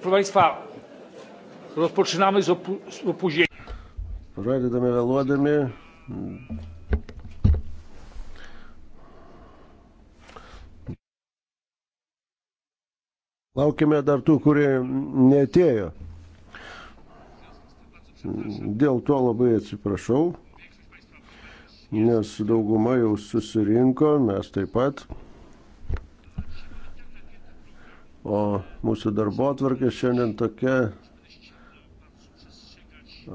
Proszę Państwa, rozpoczynamy z, opu z opóźnieniem. Pradedame vėluodami. Laukime dar tų, kurie netėjo. Dėl to labai atsiprašau, nes dauguma jau susirinko, mes taip pat. O mūsų darbo atvarkė šiandien tokia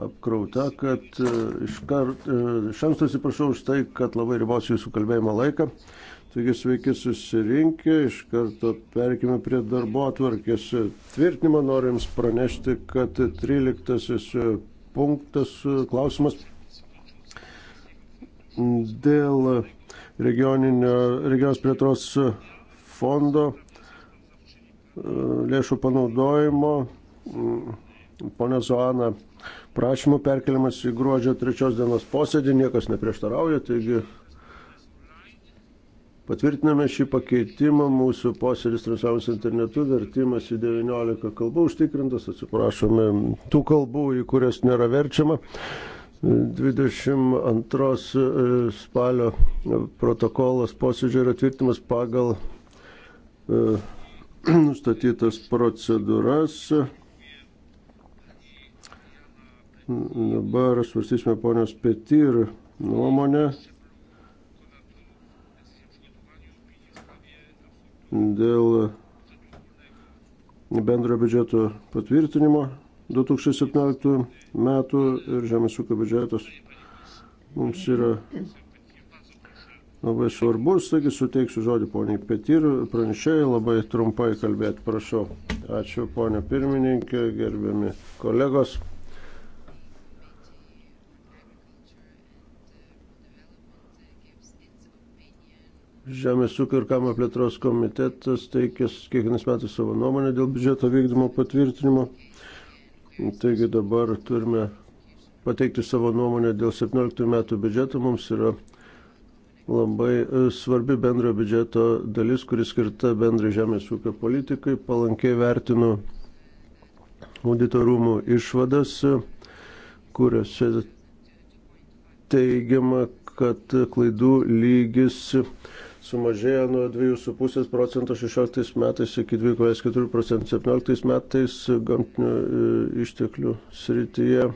apkrauta, kad e, iš, kar, e, iš anksto atsiprašau už tai, kad labai ribosiu jūsų kalbėjimo laiką. Taigi sveiki susirinkę, iš karto perkime prie darbo atvarkės tvirtinimo. Noriu Jums pranešti, kad 13 punktas e, klausimas dėl regioninės plėtros fondo lėšų panaudojimo ponia Zoana prašymų perkeliamas į gruodžio trečios dienos posėdį, niekas neprieštarauja, taigi patvirtiname šį pakeitimą, mūsų posėdis transliuojamas internetu, vertimas į 19 kalbų užtikrintas, atsiprašome tų kalbų, į kurias nėra verčiama. 22 e, spalio e, protokolas posėdžio yra tvirtimas pagal e, nustatytas procedūras. Dabar svarstysime ponios Petir nuomonę dėl bendrojo biudžeto patvirtinimo 2017 metų ir žemės ūkio biudžetas mums yra labai svarbus. Taigi suteiksiu žodį poniai Petir, pranešėjai labai trumpai kalbėti, prašau. Ačiū ponia pirmininkė, gerbiami kolegos. Žemės ūkio ir kaimo plėtros komitetas teikės kiekvienais metais savo nuomonę dėl biudžeto vykdymo patvirtinimo. Taigi dabar turime pateikti savo nuomonę dėl 17 metų biudžeto. Mums yra labai e, svarbi bendrojo biudžeto dalis, kuris skirta bendrai žemės ūkio politikai. Palankiai vertinu auditorumų išvadas, e, kuriuose teigiama, kad klaidų lygis sumažėjo nuo 2,5 procento 16 metais iki 2,4 procentų 17 metais gamtinių e, išteklių srityje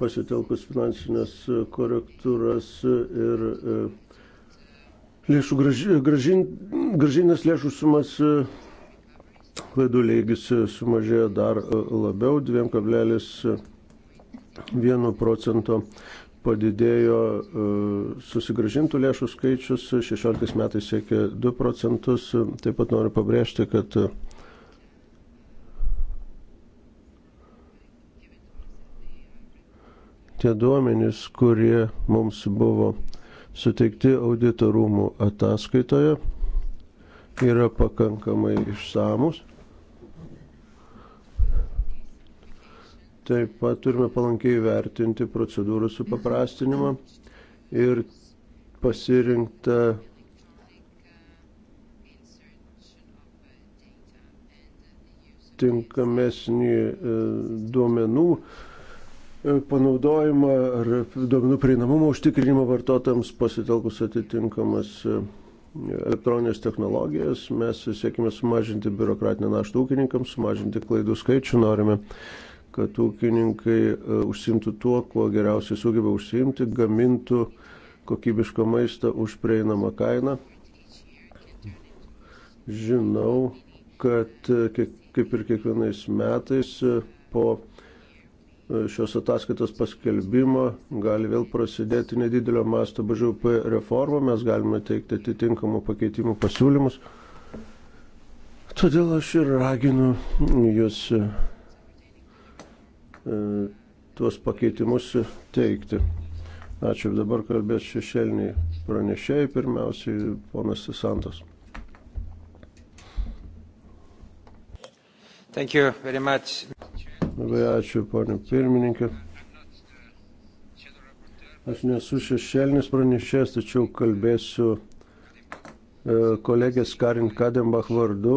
pasitelkus finansinės korektūras ir e, lėšų gražin, gražinės lėšų sumas e, klaidų lygis e, sumažėjo dar labiau 2,1 procento padidėjo susigražintų lėšų skaičius, 16 metais siekia 2 procentus. Taip pat noriu pabrėžti, kad tie duomenys, kurie mums buvo suteikti auditorumų ataskaitoje, yra pakankamai išsamus. Taip pat turime palankiai vertinti procedūrų supaprastinimą ir pasirinktą tinkamesnį e, duomenų panaudojimą ar duomenų prieinamumą užtikrinimą vartotojams pasitelkus atitinkamas e, elektroninės technologijas. Mes siekime sumažinti biurokratinę naštą ūkininkams, sumažinti klaidų skaičių, norime, kad ūkininkai e, užsimtų tuo, kuo geriausiai sugeba užsimti, gamintų kokybišką maistą už prieinamą kainą. Žinau, kad e, kaip ir kiekvienais metais po E, šios ataskaitos paskelbimo gali vėl prasidėti nedidelio masto BŽUP reforma, mes galime teikti atitinkamų pakeitimų pasiūlymus. Todėl aš ir raginu jūs e, tuos pakeitimus teikti. Ačiū, dabar kalbės šešėliniai pranešėjai, pirmiausiai ponas Santos. Thank you very much. Labai ačiū, ponė pirmininkė. Aš nesu šešėlinis pranešėjas, tačiau kalbėsiu e, kolegės Karin Kadembach vardu.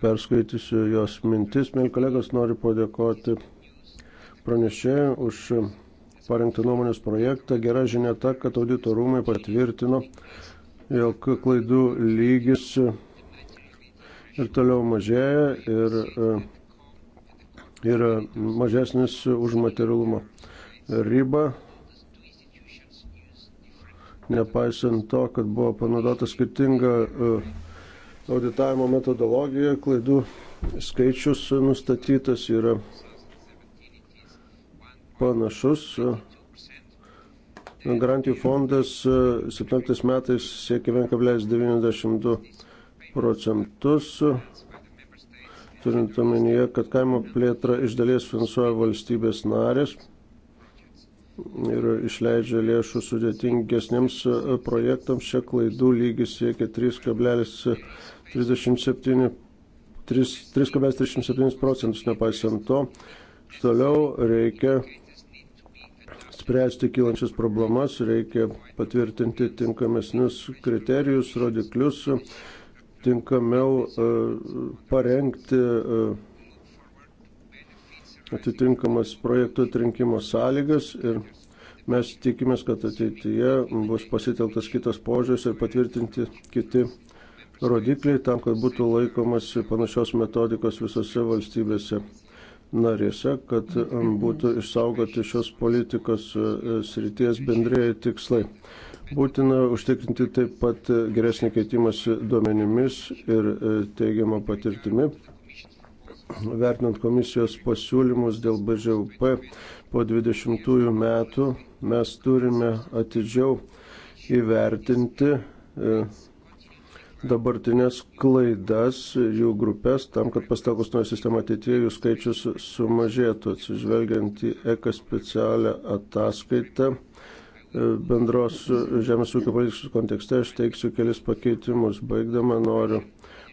Perskaitysiu jos mintis. Mėl kolegos noriu padėkoti pranešėjai už parengtą nuomonės projektą. Gera žinia ta, kad audito rūmai patvirtino, jog klaidų lygis ir toliau mažėja ir e, yra mažesnis už materialumo ribą. Nepaisant to, kad buvo panaudota skirtinga e, auditavimo metodologija, klaidų skaičius nustatytas yra panašus. Garantijų fondas 17 e, metais siekia 1,92 procentus, turint omenyje, kad kaimo plėtrą iš dalies finansuoja valstybės narės ir išleidžia lėšų sudėtingesniems e, projektams. Čia klaidų lygis siekia 3,37 procentus, nepaisant to. Toliau reikia spręsti kylančias problemas, reikia patvirtinti tinkamesnius kriterijus, rodiklius tinkamiau e, parengti e, atitinkamas projektų atrinkimo sąlygas ir mes tikimės, kad ateityje bus pasiteltas kitas požiūris ir patvirtinti kiti rodikliai tam, kad būtų laikomasi panašios metodikos visose valstybėse narėse, kad e, būtų išsaugoti šios politikos srities bendrėjai tikslai. Būtina užtikrinti taip pat geresnį keitimąsi duomenimis ir e, teigiamą patirtimi. Vertinant komisijos pasiūlymus dėl BŽUP po 20 metų, mes turime atidžiau įvertinti e, dabartinės klaidas, jų grupės, tam, kad pastakus nuo sistemą ateityje jų skaičius sumažėtų, atsižvelgiant į ECA specialią ataskaitą bendros žemės ūkio politikos kontekste aš teiksiu kelis pakeitimus. Baigdama noriu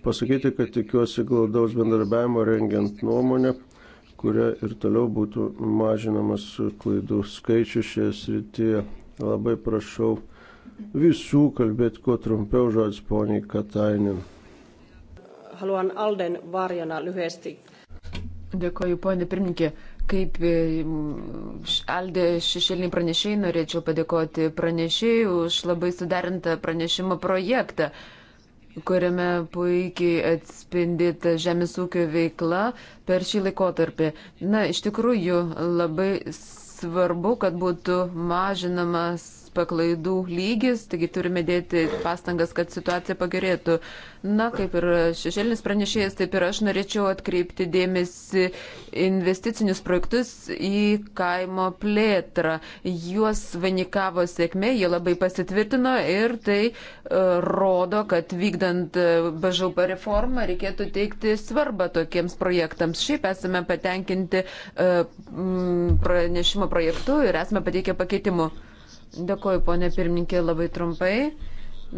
pasakyti, kad tikiuosi glaudaus bendarbiavimo rengiant nuomonę, kuria ir toliau būtų mažinamas klaidų skaičius šioje srityje. Labai prašau visų kalbėti kuo trumpiau žodis poniai Katainin. Haluan Alden varjona lyhyesti. Dėkoju, ponė pirmininkė. Kaip e, Aldė šešėliniai pranešėjai, norėčiau padėkoti pranešėjai už labai suderintą pranešimo projektą, kuriame puikiai atspindita žemės ūkio veikla per šį laikotarpį. Na, iš tikrųjų, labai svarbu, kad būtų mažinamas paklaidų lygis, taigi turime dėti pastangas, kad situacija pagerėtų. Na, kaip ir šešėlinis pranešėjas, taip ir aš norėčiau atkreipti dėmesį investicinius projektus į kaimo plėtrą. Juos vainikavo sėkmė, jie labai pasitvirtino ir tai e, rodo, kad vykdant e, BŽP reformą reikėtų teikti svarbą tokiems projektams. Šiaip esame patenkinti e, pranešimo projektu ir esame pateikę pakeitimu. Dėkuoju, ponė pirmininkė, labai trumpai.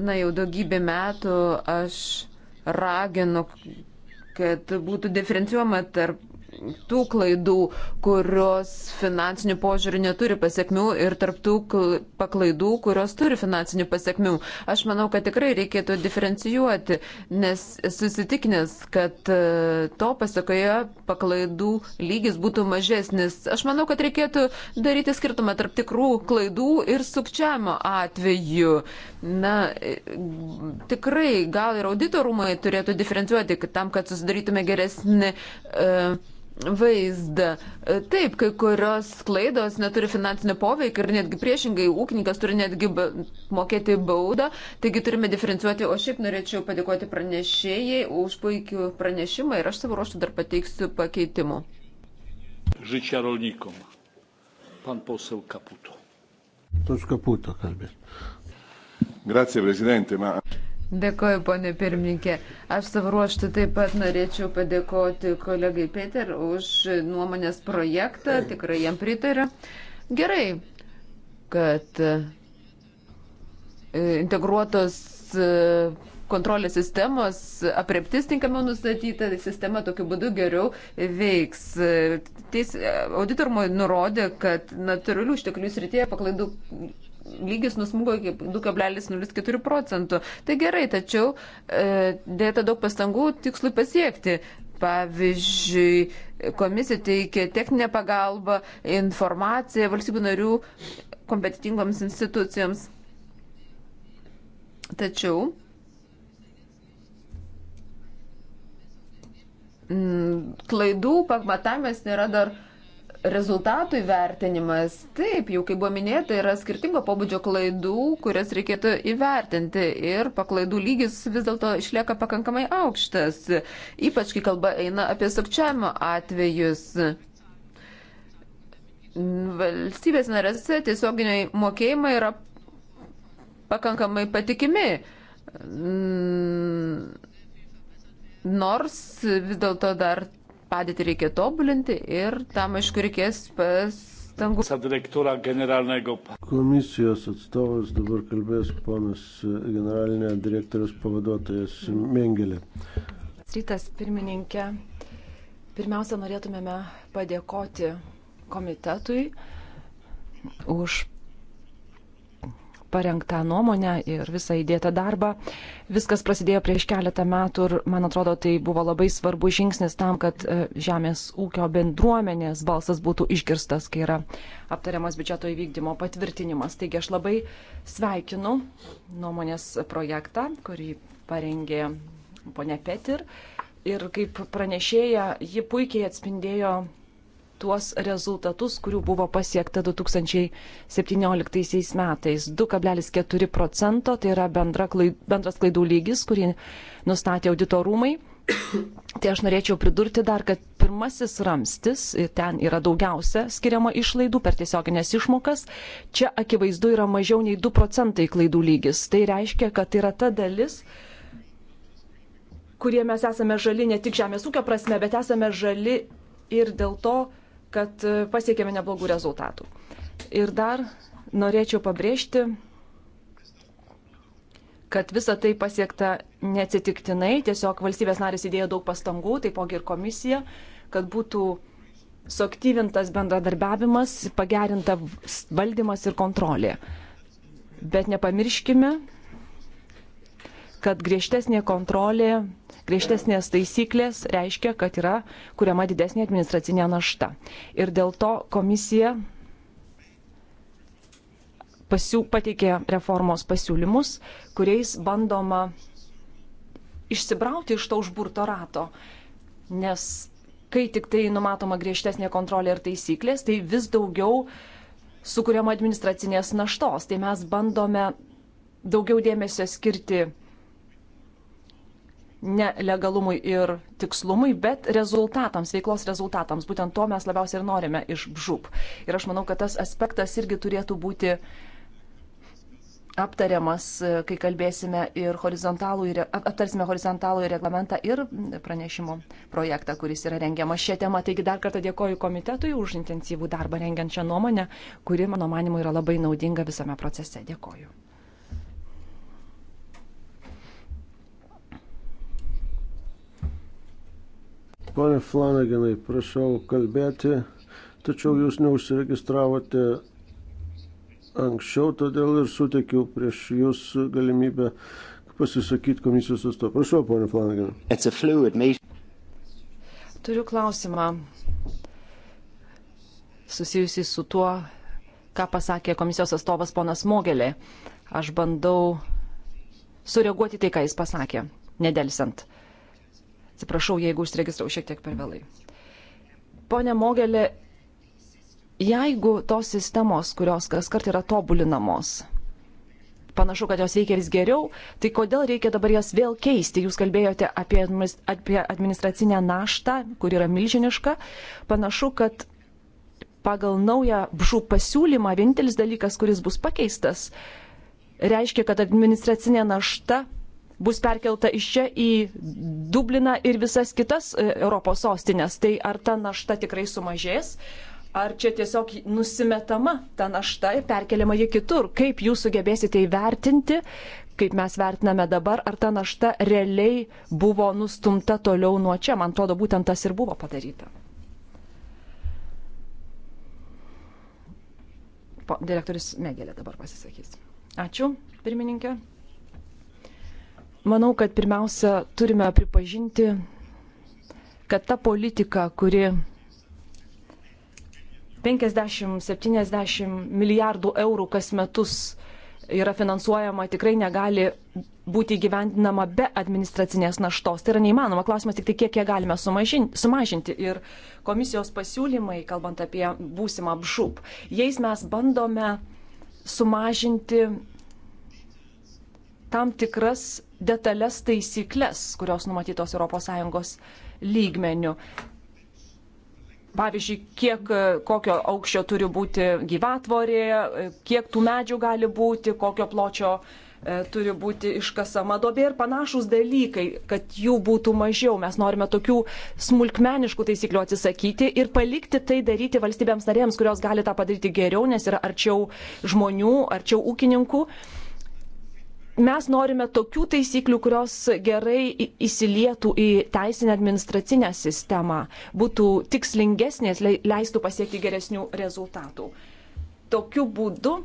Na, jau daugybę metų aš raginu, kad būtų diferencijuojama tarp tų klaidų, kurios finansinių požiūrių neturi pasiekmių ir tarptų paklaidų, kurios turi finansinių pasiekmių. Aš manau, kad tikrai reikėtų diferencijuoti, nes susitikinęs, kad e, to pasakoje paklaidų lygis būtų mažesnis. Aš manau, kad reikėtų daryti skirtumą tarp tikrų klaidų ir sukčiamo atveju. Na, e, tikrai gal ir auditorumai turėtų diferencijuoti tam, kad susidarytume geresnį. Uh, vaizdą. E, taip, kai kurios klaidos neturi finansinio poveikio ir netgi priešingai ūkininkas turi netgi mokėti baudą, taigi turime diferencijuoti. O šiaip norėčiau padėkoti pranešėjai už puikių pranešimą ir aš savo ruoštų dar pateiksiu pakeitimų. Žyčia rolnikom. Pan posel Kaputo. Tos Kaputo kalbės. Grazie, prezidentė. Ma... Dėkoju, ponė pirmininkė. Aš savo ruoštų taip pat norėčiau padėkoti kolegai Peter už nuomonės projektą, tikrai jam pritariu. Gerai, kad e, integruotos e, kontrolės sistemos apreptis tinkamiau nustatyta, sistema tokiu būdu geriau veiks. E, teis, auditorumai nurodė, kad natūralių išteklių srityje paklaidų lygis nusmugo iki 2,04 procentų. Tai gerai, tačiau e, dėta daug pastangų tikslui pasiekti. Pavyzdžiui, komisija teikia techninę pagalbą, informaciją valstybių narių kompetitingoms institucijoms. Tačiau klaidų pamatavimas nėra dar rezultatų įvertinimas, taip, jau kaip buvo minėta, yra skirtingo pobūdžio klaidų, kurias reikėtų įvertinti ir paklaidų lygis vis dėlto išlieka pakankamai aukštas, ypač kai kalba eina apie sukčiavimo atvejus. Valstybės narėse tiesioginiai mokėjimai yra pakankamai patikimi. Nors vis dėlto dar padėtį reikia tobulinti ir tam, aišku, reikės pastangų. Komisijos atstovas dabar kalbės ponas e, generalinė direktorius pavaduotojas Mengelė. Rytas pirmininkė, pirmiausia norėtumėme padėkoti komitetui už parengtą nuomonę ir visą įdėtą darbą. Viskas prasidėjo prieš keletą metų ir, man atrodo, tai buvo labai svarbu žingsnis tam, kad e, žemės ūkio bendruomenės balsas būtų išgirstas, kai yra aptariamas biudžeto įvykdymo patvirtinimas. Taigi aš labai sveikinu nuomonės projektą, kurį parengė ponia Petir. Ir kaip pranešėja, ji puikiai atspindėjo tuos rezultatus, kurių buvo pasiekta 2017 metais. 2,4 procento tai yra bendra klaid, bendras klaidų lygis, kurį nustatė auditorumai. Tai aš norėčiau pridurti dar, kad pirmasis ramstis, ten yra daugiausia skiriama išlaidų per tiesioginės išmokas, čia akivaizdu yra mažiau nei 2 procentai klaidų lygis. Tai reiškia, kad tai yra ta dalis, kurie mes esame žali ne tik žemės ūkio prasme, bet esame žali ir dėl to, kad e, pasiekėme neblogų rezultatų. Ir dar norėčiau pabrėžti, kad visa tai pasiekta neatsitiktinai, tiesiog valstybės narės įdėjo daug pastangų, taipogi ir komisija, kad būtų suaktyvintas bendradarbiavimas, pagerinta valdymas ir kontrolė. Bet nepamirškime, kad griežtesnė kontrolė griežtesnės taisyklės reiškia, kad yra kuriama didesnė administracinė našta. Ir dėl to komisija pasiū, pateikė reformos pasiūlymus, kuriais bandoma išsibrauti iš to užburto rato. Nes kai tik tai numatoma griežtesnė kontrolė ir taisyklės, tai vis daugiau sukūriama administracinės naštos. Tai mes bandome daugiau dėmesio skirti ne legalumui ir tikslumui, bet rezultatams, veiklos rezultatams. Būtent to mes labiausiai ir norime iš BŽUP. Ir aš manau, kad tas aspektas irgi turėtų būti aptariamas, kai kalbėsime ir horizontalų, ir aptarsime horizontalų reglamentą ir pranešimo projektą, kuris yra rengiamas šią temą. Taigi dar kartą dėkoju komitetui už intensyvų darbą rengiant šią nuomonę, kuri, mano manimu, yra labai naudinga visame procese. Dėkoju. Pone Flanaginai, prašau kalbėti, tačiau jūs neužsiregistravote anksčiau, todėl ir suteikiau prieš jūs galimybę pasisakyti komisijos atstovą. Prašau, ponė Flanaginai. Turiu klausimą susijusi su tuo, ką pasakė komisijos atstovas ponas Mogelė. Aš bandau sureaguoti tai, ką jis pasakė, nedelsant. Uh, Atsiprašau, jeigu užsiregistrau šiek tiek per vėlai. Pone Mogelė, jeigu tos sistemos, kurios kas kart yra tobulinamos, panašu, kad jos veikia vis geriau, tai kodėl reikia dabar jas vėl keisti? Jūs kalbėjote apie administracinę naštą, kur yra milžiniška. Panašu, kad pagal naują bžų pasiūlymą vienintelis dalykas, kuris bus pakeistas, reiškia, kad administracinė našta bus perkelta iš čia į Dubliną ir visas kitas e, Europos sostinės. Tai ar ta našta tikrai sumažės, ar čia tiesiog nusimetama ta našta ir perkeliama į kitur? Kaip jūs sugebėsite įvertinti, kaip mes vertiname dabar, ar ta našta realiai buvo nustumta toliau nuo čia? Man atrodo, būtent tas ir buvo padaryta. Direktorius Megelė dabar pasisakys. Ačiū, pirmininkė. Manau, kad pirmiausia turime pripažinti, kad ta politika, kuri 50-70 milijardų eurų kas metus yra finansuojama, tikrai negali būti gyvendinama be administracinės naštos. Tai yra neįmanoma. Klausimas tik tai, kiek ją galime sumažinti. sumažinti. Ir komisijos pasiūlymai, kalbant apie būsimą apšūp, jais mes bandome sumažinti tam tikras detalės taisyklės, kurios numatytos ES lygmenių. Pavyzdžiui, kiek, kokio aukščio turi būti gyvatvorė, kiek tų medžių gali būti, kokio pločio e, turi būti iškasama dobė ir panašus dalykai, kad jų būtų mažiau. Mes norime tokių smulkmeniškų taisyklių atsisakyti ir palikti tai daryti valstybėms narėms, kurios gali tą padaryti geriau, nes yra arčiau žmonių, arčiau ūkininkų. Uh, mes norime tokių taisyklių, kurios gerai įsilietų į teisinę administracinę sistemą, būtų tikslingesnės, leistų pasiekti geresnių rezultatų. Tokiu būdu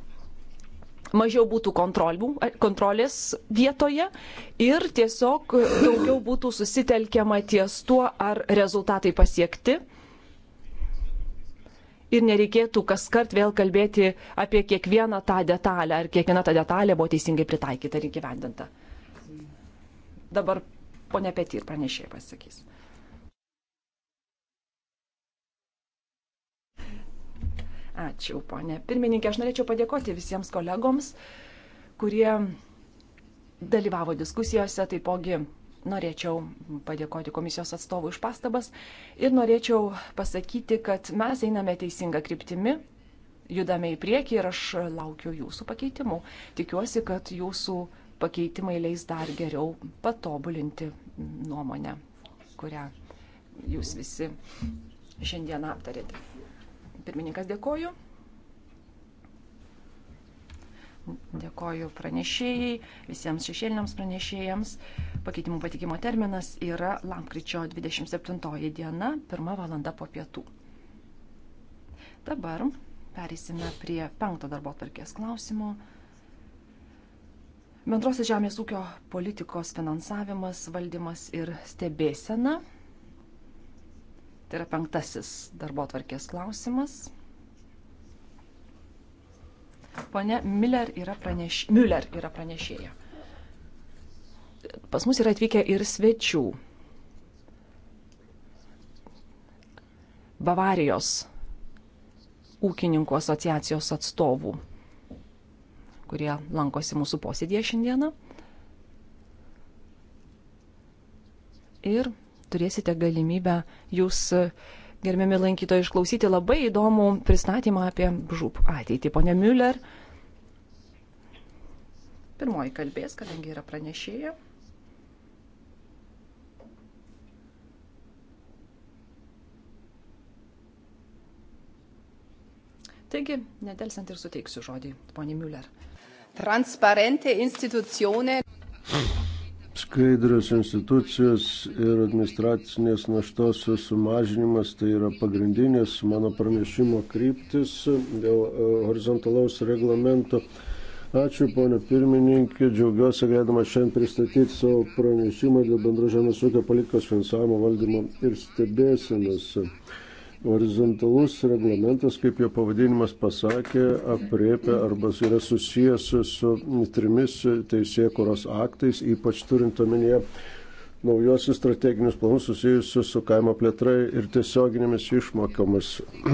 mažiau būtų kontrolės vietoje ir tiesiog daugiau būtų susitelkiama ties tuo, ar rezultatai pasiekti ir nereikėtų kaskart vėl kalbėti apie kiekvieną tą detalę, ar kiekviena ta detalė buvo teisingai pritaikyta ir įgyvendinta. Dabar ponia Petir pranešėjai pasakys. Ačiū, ponė pirmininkė. Aš norėčiau padėkoti visiems kolegoms, kurie dalyvavo diskusijose, taipogi Norėčiau padėkoti komisijos atstovui už pastabas ir norėčiau pasakyti, kad mes einame teisinga kryptimi, judame į priekį ir aš laukiu jūsų pakeitimų. Tikiuosi, kad jūsų pakeitimai leis dar geriau patobulinti nuomonę, kurią jūs visi šiandien aptarėte. Pirmininkas dėkoju. Dėkoju pranešėjai, visiems šešėliniams pranešėjams. Pakeitimų patikimo terminas yra lankryčio 27 diena, 1 valanda po pietų. Dabar perėsime prie penkto darbo tvarkės klausimo. Bendrosios žemės ūkio politikos finansavimas, valdymas ir stebėsena. Tai yra penktasis darbo tvarkės klausimas. Pone Miller yra, praneš... Miller yra pranešėja. Pas mus yra atvykę ir svečių. Bavarijos ūkininkų asociacijos atstovų, kurie lankosi mūsų posėdėje šiandieną. Ir turėsite galimybę jūs gerbiami lankytojai, išklausyti labai įdomų pristatymą apie žūp ateitį. Pone Müller, pirmoji kalbės, kadangi yra pranešėja. Taigi, nedelsiant ir suteiksiu žodį, poni Müller. Transparente institucione skaidrios institucijos ir administracinės naštos sumažinimas tai yra pagrindinės mano pranešimo kryptis dėl e, horizontalaus reglamento. Ačiū, ponė pirmininkė, džiaugiuosi galėdama šiandien pristatyti savo pranešimą dėl bendro žemės ūkio politikos finansavimo valdymo ir stebėsenos. Horizontalus reglamentas, kaip jo pavadinimas pasakė, apriepia arba yra susijęs su, su trimis teisėkuros aktais, ypač turint omenyje naujosius strateginius planus susijusius su kaimo plėtra ir tiesioginėmis išmokomis.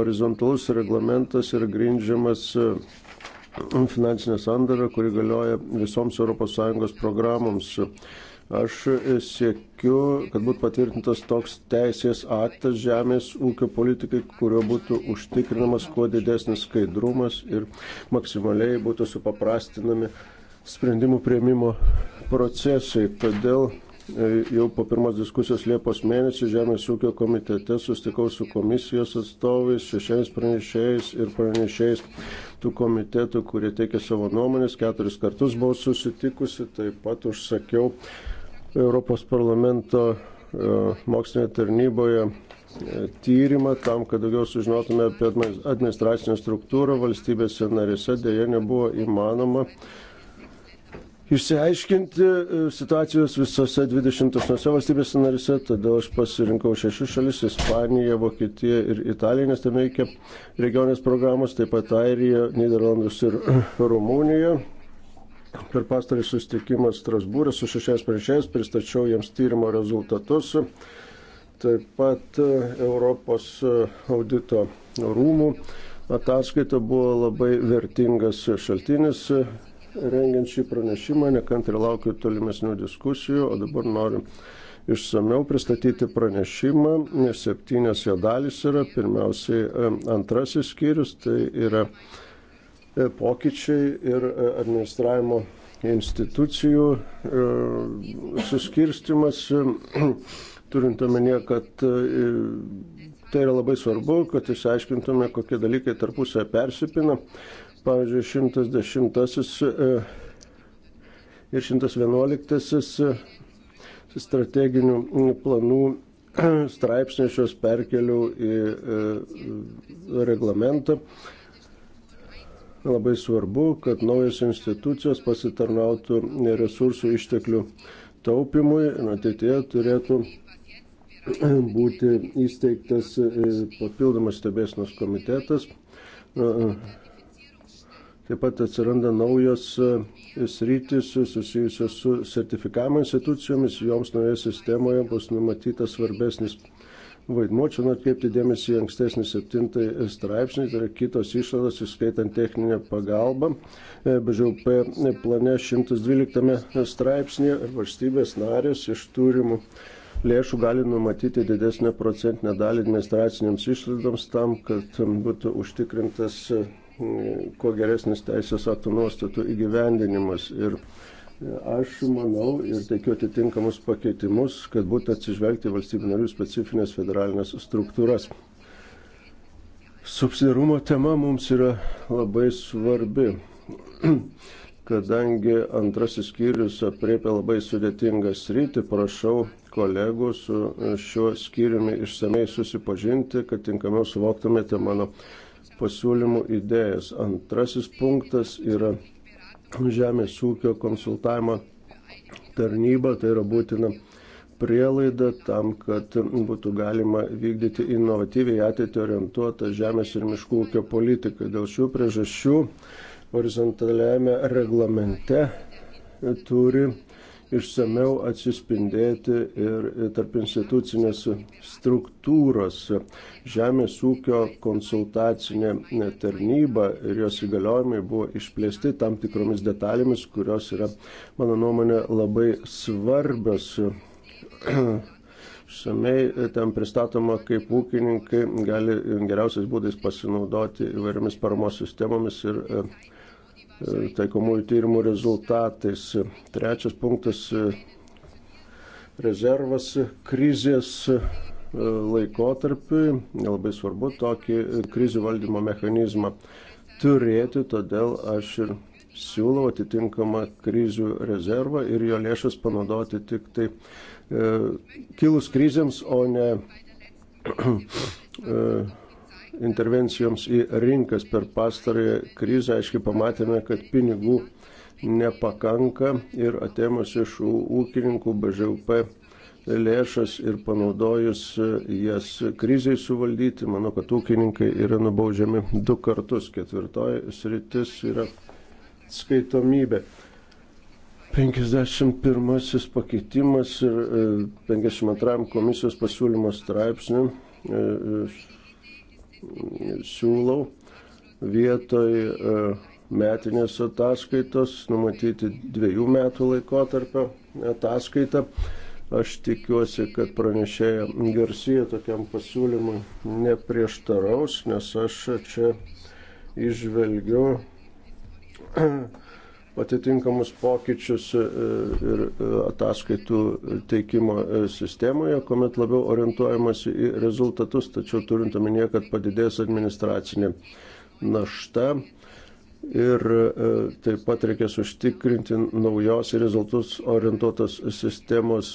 Horizontalus reglamentas yra grindžiamas finansinė sandara, kuri galioja visoms ES programoms Aš e, siekiu, kad būtų patvirtintas toks teisės aktas žemės ūkio politikai, kurio būtų užtikrinamas kuo didesnis skaidrumas ir maksimaliai būtų supaprastinami sprendimų prieimimo procesai. Todėl e, jau po pirmos diskusijos Liepos mėnesį Žemės ūkio komitete sustikau su komisijos atstovais, šešiais pranešėjais ir pranešėjais tų komitetų, kurie teikia savo nuomonės. Keturis kartus buvau susitikusi, taip pat užsakiau Europos parlamento e, mokslinėje tarnyboje e, tyrimą tam, kad daugiau sužinotume apie administracinę struktūrą valstybėse narėse, dėja nebuvo įmanoma išsiaiškinti e, situacijos visose 28 valstybėse narėse, todėl aš pasirinkau šešias šalis - Ispaniją, Vokietiją ir Italiją, nes ten veikia regioninės programos, taip pat Airiją, Niderlandus ir Rumuniją. Per pastarį susitikimą Strasbūrė su šešiais pranešėjais pristačiau jiems tyrimo rezultatus. Taip pat e, Europos e, audito rūmų ataskaita buvo labai vertingas šaltinis e, rengiant šį pranešimą, nekantri laukiu tolimesnių diskusijų, o dabar noriu išsameu pristatyti pranešimą, nes septynios jo dalys yra, pirmiausiai antrasis skyrius, tai yra E, pokyčiai ir e, administravimo institucijų e, suskirstimas, turint omenyje, kad tai yra labai svarbu, kad išsiaiškintume, kokie dalykai tarpusą persipina. Pavyzdžiui, 110 ir 111 strateginių planų straipsnį aš juos perkeliu į reglamentą Labai svarbu, kad naujos institucijos pasitarnautų resursų išteklių taupimui ir ateitie turėtų būti įsteigtas e, papildomas stebėsnos komitetas. E, taip pat atsiranda naujos e, sritis susijusios su sertifikavimo institucijomis, joms naujoje sistemoje bus numatytas svarbesnis vaidmuo. Čia noriu atkreipti dėmesį į ankstesnį septintąjį straipsnį, tai yra kitos išlaidos, įskaitant techninę pagalbą. E, BŽUP plane 112 straipsnėje valstybės narės iš turimų lėšų gali numatyti didesnę procentinę dalį administracinėms išlaidoms tam, kad būtų užtikrintas kuo geresnis teisės aktų nuostatų įgyvendinimas. Ir Aš manau ir teikiu atitinkamus pakeitimus, kad būtų atsižvelgti valstybių narių specifinės federalinės struktūras. Subsidiarumo tema mums yra labai svarbi, kadangi antrasis skyrius apriepia labai sudėtingą sritį, prašau kolegų su šiuo skyriumi išsamei susipažinti, kad tinkamiau suvoktumėte mano pasiūlymų idėjas. Antrasis punktas yra žemės ūkio konsultavimo tarnybą, tai yra būtina prielaida tam, kad būtų galima vykdyti inovatyviai ateitį orientuotą žemės ir miškų ūkio politiką. Dėl šių priežasčių horizontaliame reglamente turi išsameu atsispindėti ir tarp institucinės struktūros. Žemės ūkio konsultacinė tarnyba ir jos įgaliojimai buvo išplėsti tam tikromis detalėmis, kurios yra, mano nuomonė, labai svarbios. Išsamei ten pristatoma, kaip ūkininkai gali geriausiais būdais pasinaudoti įvairiomis paramos sistemomis ir e, taikomųjų tyrimų rezultatais. Trečias punktas - rezervas krizės laikotarpiui. Labai svarbu tokį krizių valdymo mechanizmą turėti, todėl aš ir siūlau atitinkamą krizių rezervą ir jo lėšas panaudoti tik tai e, kilus krizėms, o ne e, intervencijoms į rinkas per pastarąją krizę aiškiai pamatėme, kad pinigų nepakanka ir atėmus iš ūkininkų BŽUP lėšas ir panaudojus jas kriziai suvaldyti, manau, kad ūkininkai yra nubaudžiami du kartus. Ketvirtoji sritis yra skaitomybė. 51 pakeitimas ir 52 e, komisijos pasiūlymo straipsnių e, e, siūlau vietoj e, metinės ataskaitos numatyti dviejų metų laikotarpio ataskaitą. Aš tikiuosi, kad pranešėja Garsija tokiam pasiūlymui neprieštaraus, nes aš čia išvelgiu atitinkamus pokyčius e, ir e, ataskaitų teikimo e, sistemoje, kuomet labiau orientuojamasi į rezultatus, tačiau turint omenyje, kad padidės administracinė našta. Ir taip pat reikės užtikrinti naujos į rezultatus orientuotos sistemos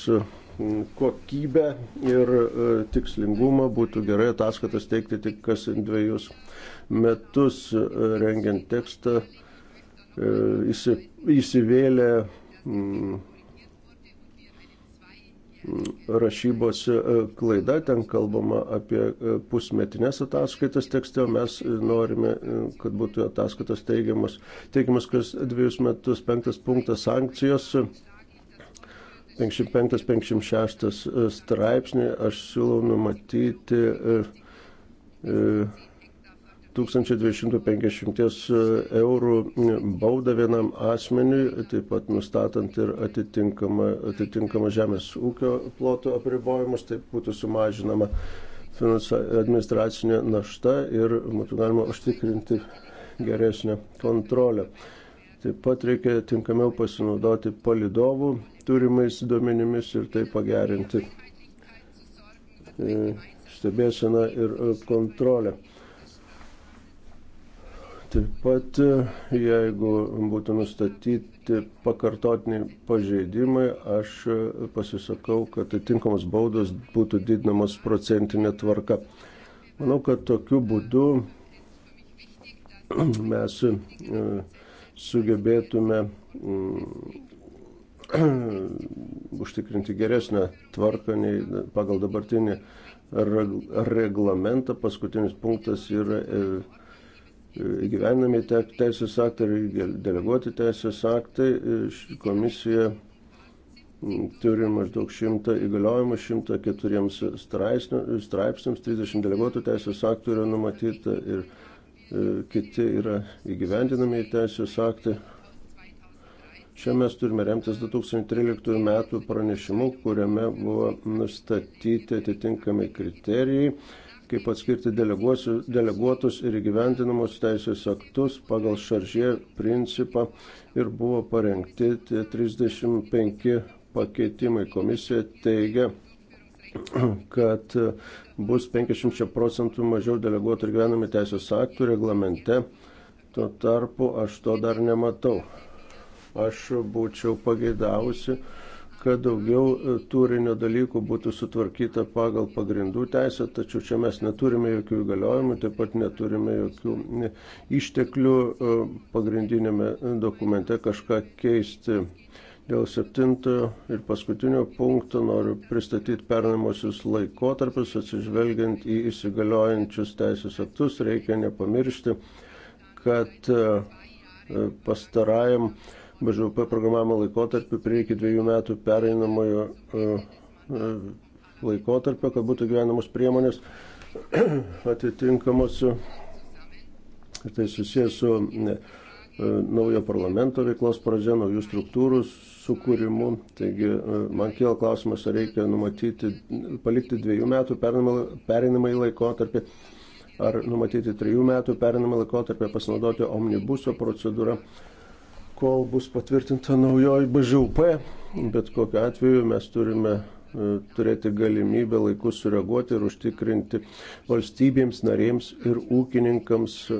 kokybę ir tikslingumą. Būtų gerai ataskaitas teikti tik kas dviejus metus rengiant tekstą E, įsivėlė mm, mm, rašybos e, klaida, ten kalbama apie e, pusmetinės ataskaitas tekste, o mes norime, kad būtų ataskaitos teigiamas, teigiamas kas dviejus metus, penktas punktas sankcijos, 55-56 straipsnį aš siūlau numatyti 1250 e, eurų baudą vienam asmeniui, taip pat nustatant ir atitinkamą, atitinkamą žemės ūkio ploto apribojimus, taip būtų sumažinama administracinė našta ir būtų galima užtikrinti geresnę kontrolę. Taip pat reikia tinkamiau pasinaudoti palidovų turimais duomenimis ir tai pagerinti e, stebėsena ir e, kontrolė. Taip pat, jeigu būtų nustatyti pakartotiniai pažeidimai, aš pasisakau, kad atitinkamos baudos būtų didinamos procentinė tvarka. Manau, kad tokiu būdu mes e, sugebėtume mm, užtikrinti geresnę tvarką nei pagal dabartinį reglamentą. Paskutinis punktas yra e, įgyvenami teisės aktai ir deleguoti teisės aktai. Komisija turi maždaug 100 įgaliojimų, 104 straipsniams, 30 deleguotų teisės aktų yra numatyta ir e, kiti yra įgyvendinami teisės aktai. Čia mes turime remtis 2013 metų pranešimu, kuriame buvo nustatyti atitinkami kriterijai kaip atskirti deleguotus ir įgyvendinamus teisės aktus pagal šaržė principą ir buvo parengti 35 pakeitimai. Komisija teigia, kad bus 50 procentų mažiau deleguotų ir gyvenami teisės aktų reglamente. Tuo tarpu aš to dar nematau. Aš būčiau pageidavusi, kad daugiau e, turinio dalykų būtų sutvarkyta pagal pagrindų teisę, tačiau čia mes neturime jokių įgaliojimų, taip pat neturime jokių e, išteklių e, pagrindinėme dokumente kažką keisti. Dėl septintojo ir paskutinio punkto noriu pristatyti pernamosius laikotarpius, atsižvelgiant į įsigaliojančius teisės aktus, reikia nepamiršti, kad pastarajam uh, BŽP programavimo laikotarpiu prieki dviejų metų pereinamojo e, e, laikotarpio, kad būtų gyvenamos priemonės atitinkamos. Ir tai susijęs su ne, e, naujo parlamento veiklos pradžia, naujų struktūrų sukūrimu. Taigi man kyla klausimas, ar reikia numatyti, palikti dviejų metų perinamąjį laikotarpį, ar numatyti trijų metų perinamąjį laikotarpį, pasinaudoti omnibuso procedūrą kol bus patvirtinta naujoji BŽUP, bet kokiu atveju mes turime e, turėti galimybę laiku sureaguoti ir užtikrinti valstybėms, narėms ir ūkininkams e,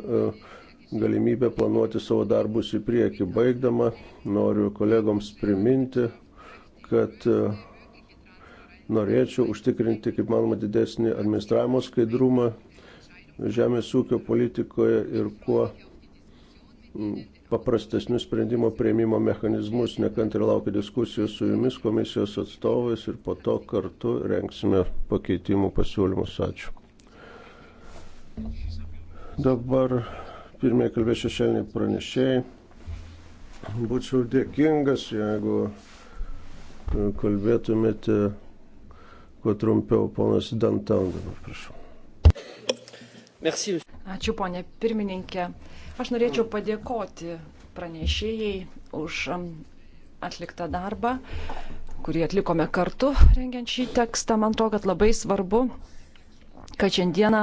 galimybę planuoti savo darbus į priekį. Baigdama, noriu kolegoms priminti, kad e, norėčiau užtikrinti, kaip manoma, didesnį administravimo skaidrumą žemės ūkio politikoje ir kuo paprastesnius sprendimo prieimimo mechanizmus. Nekantri laukia diskusijų su jumis, komisijos atstovais ir po to kartu renksime pakeitimų pasiūlymus. Ačiū. Dabar pirmieji kalbės šešėliniai pranešėjai. Būčiau dėkingas, jeigu kalbėtumėte kuo trumpiau, ponas Dantandamas, prašau. Merci. Ačiū, ponė pirmininkė. Aš norėčiau padėkoti pranešėjai už um, atliktą darbą, kurį atlikome kartu rengiant šį tekstą. Man atrodo, kad labai svarbu, kad šiandieną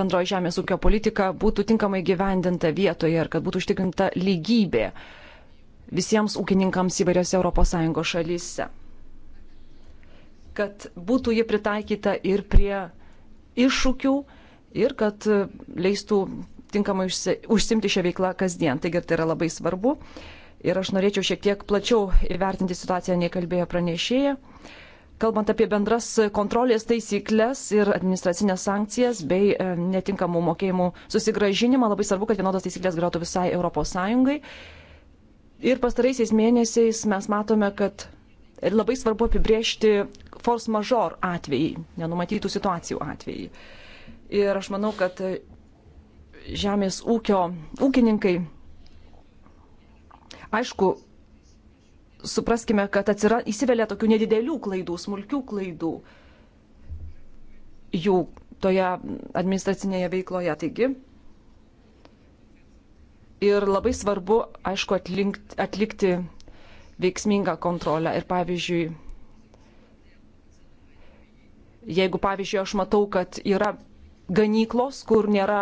bendroji žemės ūkio politika būtų tinkamai gyvendinta vietoje ir kad būtų užtikrinta lygybė visiems ūkininkams įvairiose ES šalyse. Kad būtų ji pritaikyta ir prie iššūkių ir kad leistų tinkamai užsimti šią veiklą kasdien. Taigi tai yra labai svarbu. Ir aš norėčiau šiek tiek plačiau įvertinti situaciją, nei kalbėjo pranešėja. Kalbant apie bendras kontrolės taisyklės ir administracinės sankcijas bei e, netinkamų mokėjimų susigražinimą, labai svarbu, kad vienodas taisyklės galėtų visai ES. Ir pastaraisiais mėnesiais mes matome, kad labai svarbu apibriežti force majeure atvejai, nenumatytų situacijų atvejai. Ir aš manau, kad žemės ūkio ūkininkai. Aišku, supraskime, kad atsira, įsivelia tokių nedidelių klaidų, smulkių klaidų jų toje administracinėje veikloje. Taigi, ir labai svarbu, aišku, atlinkti, atlikti veiksmingą kontrolę. Ir pavyzdžiui, jeigu, pavyzdžiui, aš matau, kad yra ganyklos, kur nėra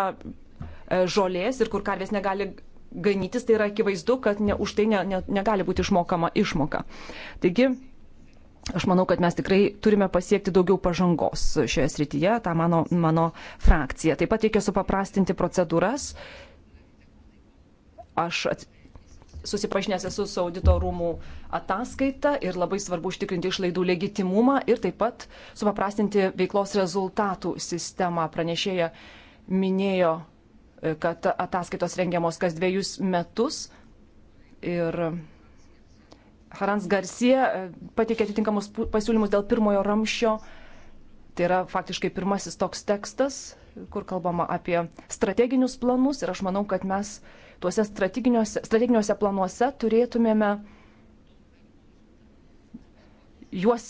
E, žolės ir kur karvės negali ganytis, tai yra akivaizdu, kad ne, už tai ne, ne, negali būti išmokama išmoka. Taigi, aš manau, kad mes tikrai turime pasiekti daugiau pažangos šioje srityje, tą mano, mano frakciją. Taip pat reikia supaprastinti procedūras. Aš at, susipažinęs esu su audito rūmų ataskaita ir labai svarbu užtikrinti išlaidų legitimumą ir taip pat supaprastinti veiklos rezultatų sistemą. Pranešėja minėjo kad ataskaitos rengiamos kas dviejus metus. Ir Harans Garcia e, pateikė atitinkamus pasiūlymus dėl pirmojo ramščio. Tai yra faktiškai pirmasis toks tekstas, kur kalbama apie strateginius planus ir aš manau, kad mes tuose strateginiuose, strateginiuose planuose turėtumėme juos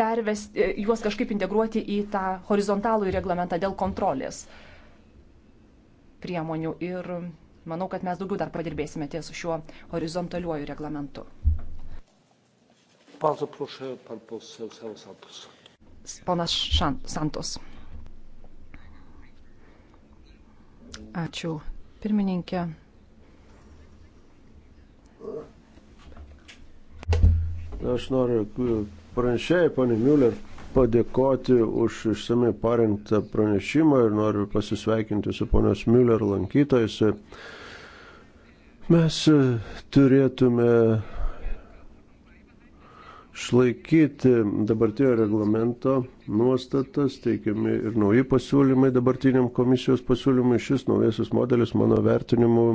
pervesti, e, juos kažkaip integruoti į tą horizontalų reglamentą dėl kontrolės. Uh, priemonių ir manau, kad mes daugiau dar padirbėsime ties šiuo horizontaliuoju reglamentu. Ponas Santos. Ačiū, pirmininkė. Aš noriu pranešėjai, ponė Müller, padėkoti už išsamei parengtą pranešimą ir noriu pasisveikinti su ponios Miller lankytojais. Mes e, turėtume išlaikyti dabartinio reglamento nuostatas, teikiami ir nauji pasiūlymai dabartiniam komisijos pasiūlymui. Šis naujasis modelis, mano vertinimu,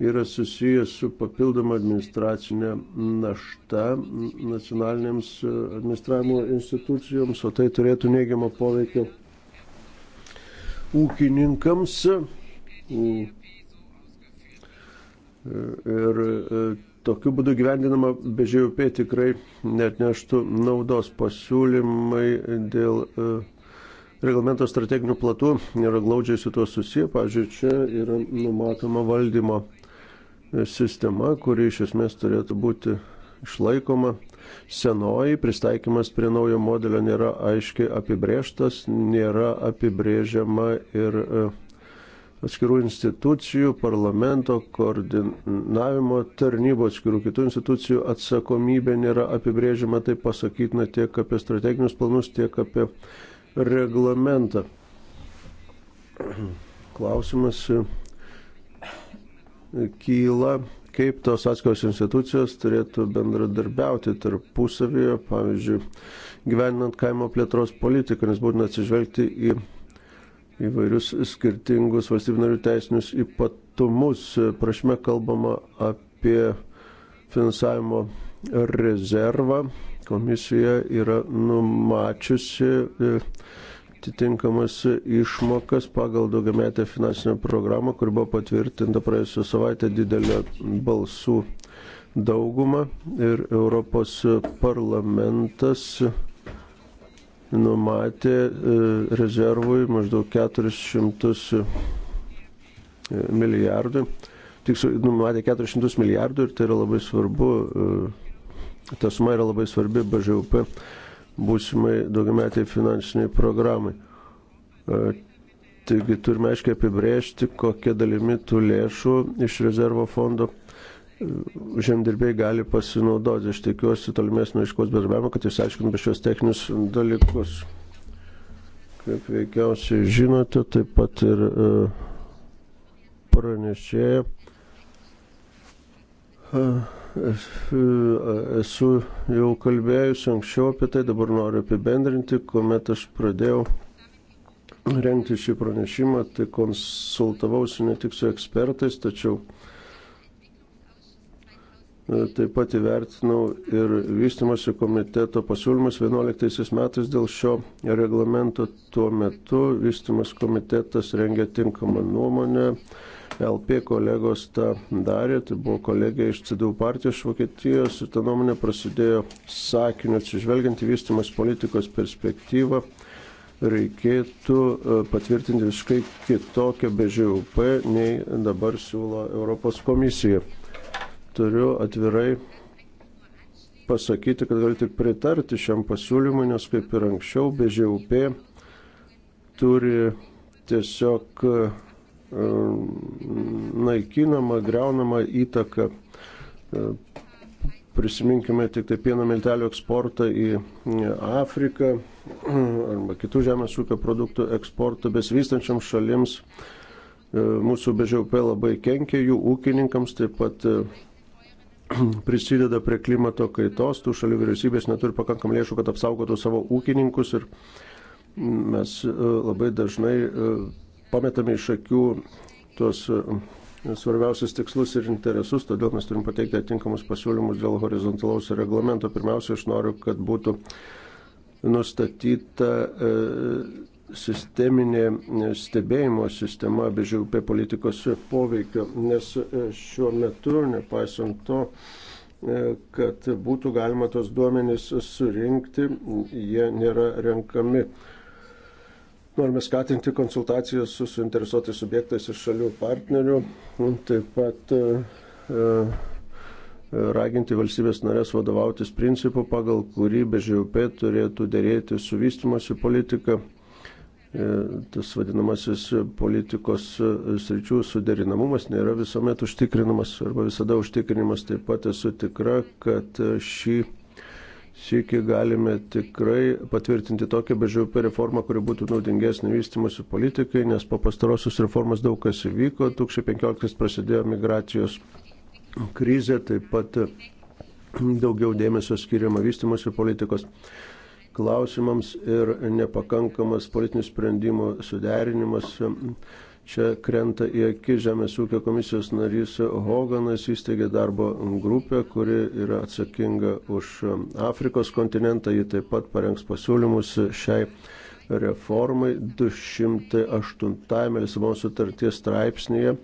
yra susijęs su papildoma administracinė našta nacionalinėms e, administravimo institucijoms, o tai turėtų neigiamą poveikį ūkininkams. E, ir e, tokiu būdu gyvendinama BŽUP tikrai net neštų naudos pasiūlymai dėl reglamento strateginių platų yra glaudžiai su tuo susiję. Pavyzdžiui, čia yra numatoma valdymo sistema, kuri iš esmės turėtų būti išlaikoma. Senoji pritaikymas prie naujo modelio nėra aiškiai apibrėžtas, nėra apibrėžiama ir e, atskirų institucijų, parlamento, koordinavimo tarnybo, atskirų kitų institucijų atsakomybė nėra apibrėžiama, tai pasakytina tiek apie strateginius planus, tiek apie reglamentą. Klausimas e, kyla, kaip tos atskiros institucijos turėtų bendradarbiauti tarpusavyje, pavyzdžiui, gyvenant kaimo plėtros politiką, nes būtina atsižvelgti į įvairius skirtingus valstybinarių teisinius ypatumus. Prašme kalbama apie finansavimo rezervą. Komisija yra numačiusi e, atitinkamas išmokas pagal daugiametę finansinę programą, kur buvo patvirtinta praėjusią savaitę didelę balsų daugumą ir Europos parlamentas numatė e, rezervui maždaug 400 e, milijardų. Tiksliau, numatė 400 milijardų ir tai yra labai svarbu, e, ta suma yra labai svarbi BŽUP būsimai daugiametiai finansiniai programai. E, taigi turime aiškiai apibrėžti, kokie dalimi tų lėšų iš rezervo fondo e, žemdirbiai gali pasinaudoti. Aš tikiuosi tolimesnio iškos bendravimo, kad jūs aiškintumėte šios techninius dalykus. Kaip veikiausiai žinote, taip pat ir e, pranešėja. Uh, esu jau kalbėjusi anksčiau apie tai, dabar noriu apibendrinti, kuomet aš pradėjau rengti šį pranešimą, tai konsultavausi ne tik su ekspertais, tačiau e, taip pat įvertinau ir vystimosi komiteto pasiūlymus 11 metais dėl šio reglamento. Tuo metu vystimas komitetas rengia tinkamą nuomonę LP kolegos tą darė, tai buvo kolegė iš CDU partijos iš Vokietijos ir ta nuomonė prasidėjo sakiniu, atsižvelgiant į vystimas politikos perspektyvą, reikėtų e, patvirtinti visiškai kitokią BŽUP, nei dabar siūlo Europos komisija. Turiu atvirai pasakyti, kad galiu tik pritarti šiam pasiūlymui, nes kaip ir anksčiau BŽUP turi tiesiog E, naikinama, greunama įtaka. E, prisiminkime tik tai pieno miltelių eksportą į Afriką arba kitų žemės ūkio produktų eksportą besivystančiam šalims. E, mūsų BŽP labai kenkia jų ūkininkams, taip pat prisideda prie klimato kaitos, tų šalių vyriausybės neturi pakankam lėšų, kad apsaugotų savo ūkininkus ir mes labai dažnai pametame iš akių tuos e, svarbiausius tikslus ir interesus, todėl mes turim pateikti atinkamus pasiūlymus dėl horizontalaus reglamento. Pirmiausia, aš noriu, kad būtų nustatyta e, sisteminė stebėjimo sistema BŽUP politikos poveikio, nes e, šiuo metu, nepaisant to, kad būtų galima tos duomenys surinkti, jie nėra renkami Norime skatinti konsultacijas su suinteresuotais subjektais iš šalių partnerių, taip pat e, e, raginti valstybės narės vadovautis principu, pagal kurį BŽUP turėtų dėrėti su vystimosi politika, e, tas vadinamasis politikos sričių suderinamumas nėra visuomet užtikrinamas arba visada užtikrinimas. Taip pat esu tikra, kad šį Sėki galime tikrai patvirtinti tokią BŽP reformą, kuri būtų naudingesnė vystimusi politikai, nes po pastarosios reformos daug kas įvyko. 2015 prasidėjo migracijos krizė, taip pat daugiau dėmesio skiriama vystimusi politikos klausimams ir nepakankamas politinių sprendimų suderinimas Čia krenta į akį Žemės ūkio komisijos narys Hoganas įsteigė darbo grupę, kuri yra atsakinga už Afrikos kontinentą. Ji taip pat parengs pasiūlymus šiai reformai 208 Lisabono sutarties straipsnėje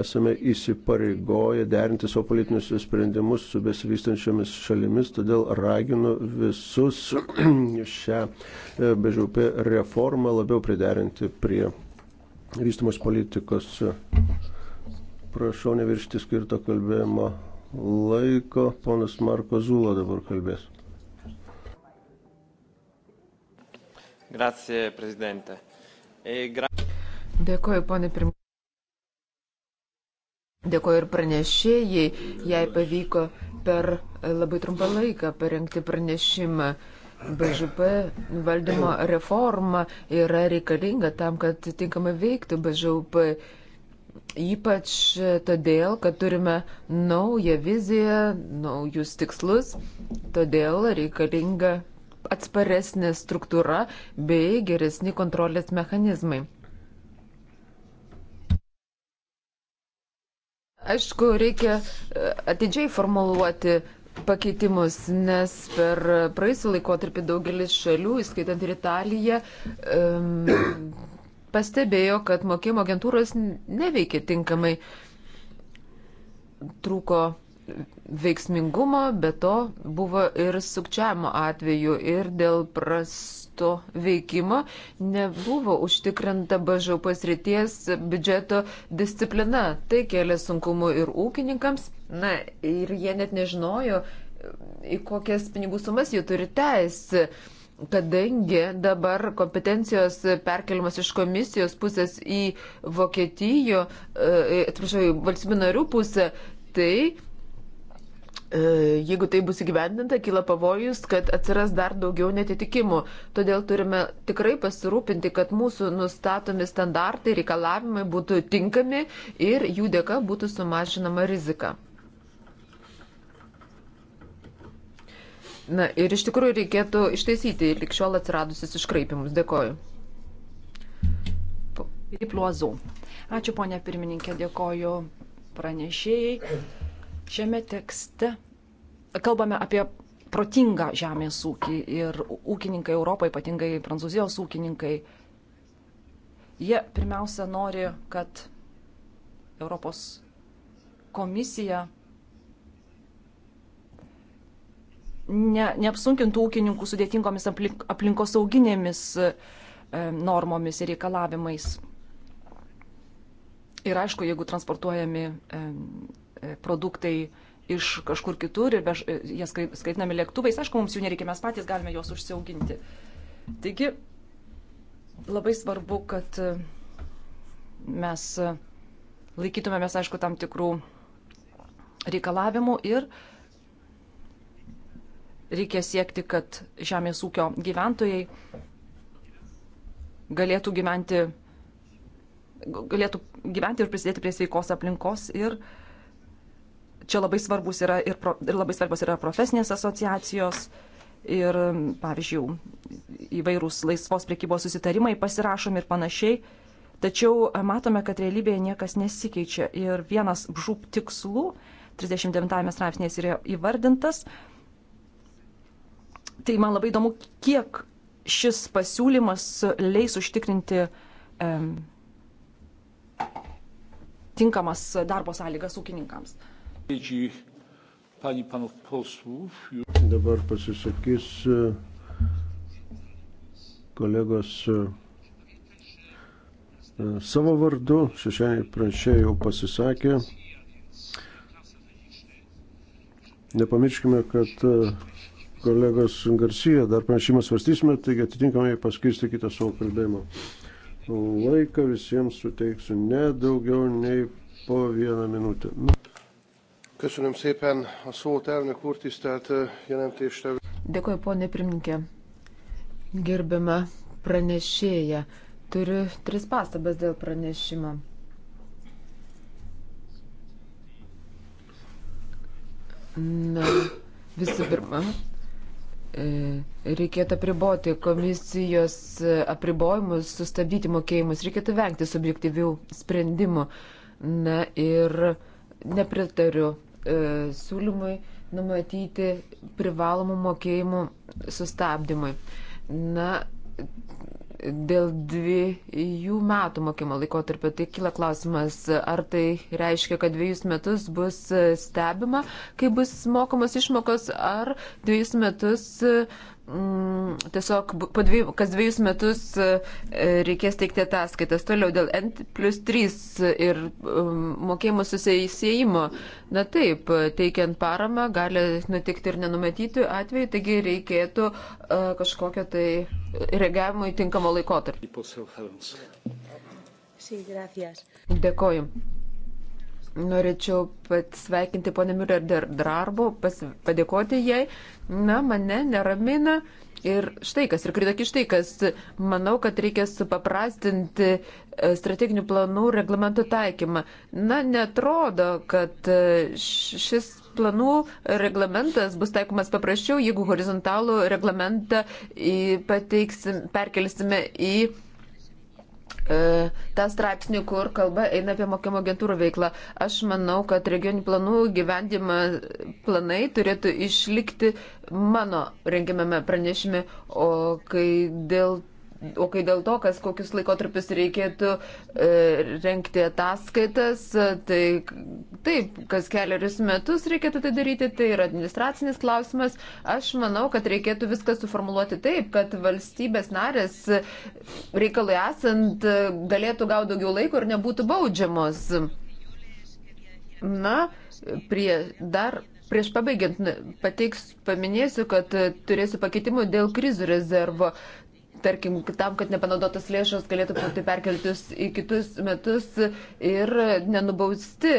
esame įsipareigoję derinti savo politinius sprendimus su besivystančiomis šalimis, todėl raginu visus šią bežiaupę reformą labiau priderinti prie vystumos politikos. Prašau neviršti skirto kalbėjimo laiko. Ponas Marko Zulo dabar kalbės. Grazie, prezidente. E, gra... Dėkuoju, ponė pirmininkė. Dėkuoju ir pranešėjai, jai pavyko per labai trumpą laiką parengti pranešimą. BŽP valdymo reforma yra reikalinga tam, kad tinkamai veiktų BŽP. Ypač todėl, kad turime naują viziją, naujus tikslus, todėl reikalinga atsparesnė struktūra bei geresni kontrolės mechanizmai. Aišku, reikia e, atidžiai formuluoti pakeitimus, nes per praeisį laikotarpį daugelis šalių, įskaitant ir Italiją, um, pastebėjo, kad mokėjimo agentūros neveikia tinkamai. Trūko veiksmingumo, bet to buvo ir sukčiavimo atveju ir dėl prasto veikimo nebuvo užtikrinta bažau pasrities biudžeto disciplina. Tai kėlė sunkumų ir ūkininkams Na ir jie net nežinojo, į kokias pinigų sumas jie turi teisę, kadangi dabar kompetencijos perkeliamas iš komisijos pusės į Vokietijų, e, atsiprašau, valstybių narių pusę, tai e, jeigu tai bus įgyvendinta, kyla pavojus, kad atsiras dar daugiau netitikimų. Todėl turime tikrai pasirūpinti, kad mūsų nustatomi standartai, reikalavimai būtų tinkami ir jų dėka būtų sumažinama rizika. Na ir iš tikrųjų reikėtų ištaisyti likščiol atsiradusius iškraipimus. Dėkoju. Pliuozų. Ačiū ponė pirmininkė, dėkoju pranešėjai. Šiame tekste kalbame apie protingą žemės ūkį ir ūkininkai Europoje, ypatingai prancūzijos ūkininkai, jie pirmiausia nori, kad Europos komisija ne, neapsunkintų ūkininkų sudėtingomis aplink, aplinkosauginėmis e, normomis ir reikalavimais. Ir aišku, jeigu transportuojami e, e, produktai iš kažkur kitur ir bež, jie skaitinami lėktuvais, aišku, mums jų nereikia, mes patys galime juos užsiauginti. Taigi, labai svarbu, kad mes laikytumėmės, aišku, tam tikrų reikalavimų ir uh, reikia siekti, kad žemės ūkio gyventojai galėtų gyventi, galėtų gyventi ir prisidėti prie sveikos aplinkos. Ir čia labai, yra ir, pro, ir labai svarbios yra profesinės asociacijos. Ir, pavyzdžiui, įvairūs laisvos priekybos susitarimai pasirašomi ir panašiai. Tačiau e, matome, kad realybėje niekas nesikeičia. Ir vienas žūp tikslų 39 straipsnės yra įvardintas Tai man labai įdomu, kiek šis pasiūlymas leis užtikrinti um, tinkamas darbo sąlygas ūkininkams. Dabar pasisakys e, kolegos e, e, savo vardu, šešiai pranešėjai jau pasisakė. Nepamirškime, kad kolegos Garcijo dar pranešimą svarstysime, taigi atitinkamai paskirsti kitą savo kalbėjimą. Laiką visiems suteiksiu ne daugiau nei po vieną minutę. Nu. Köszönöm szépen a szót, elnök úr, tisztelt jelentéstevő. Dėkuoju, ponė pirmininkė. Gerbiama pranešėja. Turiu tris pastabas dėl pranešimo. Na, visų pirma, E, reikėtų apriboti komisijos e, apribojimus, sustabdyti mokėjimus, reikėtų vengti subjektyvių sprendimų. Na ir nepritariu e, siūlymui numatyti privalomų mokėjimų sustabdymui. Na, Dėl dviejų metų mokymo laikotarpio tai kyla klausimas, ar tai reiškia, kad dviejus metus bus stebima, kai bus mokamos išmokos, ar dviejus metus Mm, tiesiog dviejų, kas dviejus metus e, reikės teikti ataskaitas. Toliau dėl N plus 3 ir um, mokėjimo susijimo. Na taip, teikiant paramą gali nutikti ir nenumatyti atveju, taigi reikėtų e, kažkokio tai reagavimo į tinkamą laikotarpį. Dėkoju. Norėčiau pasveikinti ponę Miller darbo, padėkoti jai. Na, mane neramina. Ir štai kas, ir kritok iš tai, kas manau, kad reikia supaprastinti e, strateginių planų reglamentų taikymą. Na, netrodo, kad e, šis planų reglamentas bus taikomas paprasčiau, jeigu horizontalų reglamentą pateiksime, perkelsime į E, tą straipsnį, kur kalba eina apie mokymo agentūrų veiklą. Aš manau, kad regionių planų gyvendimą planai turėtų išlikti mano rengiamame pranešime, o kai dėl O kai dėl to, kas kokius laikotarpius reikėtų e, renkti ataskaitas, e, tai taip, kas keliarius metus reikėtų tai daryti, tai yra administracinis klausimas. Aš manau, kad reikėtų viską suformuoluoti taip, kad valstybės narės reikalui esant e, galėtų gauti daugiau laiko ir nebūtų baudžiamos. Na, prie dar Prieš pabaigiant, pateiks, paminėsiu, kad turėsiu pakeitimų dėl krizių rezervo tarkim, tam, kad nepanaudotas lėšos galėtų būti perkeltis į kitus metus ir nenubausti,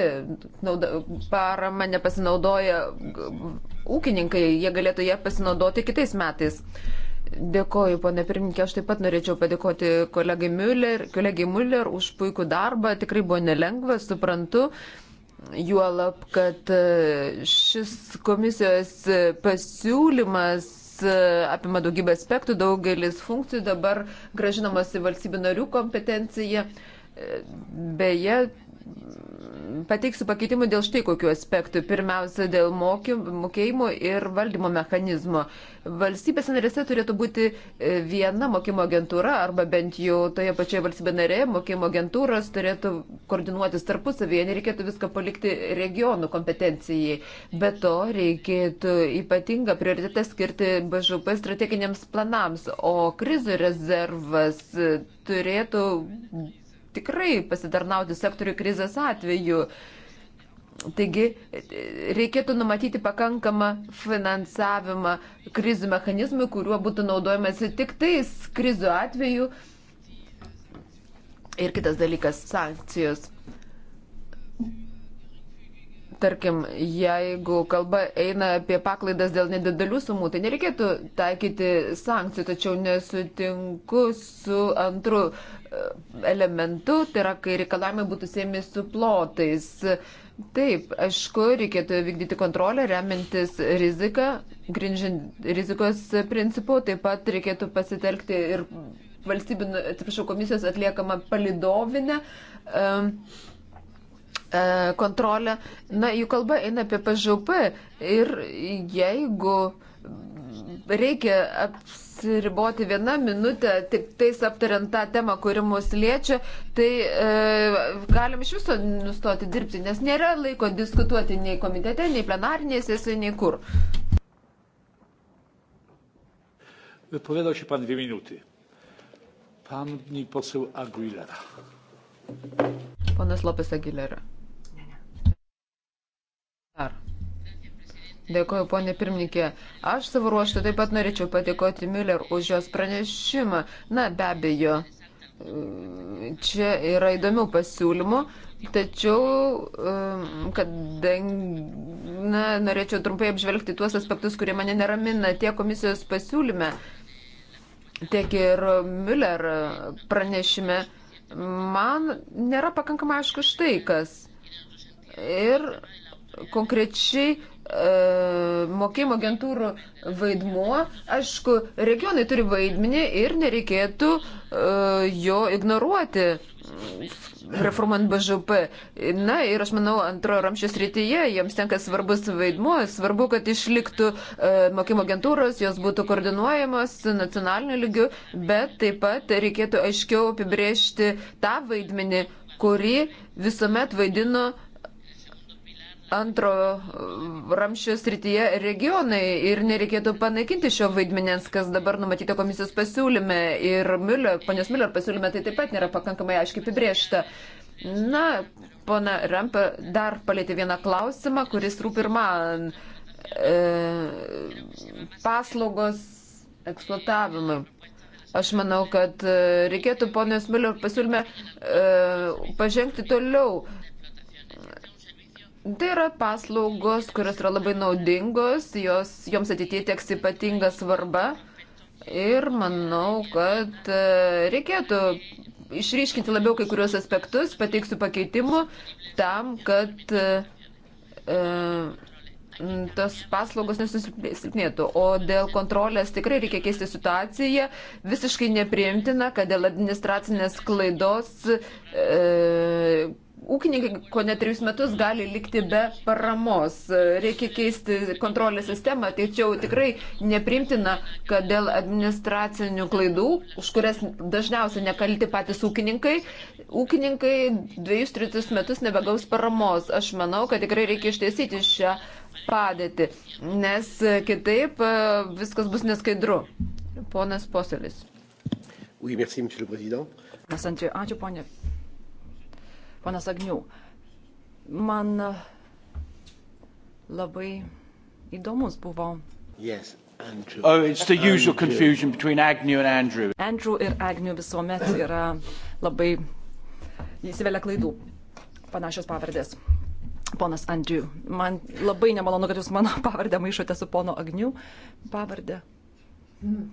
nauda, parama nepasinaudoja ūkininkai, jie galėtų ją pasinaudoti kitais metais. Dėkoju, ponė pirmininkė, aš taip pat norėčiau padėkoti kolegai Müller, kolegai Müller už puikų darbą, tikrai buvo nelengva, suprantu. Juolab, kad šis komisijos pasiūlymas E, apima daugybę aspektų, daugelis funkcijų dabar gražinamas į valstybių narių kompetenciją. E, beje, pateiksiu pakeitimų dėl štai kokių aspektų. Pirmiausia, dėl mokėjimo ir valdymo mechanizmo. Valstybės narėse turėtų būti e, viena mokymo agentūra arba bent jau toje pačioje valstybė narėje mokymo agentūros turėtų koordinuotis tarpusavyje, nereikėtų viską palikti regionų kompetencijai. Be to, reikėtų ypatingą prioritetą skirti BŽP strateginiams planams, o krizių rezervas e, turėtų tikrai pasitarnauti sektoriui krizės atveju. Taigi reikėtų numatyti pakankamą finansavimą krizių mechanizmui, kuriuo būtų naudojamasi tik tais krizių atveju. Ir kitas dalykas - sankcijos. Tarkim, jeigu kalba eina apie paklaidas dėl nedidelių sumų, tai nereikėtų taikyti sankcijų, tačiau nesutinku su antru e, elementu, tai yra, kai reikalavimai būtų siemi su plotais. Taip, aišku, reikėtų vykdyti kontrolę, remintis riziką, grindžiant rizikos principų, taip pat reikėtų pasitelkti ir valstybinio, atsiprašau, komisijos atliekamą palidovinę. Um, e, E, kontrolę. Na, jų kalba eina apie PŽP ir jeigu reikia apsiriboti vieną minutę tik tais aptariant tą temą, kuri mus liečia, tai e, galim iš viso nustoti dirbti, nes nėra laiko diskutuoti nei komitete, nei plenarinėje sesijoje, nei kur. Wypowiadał się pan dwie minuty. Pani poseł Aguilera. Ponas Lopes Agilera. Dar. Dėkuoju, ponė pirmininkė. Aš savo ruoštų taip pat norėčiau padėkoti Miller už jos pranešimą. Na, be abejo, čia yra įdomių pasiūlymų, tačiau, um, kad, na, norėčiau trumpai apžvelgti tuos aspektus, kurie mane neramina tiek komisijos pasiūlyme, tiek ir Miller pranešime man nėra pakankamai aišku štai kas. Ir konkrečiai E, mokėjimo agentūrų vaidmuo. Aišku, regionai turi vaidmenį ir nereikėtų e, jo ignoruoti reformant BŽP. Na ir aš manau, antrojo ramščio srityje jiems tenka svarbus vaidmuo, svarbu, kad išliktų e, mokymo agentūros, jos būtų koordinuojamos nacionaliniu lygiu, bet taip pat reikėtų aiškiau apibriežti tą vaidmenį, kurį visuomet vaidino antro e, ramščio srityje regionai ir nereikėtų panaikinti šio vaidmenens, kas dabar numatyta komisijos pasiūlyme ir Müller, ponios Müller pasiūlyme tai taip pat nėra pakankamai aiškiai apibriešta. Na, pona Rampa dar palėtė vieną klausimą, kuris rūpi ir man. E, paslaugos eksploatavimui. Aš manau, kad e, reikėtų ponios Miller pasiūlyme e, pažengti toliau. Tai yra paslaugos, kurios yra labai naudingos, jos, joms ateitie teks ypatinga svarba. Ir manau, kad e, reikėtų išryškinti labiau kai kurios aspektus, pateiksiu pakeitimų tam, kad e, e tas paslaugos nesusilpnėtų. O dėl kontrolės tikrai reikia keisti situaciją. Visiškai nepriimtina, kad dėl administracinės klaidos. E, ūkininkai ko net trejus metus gali likti be paramos. Reikia keisti kontrolės sistemą, tačiau tikrai neprimtina, kad dėl administracinių klaidų, už kurias dažniausiai nekalti patys ūkininkai, ūkininkai dviejus, trijus metus nebegaus paramos. Aš manau, kad tikrai reikia ištaisyti šią padėtį, nes kitaip e, viskas bus neskaidru. Ponas Poselis. Oui, merci, Monsieur le Président. Ačiū, ponė Ponas Agnių, man labai įdomus buvo. Yes. Andrew. Oh, it's the usual Andrew. confusion between Agnew and Andrew. Andrew ir Agnew visuomet yra labai įsivelia klaidų. Panašios pavardės. Ponas Andrew. Man labai nemalonu, kad jūs mano pavardę maišote su pono Agnew pavardę. Mm.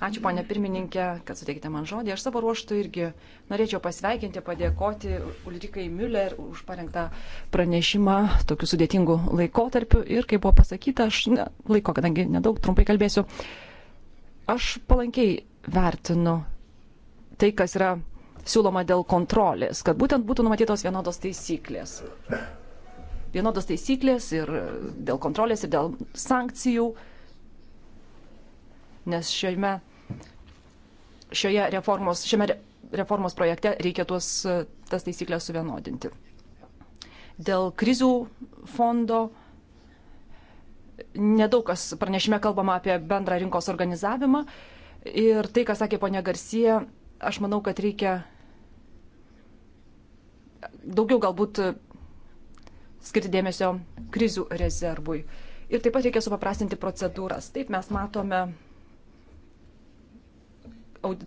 Ačiū, ponė pirmininkė, kad suteikite man žodį. Aš savo ruoštų irgi norėčiau pasveikinti, padėkoti Ulrikai Müller už parengtą pranešimą tokiu sudėtingu laikotarpiu. Ir kaip buvo pasakyta, aš ne, laiko, kadangi nedaug trumpai kalbėsiu, aš palankiai vertinu tai, kas yra siūloma dėl kontrolės, kad būtent būtų numatytos vienodos taisyklės. Vienodos taisyklės ir dėl kontrolės, ir dėl sankcijų nes šiame šioje reformos, šiame reformos projekte reikia tuos, tas taisyklės suvienodinti. Dėl krizių fondo nedaug kas pranešime kalbama apie bendrą rinkos organizavimą ir tai, ką sakė ponia Garcija, aš manau, kad reikia daugiau galbūt skirti dėmesio krizių rezervui. Ir taip pat reikia supaprastinti procedūras. Taip mes matome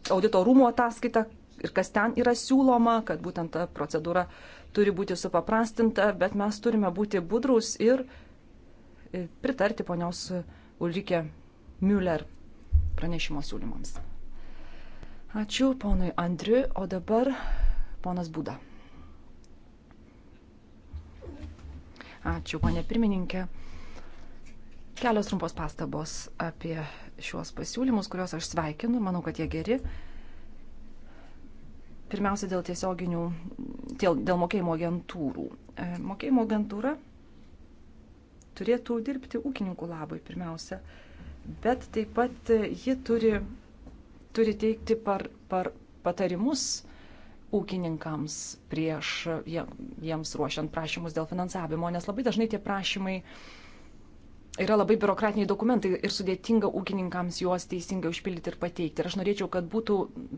audito rūmų ataskaitą ir kas ten yra siūloma, kad būtent ta procedūra turi būti supaprastinta, bet mes turime būti budrus ir e, pritarti ponios Ulrike Müller pranešimo siūlymams. Ačiū ponui Andriu, o dabar ponas Būda. Ačiū, ponė pirmininkė. Kelios trumpos pastabos apie šiuos pasiūlymus, kuriuos aš sveikinu, manau, kad jie geri. Pirmiausia, dėl tiesioginių, dėl, dėl mokėjimo agentūrų. E, mokėjimo agentūra turėtų dirbti ūkininkų labai pirmiausia, bet taip pat e, ji turi, turi teikti par, par patarimus ūkininkams prieš jie, jiems ruošiant prašymus dėl finansavimo, nes labai dažnai tie prašymai uh, yra labai biurokratiniai dokumentai ir sudėtinga ūkininkams juos teisingai užpildyti ir pateikti. Ir aš norėčiau, kad būtų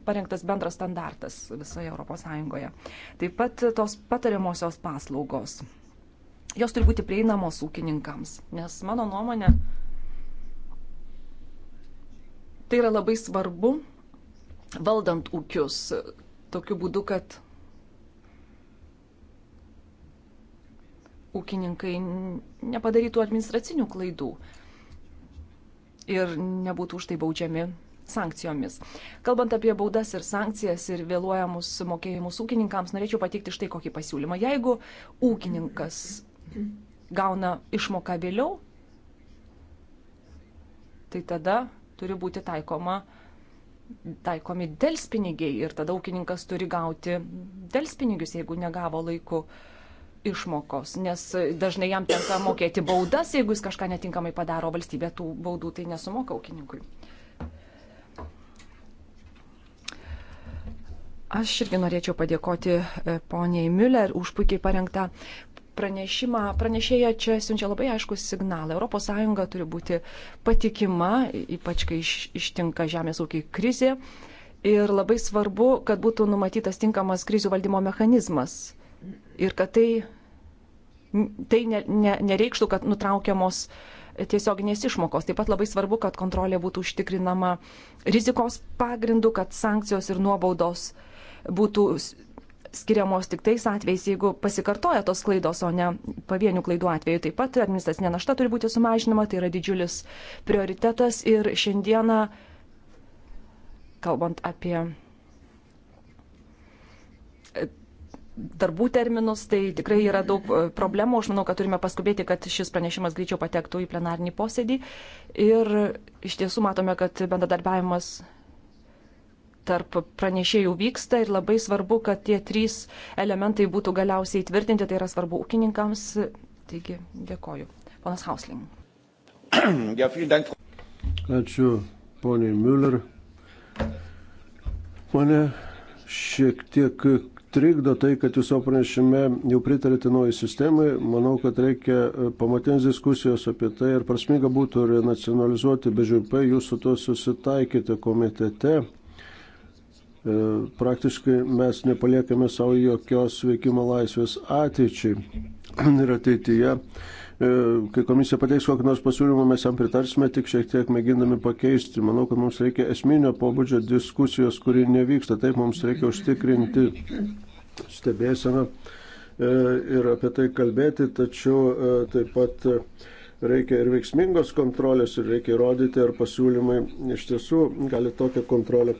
parengtas bendras standartas visoje ES. Taip pat tos patariamosios paslaugos. Jos turi būti prieinamos ūkininkams, nes mano nuomonė, tai yra labai svarbu valdant ūkius tokiu būdu, kad ūkininkai nepadarytų administracinių klaidų ir nebūtų už tai baudžiami sankcijomis. Kalbant apie baudas ir sankcijas ir vėluojamus mokėjimus ūkininkams, norėčiau pateikti štai kokį pasiūlymą. Jeigu ūkininkas gauna išmoką vėliau, tai tada turi būti taikoma, taikomi delspinigiai ir tada ūkininkas turi gauti delspinigius, jeigu negavo laiku uh, išmokos, nes dažnai jam tenka mokėti baudas, jeigu jis kažką netinkamai padaro, valstybė tų baudų tai nesumoka ūkininkui. Aš irgi norėčiau padėkoti e, poniai Müller už puikiai parengtą pranešimą. Pranešėja čia siunčia labai aiškus signalą. ES turi būti patikima, ypač kai ištinka žemės ūkiai krizė. Ir labai svarbu, kad būtų numatytas tinkamas krizių valdymo mechanizmas ir kad tai, tai ne, ne, nereikštų, kad nutraukiamos tiesioginės išmokos. Taip pat labai svarbu, kad kontrolė būtų užtikrinama rizikos pagrindu, kad sankcijos ir nuobaudos būtų skiriamos tik tais atvejais, jeigu pasikartoja tos klaidos, o ne pavienių klaidų atveju. Taip pat administracinė našta turi būti sumažinama, tai yra didžiulis prioritetas ir šiandieną, kalbant apie darbų terminus, tai tikrai yra daug e, problemų. Aš manau, kad turime paskubėti, kad šis pranešimas greičiau patektų į plenarnį posėdį. Ir iš tiesų matome, kad bendradarbiavimas tarp pranešėjų vyksta ir labai svarbu, kad tie trys elementai būtų galiausiai įtvirtinti, tai yra svarbu ūkininkams. Taigi, dėkoju. Ponas Hausling. Ačiū, poniai Müller. Mane šiek tiek trikdo tai, kad jūs savo pranešime jau pritarėte naujai sistemai. Manau, kad reikia e, pamatinės diskusijos apie tai ir prasminga būtų renacionalizuoti BŽP, jūs su to susitaikėte komitete. E, praktiškai mes nepaliekame savo jokios veikimo laisvės ateičiai ir ateityje. E, kai komisija pateiks kokį nors pasiūlymą, mes jam pritarsime, tik šiek tiek mėgindami pakeisti. Manau, kad mums reikia esminio pobūdžio diskusijos, kuri nevyksta. Taip mums reikia užtikrinti stebėseną e, ir apie tai kalbėti, tačiau e, taip pat e, reikia ir veiksmingos kontrolės ir reikia įrodyti, ar pasiūlymai iš tiesų gali tokią kontrolę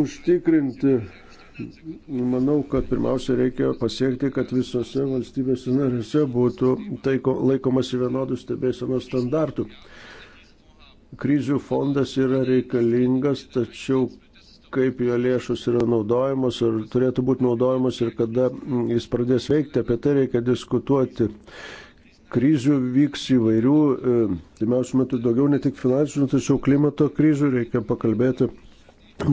užtikrinti. Manau, kad pirmiausia reikia pasiekti, kad visose valstybėse narėse būtų taiko, laikomasi vienodų stebėsenos standartų. Krizių fondas yra reikalingas, tačiau kaip jo lėšus yra naudojamos ir turėtų būti naudojamos ir kada jis pradės veikti, apie tai reikia diskutuoti. Kryžių vyks įvairių, timiausių e, metų daugiau ne tik finansinių, tačiau klimato kryžių reikia pakalbėti,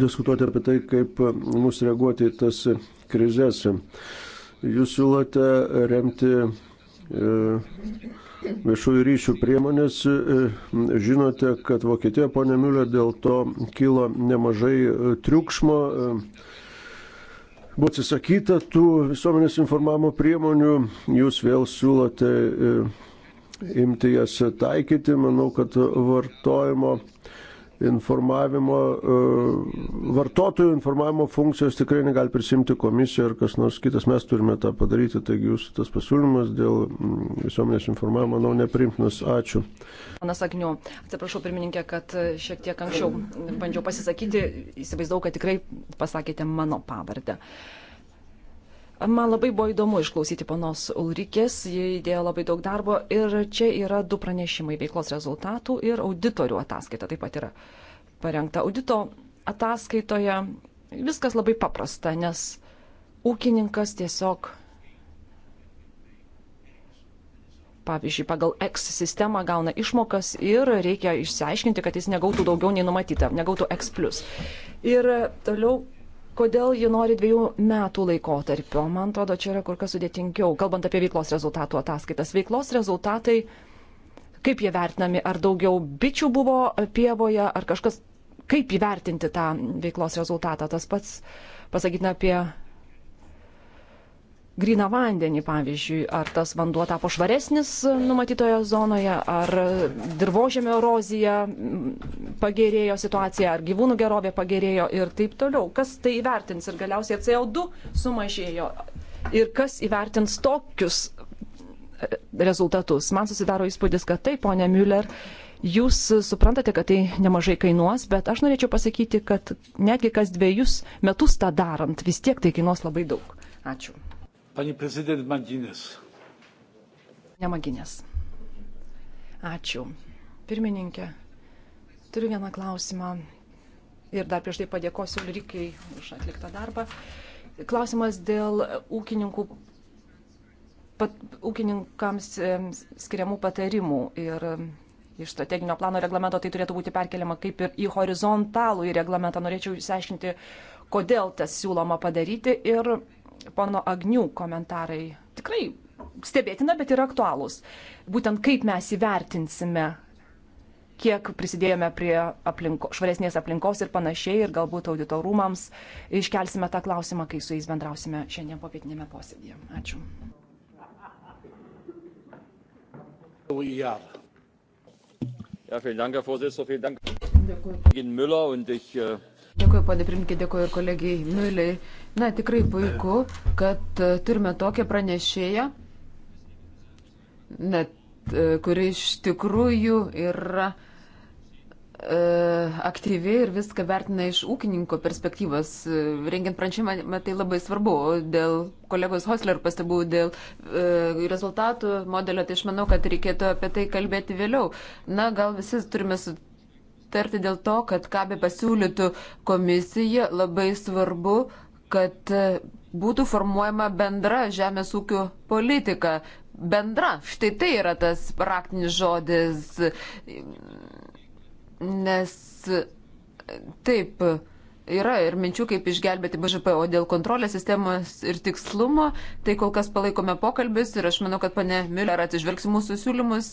diskutuoti apie tai, kaip e, mus reaguoti į tas krizės. Jūs siūlote remti e, viešųjų ryšių priemonės. E, e, žinote, kad Vokietijoje, ponė Miulė, dėl to kilo nemažai e, triukšmo. Buvo atsisakyta tų visuomenės informavimo priemonių, jūs vėl siūlote imti jas taikyti. Manau, kad vartojimo informavimo, e, vartotojų informavimo funkcijos tikrai negali prisimti komisija ar kas nors kitas. Mes turime tą padaryti, taigi jūsų tas pasiūlymas dėl visuomenės informavimo, manau, neprimtinas. Ačiū. Panas Agniu, atsiprašau pirmininkė, kad e, šiek tiek anksčiau bandžiau pasisakyti, įsivaizdavau, kad tikrai pasakėte mano pavardę. Uh, Man labai buvo įdomu išklausyti panos Ulrikės, jie įdėjo labai daug darbo ir čia yra du pranešimai - veiklos rezultatų ir auditorių ataskaita taip pat yra parengta. Audito ataskaitoje viskas labai paprasta, nes ūkininkas tiesiog, pavyzdžiui, pagal X sistemą gauna išmokas ir reikia išsiaiškinti, kad jis negautų daugiau nei numatyta, negautų X. Ir toliau kodėl ji nori dviejų metų laikotarpio. Man atrodo, čia yra kur kas sudėtingiau, kalbant apie veiklos rezultatų ataskaitas. Veiklos rezultatai, kaip jie vertinami, ar daugiau bičių buvo pievoje, ar kažkas, kaip įvertinti tą veiklos rezultatą. Tas pats pasakytina apie gryną vandenį, pavyzdžiui, ar tas vanduo tapo švaresnis numatytoje zonoje, ar dirbožėmio erozija mm, pagerėjo situacija, ar gyvūnų gerovė pagerėjo ir taip toliau. Kas tai įvertins ir galiausiai CO2 sumažėjo ir kas įvertins tokius e, rezultatus. Man susidaro įspūdis, kad taip, ponė Müller. Jūs suprantate, kad tai nemažai kainuos, bet aš norėčiau pasakyti, kad netgi kas dviejus metus tą darant, vis tiek tai kainuos labai daug. Ačiū. Pani prezident Maginės. Nemaginės. Ačiū. Pirmininkė, turiu vieną klausimą ir dar prieš tai padėkosiu Ulrikai už atliktą darbą. Klausimas dėl ūkininkų, pat, ūkininkams skiriamų patarimų ir iš strateginio plano reglamento tai turėtų būti perkeliama kaip ir į horizontalų į reglamentą. Norėčiau išsiaiškinti, kodėl tas siūloma padaryti ir pono Agnių komentarai tikrai stebėtina, bet ir aktualūs. Būtent kaip mes įvertinsime, kiek prisidėjome prie aplinko, švaresnės aplinkos ir panašiai, ir galbūt auditorumams iškelsime tą klausimą, kai su jais bendrausime šiandien popietinėme posėdėje. Ačiū. Ja, vielen Dank, Herr Vorsitzender. Vielen Dank, Kollegin Müller. Und ich, äh Dėkuoju, ponė Primkė, dėkuoju ir kolegijai Müliai. Na, tikrai puiku, kad e, turime tokią pranešėją, net, e, kuri iš tikrųjų yra e, aktyvi ir viską vertina iš ūkininko perspektyvos. Rengiant pranešimą, tai labai svarbu. Dėl kolegos Hosler pastabų, dėl e, rezultatų modelio, tai aš manau, kad reikėtų apie tai kalbėti vėliau. Na, gal visi turime sutarti dėl to, kad ką be pasiūlytų komisija, labai svarbu, kad e, būtų formuojama bendra žemės ūkio politika. Bendra, štai tai yra tas raktinis žodis, nes e, taip, Yra ir minčių, kaip išgelbėti BŽP, o dėl kontrolės sistemos ir tikslumo, tai kol kas palaikome pokalbis ir aš manau, kad pane Miller atsižvelgs mūsų siūlymus.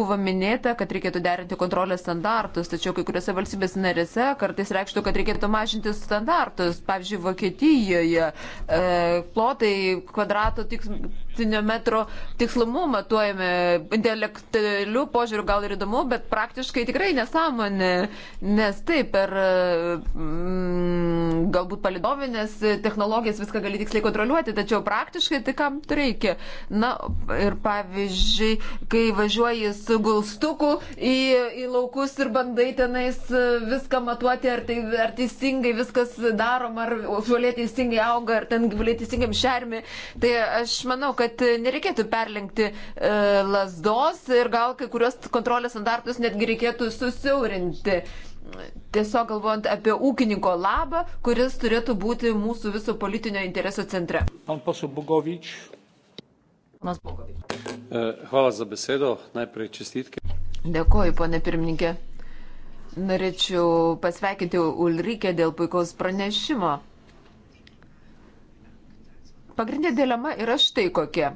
Buvo minėta, kad reikėtų derinti kontrolės standartus, tačiau kai kuriuose valstybės narėse kartais reikštų, kad reikėtų mažinti standartus. Pavyzdžiui, Vokietijoje e, plotai kvadrato tiks, metro tikslumu matuojame. Intelektualių požiūrių gal ir įdomu, bet praktiškai tikrai nesąmonė, nes taip per mm, galbūt palidovinės technologijas viską gali tiksliai kontroliuoti, tačiau praktiškai tai kam reikia. Na ir pavyzdžiui, kai važiuoji su gulstuku į, į laukus ir bandai tenais viską matuoti, ar, tai, ar teisingai viskas daroma, ar žolė teisingai auga, ar ten gyvuliai teisingai šermi, tai aš manau, kad kad nereikėtų perlenkti e, lasdos ir gal kai kurios kontrolės standartus netgi reikėtų susiaurinti. Tiesiog galvojant apie ūkininko labą, kuris turėtų būti mūsų viso politinio intereso centre. E, hvala za besedo, najprej čestitke. Dėkoju, ponė pirmininkė. Norėčiau pasveikinti Ulrike dėl puikaus pranešimo. Pagrindinė dilema yra štai kokia.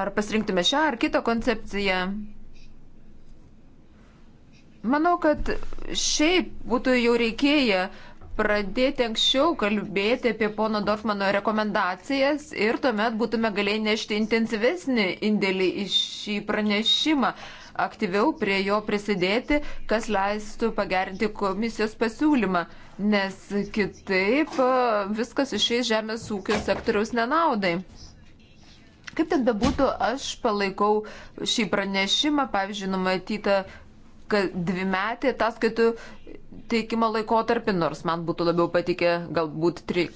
Ar pasirinktume šią ar kitą koncepciją? Manau, kad šiaip būtų jau reikėję pradėti anksčiau kalbėti apie pono Dorfmano rekomendacijas ir tuomet būtume galėję nešti intensyvesnį indėlį į šį pranešimą, aktyviau prie jo prisidėti, kas leistų pagerinti komisijos pasiūlymą nes kitaip e, viskas išeis žemės ūkio sektoriaus nenaudai. Kaip ten bebūtų, aš palaikau šį pranešimą, pavyzdžiui, numatytą dvi metį ataskaitų teikimo laikotarpį, nors man būtų labiau patikę galbūt tri,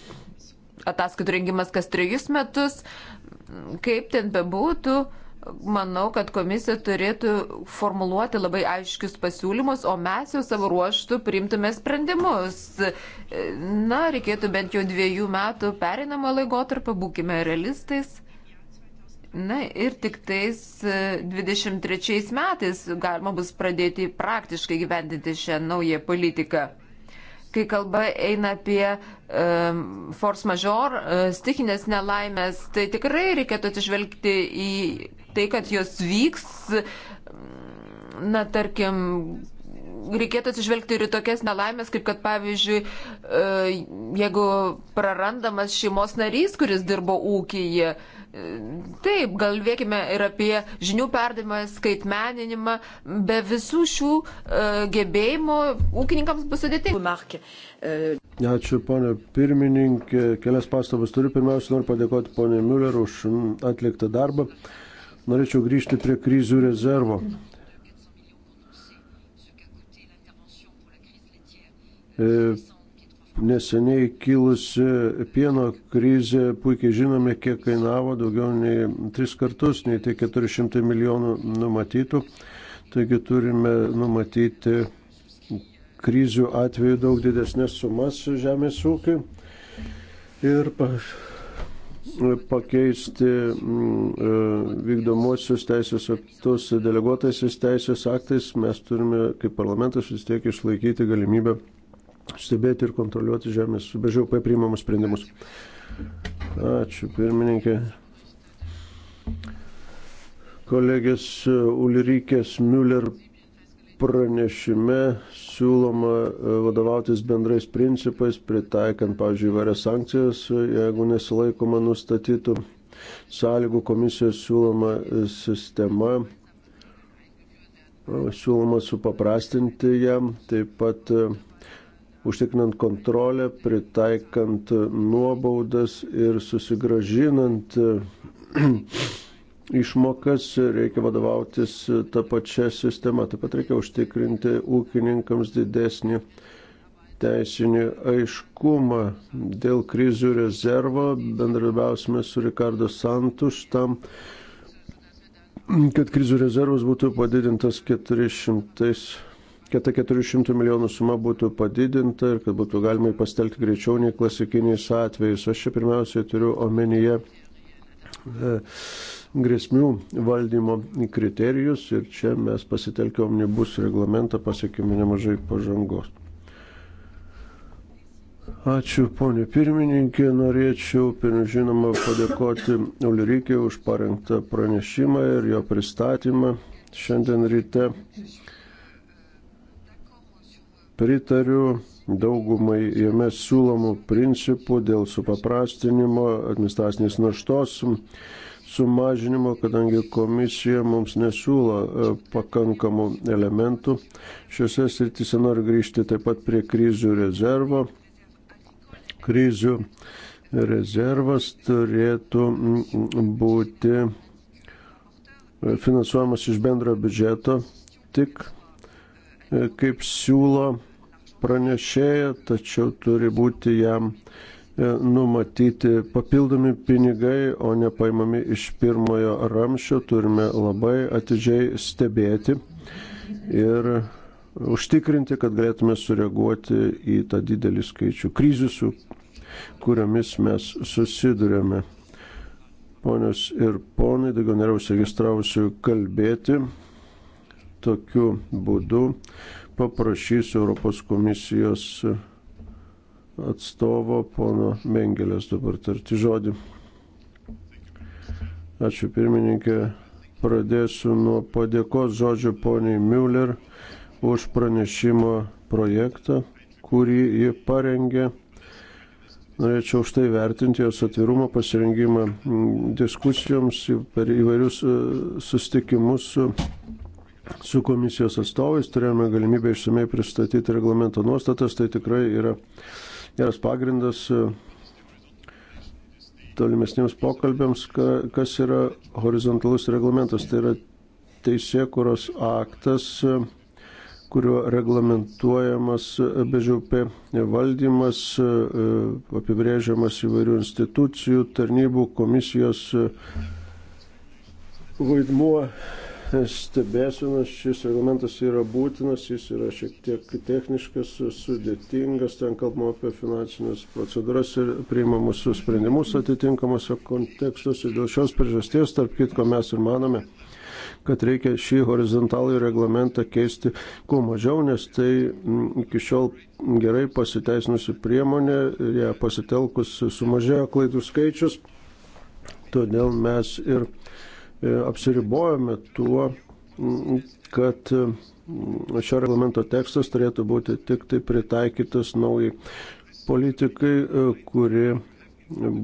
ataskaitų rengimas kas trejus metus. Kaip ten bebūtų, uh, manau, kad komisija turėtų formuluoti labai aiškius pasiūlymus, o mes jau savo ruoštų priimtume sprendimus. Na, reikėtų bent jau dviejų metų perinamo laikotarpio, būkime realistais. Na ir tik tais 23 e, metais galima bus pradėti praktiškai gyvendinti šią naują politiką. Kai kalba eina apie um, force major, uh, e, stikinės nelaimės, tai tikrai reikėtų atsižvelgti į tai, kad jos vyks, na, tarkim, reikėtų atsižvelgti ir į tokias nelaimės, kaip kad pavyzdžiui, e, jeigu prarandamas šeimos narys, kuris dirbo ūkyje. E, taip, galvėkime ir apie žinių perdavimą, skaitmeninimą. Be visų šių e, gebėjimų ūkininkams bus sudėtinga. Ačiū, ponė pirmininkė. Kelias pastabas turiu. Pirmiausia, noriu padėkoti ponė Müller už atliktą darbą. Norėčiau grįžti prie krizių rezervo. E, neseniai kilusi pieno krizė, puikiai žinome, kiek kainavo, daugiau nei tris kartus, nei tie 400 milijonų numatytų. Taigi turime numatyti krizių atveju daug didesnės sumas žemės ūkiui. Ir pakeisti mm, e, vykdomuosius teisės aktus deleguotaisiais teisės aktais, mes turime kaip parlamentas vis tiek išlaikyti galimybę stebėti ir kontroliuoti žemės BŽP priimamus sprendimus. Ačiū, pirmininkė. Kolegės Ulrikės Müller pranešime siūloma e, vadovautis bendrais principais, pritaikant, pavyzdžiui, įvairias sankcijas, e, jeigu nesilaikoma nustatytų sąlygų komisijos siūloma e, sistema, siūloma supaprastinti jam, taip pat užtikrinant kontrolę, pritaikant nuobaudas ir susigražinant išmokas, reikia vadovautis tą pačią sistemą. Taip pat reikia užtikrinti ūkininkams didesnį teisinį aiškumą dėl krizių rezervo. Bendradarbiausime su Rikardo Santuš tam, kad krizių rezervas būtų padidintas 400 kad ta 400 milijonų suma būtų padidinta ir kad būtų galima jį pastelti greičiau nei klasikiniais atvejais. Aš čia pirmiausiai turiu omenyje e, grėsmių valdymo kriterijus ir čia mes pasitelkę omnibus reglamentą pasiekime nemažai pažangos. Ačiū, ponė pirmininkė. Norėčiau, pirmiausia, žinoma, padėkoti Ulrikiai už parengtą pranešimą ir jo pristatymą šiandien ryte. Pritariu daugumai jame siūlomų principų dėl supaprastinimo, administracinės naštos sumažinimo, kadangi komisija mums nesiūlo e, pakankamų elementų. Šiuose srityse noriu grįžti taip pat prie krizių rezervo. Krizių rezervas turėtų būti e, finansuojamas iš bendrojo biudžeto tik e, kaip siūlo pranešėja, tačiau turi būti jam uh, E, numatyti papildomi pinigai, o nepaimami iš pirmojo ramščio, turime labai atidžiai stebėti ir užtikrinti, kad galėtume sureaguoti į tą didelį skaičių krizių, su kuriomis mes susidurėme. Ponios ir ponai, daugiau nėra užsiregistravusių kalbėti. Tokiu būdu paprašysiu Europos komisijos atstovo pono Mengelės dabar tarti žodį. Ačiū pirmininkė. Pradėsiu nuo padėkos žodžio poniai Müller už pranešimo projektą, kurį ji parengė. Norėčiau už tai vertinti jos atvirumą, pasirengimą diskusijoms per įvairius e, sustikimus su, su komisijos atstovais. Turėjome galimybę išsamei pristatyti reglamento nuostatas, tai tikrai yra geras pagrindas e, tolimesniems pokalbėms, kas yra horizontalus reglamentas. Tai yra teisėkuros aktas, e, kuriuo reglamentuojamas bežiaupė valdymas, e, apibrėžiamas įvairių institucijų, tarnybų, komisijos vaidmuo stebėsinos. Šis reglamentas yra būtinas, jis yra šiek tiek techniškas, sudėtingas, ten kalbama apie finansinės procedūras ir priimamus sprendimus atitinkamuose kontekstuose. Dėl šios priežasties, tarp kitko, mes ir manome, kad reikia šį horizontalų reglamentą keisti kuo mažiau, nes tai iki šiol gerai pasiteisinusi priemonė, ją pasitelkus sumažėjo klaidų skaičius. Todėl mes ir E, apsiribojame tuo, kad šio reglamento tekstas turėtų būti tik tai pritaikytas naujai politikai, e, kuri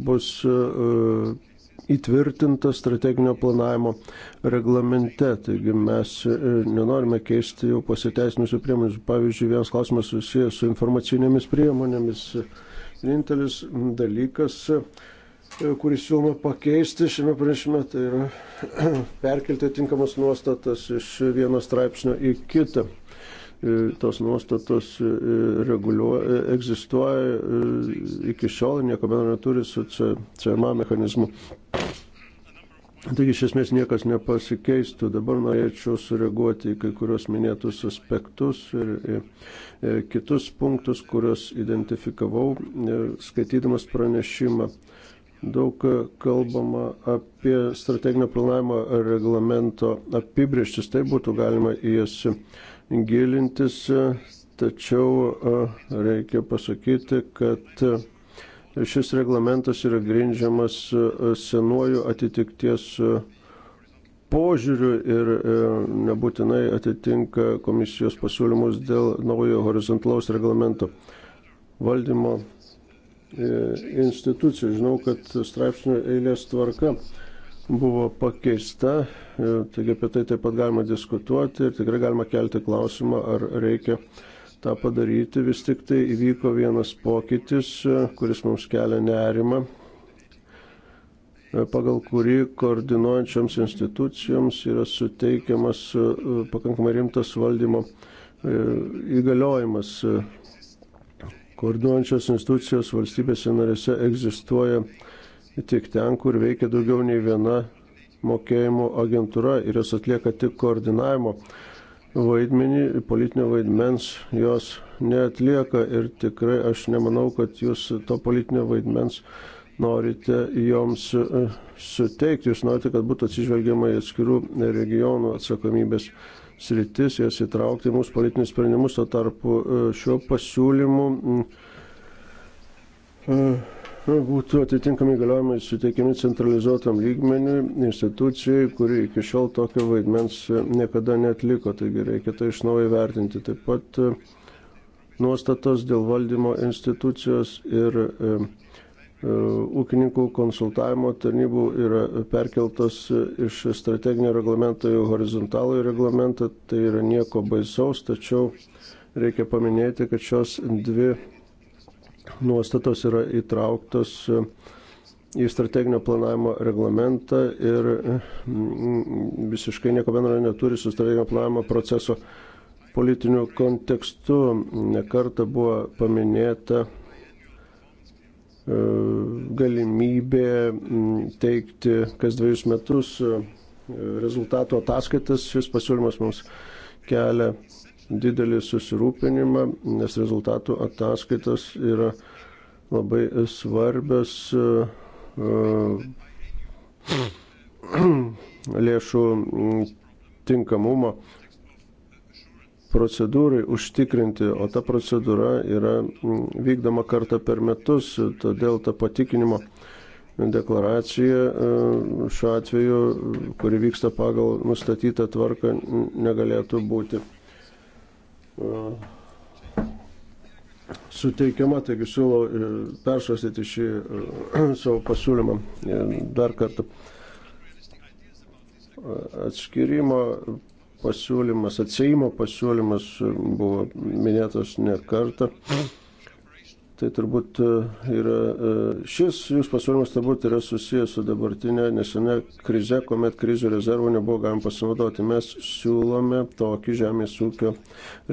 bus e, įtvirtinta strateginio planavimo reglamente. Taigi mes nenorime keisti jau pasiteisinusių priemonių. Pavyzdžiui, vienas klausimas susijęs su informacinėmis priemonėmis. Vienintelis dalykas, E, kurį siūloma pakeisti šiame pranešime, tai yra perkelti tinkamas nuostatas iš vieno straipsnio į kitą. E, tos nuostatos e, reguliuoja, egzistuoja iki šiol ir nieko bendro neturi su CMA mechanizmu. Taigi iš esmės niekas nepasikeistų. Dabar norėčiau sureaguoti į kai kurios minėtus aspektus ir kitus punktus, kuriuos identifikavau skaitydamas pranešimą Daug e, kalbama apie strateginio planavimo reglamento apibrieštis, tai būtų galima į jas gilintis, e, tačiau e, reikia pasakyti, kad šis reglamentas yra grindžiamas senuoju atitikties požiūriu ir nebūtinai atitinka komisijos pasiūlymus dėl naujo horizontalaus reglamento valdymo E, institucijų. Žinau, kad straipsnių eilės tvarka buvo pakeista, e, taigi apie tai taip pat galima diskutuoti ir tikrai galima kelti klausimą, ar reikia tą padaryti. Vis tik tai įvyko vienas pokytis, e, kuris mums kelia nerimą, pagal kurį koordinuojančioms institucijoms yra suteikiamas pakankamai rimtas valdymo įgaliojimas Koordinuojančios institucijos valstybėse narėse egzistuoja tik ten, kur veikia daugiau nei viena mokėjimo agentūra ir jos atlieka tik koordinavimo vaidmenį, politinio vaidmens jos neatlieka ir tikrai aš nemanau, kad jūs to politinio vaidmens norite joms e, suteikti, jūs norite, kad būtų atsižvelgiama į atskirų regionų atsakomybės sritis, jas įtraukti į mūsų politinius sprendimus, o tarpu e, šiuo pasiūlymu e, e, būtų atitinkami galiojimai suteikiami centralizuotam lygmeniui institucijai, kuri iki šiol tokio vaidmens niekada netliko, taigi reikia tai iš naujo vertinti. Taip pat nuostatos dėl valdymo institucijos ir E, ūkininkų konsultavimo tarnybų yra perkeltos iš strateginio reglamento į horizontalų reglamentą, tai yra nieko baisaus, tačiau reikia paminėti, kad šios dvi nuostatos yra įtrauktos į strateginio planavimo reglamentą ir mm, visiškai nieko bendro neturi su strateginio planavimo proceso politiniu kontekstu. Nekarta buvo paminėta E, galimybė teikti kas dviejus metus e, rezultato ataskaitas. Šis pasiūlymas mums kelia didelį susirūpinimą, nes rezultatų ataskaitas yra labai svarbios e, lėšų tinkamumo procedūrai užtikrinti, o ta procedūra yra vykdoma kartą per metus, todėl ta patikinimo deklaracija e, šiuo atveju, kuri vyksta pagal nustatytą tvarką, negalėtų būti e, suteikiama, taigi siūlau e, persvarstyti šį savo pasiūlymą dar kartą. Atskirimo pasiūlymas, atsėjimo pasiūlymas buvo minėtas ne kartą. Tai turbūt e, yra, e, šis jūs pasiūlymas turbūt yra susijęs su dabartinė nesena krize, kuomet krizių rezervų nebuvo galima pasinaudoti. Mes siūlome tokį žemės ūkio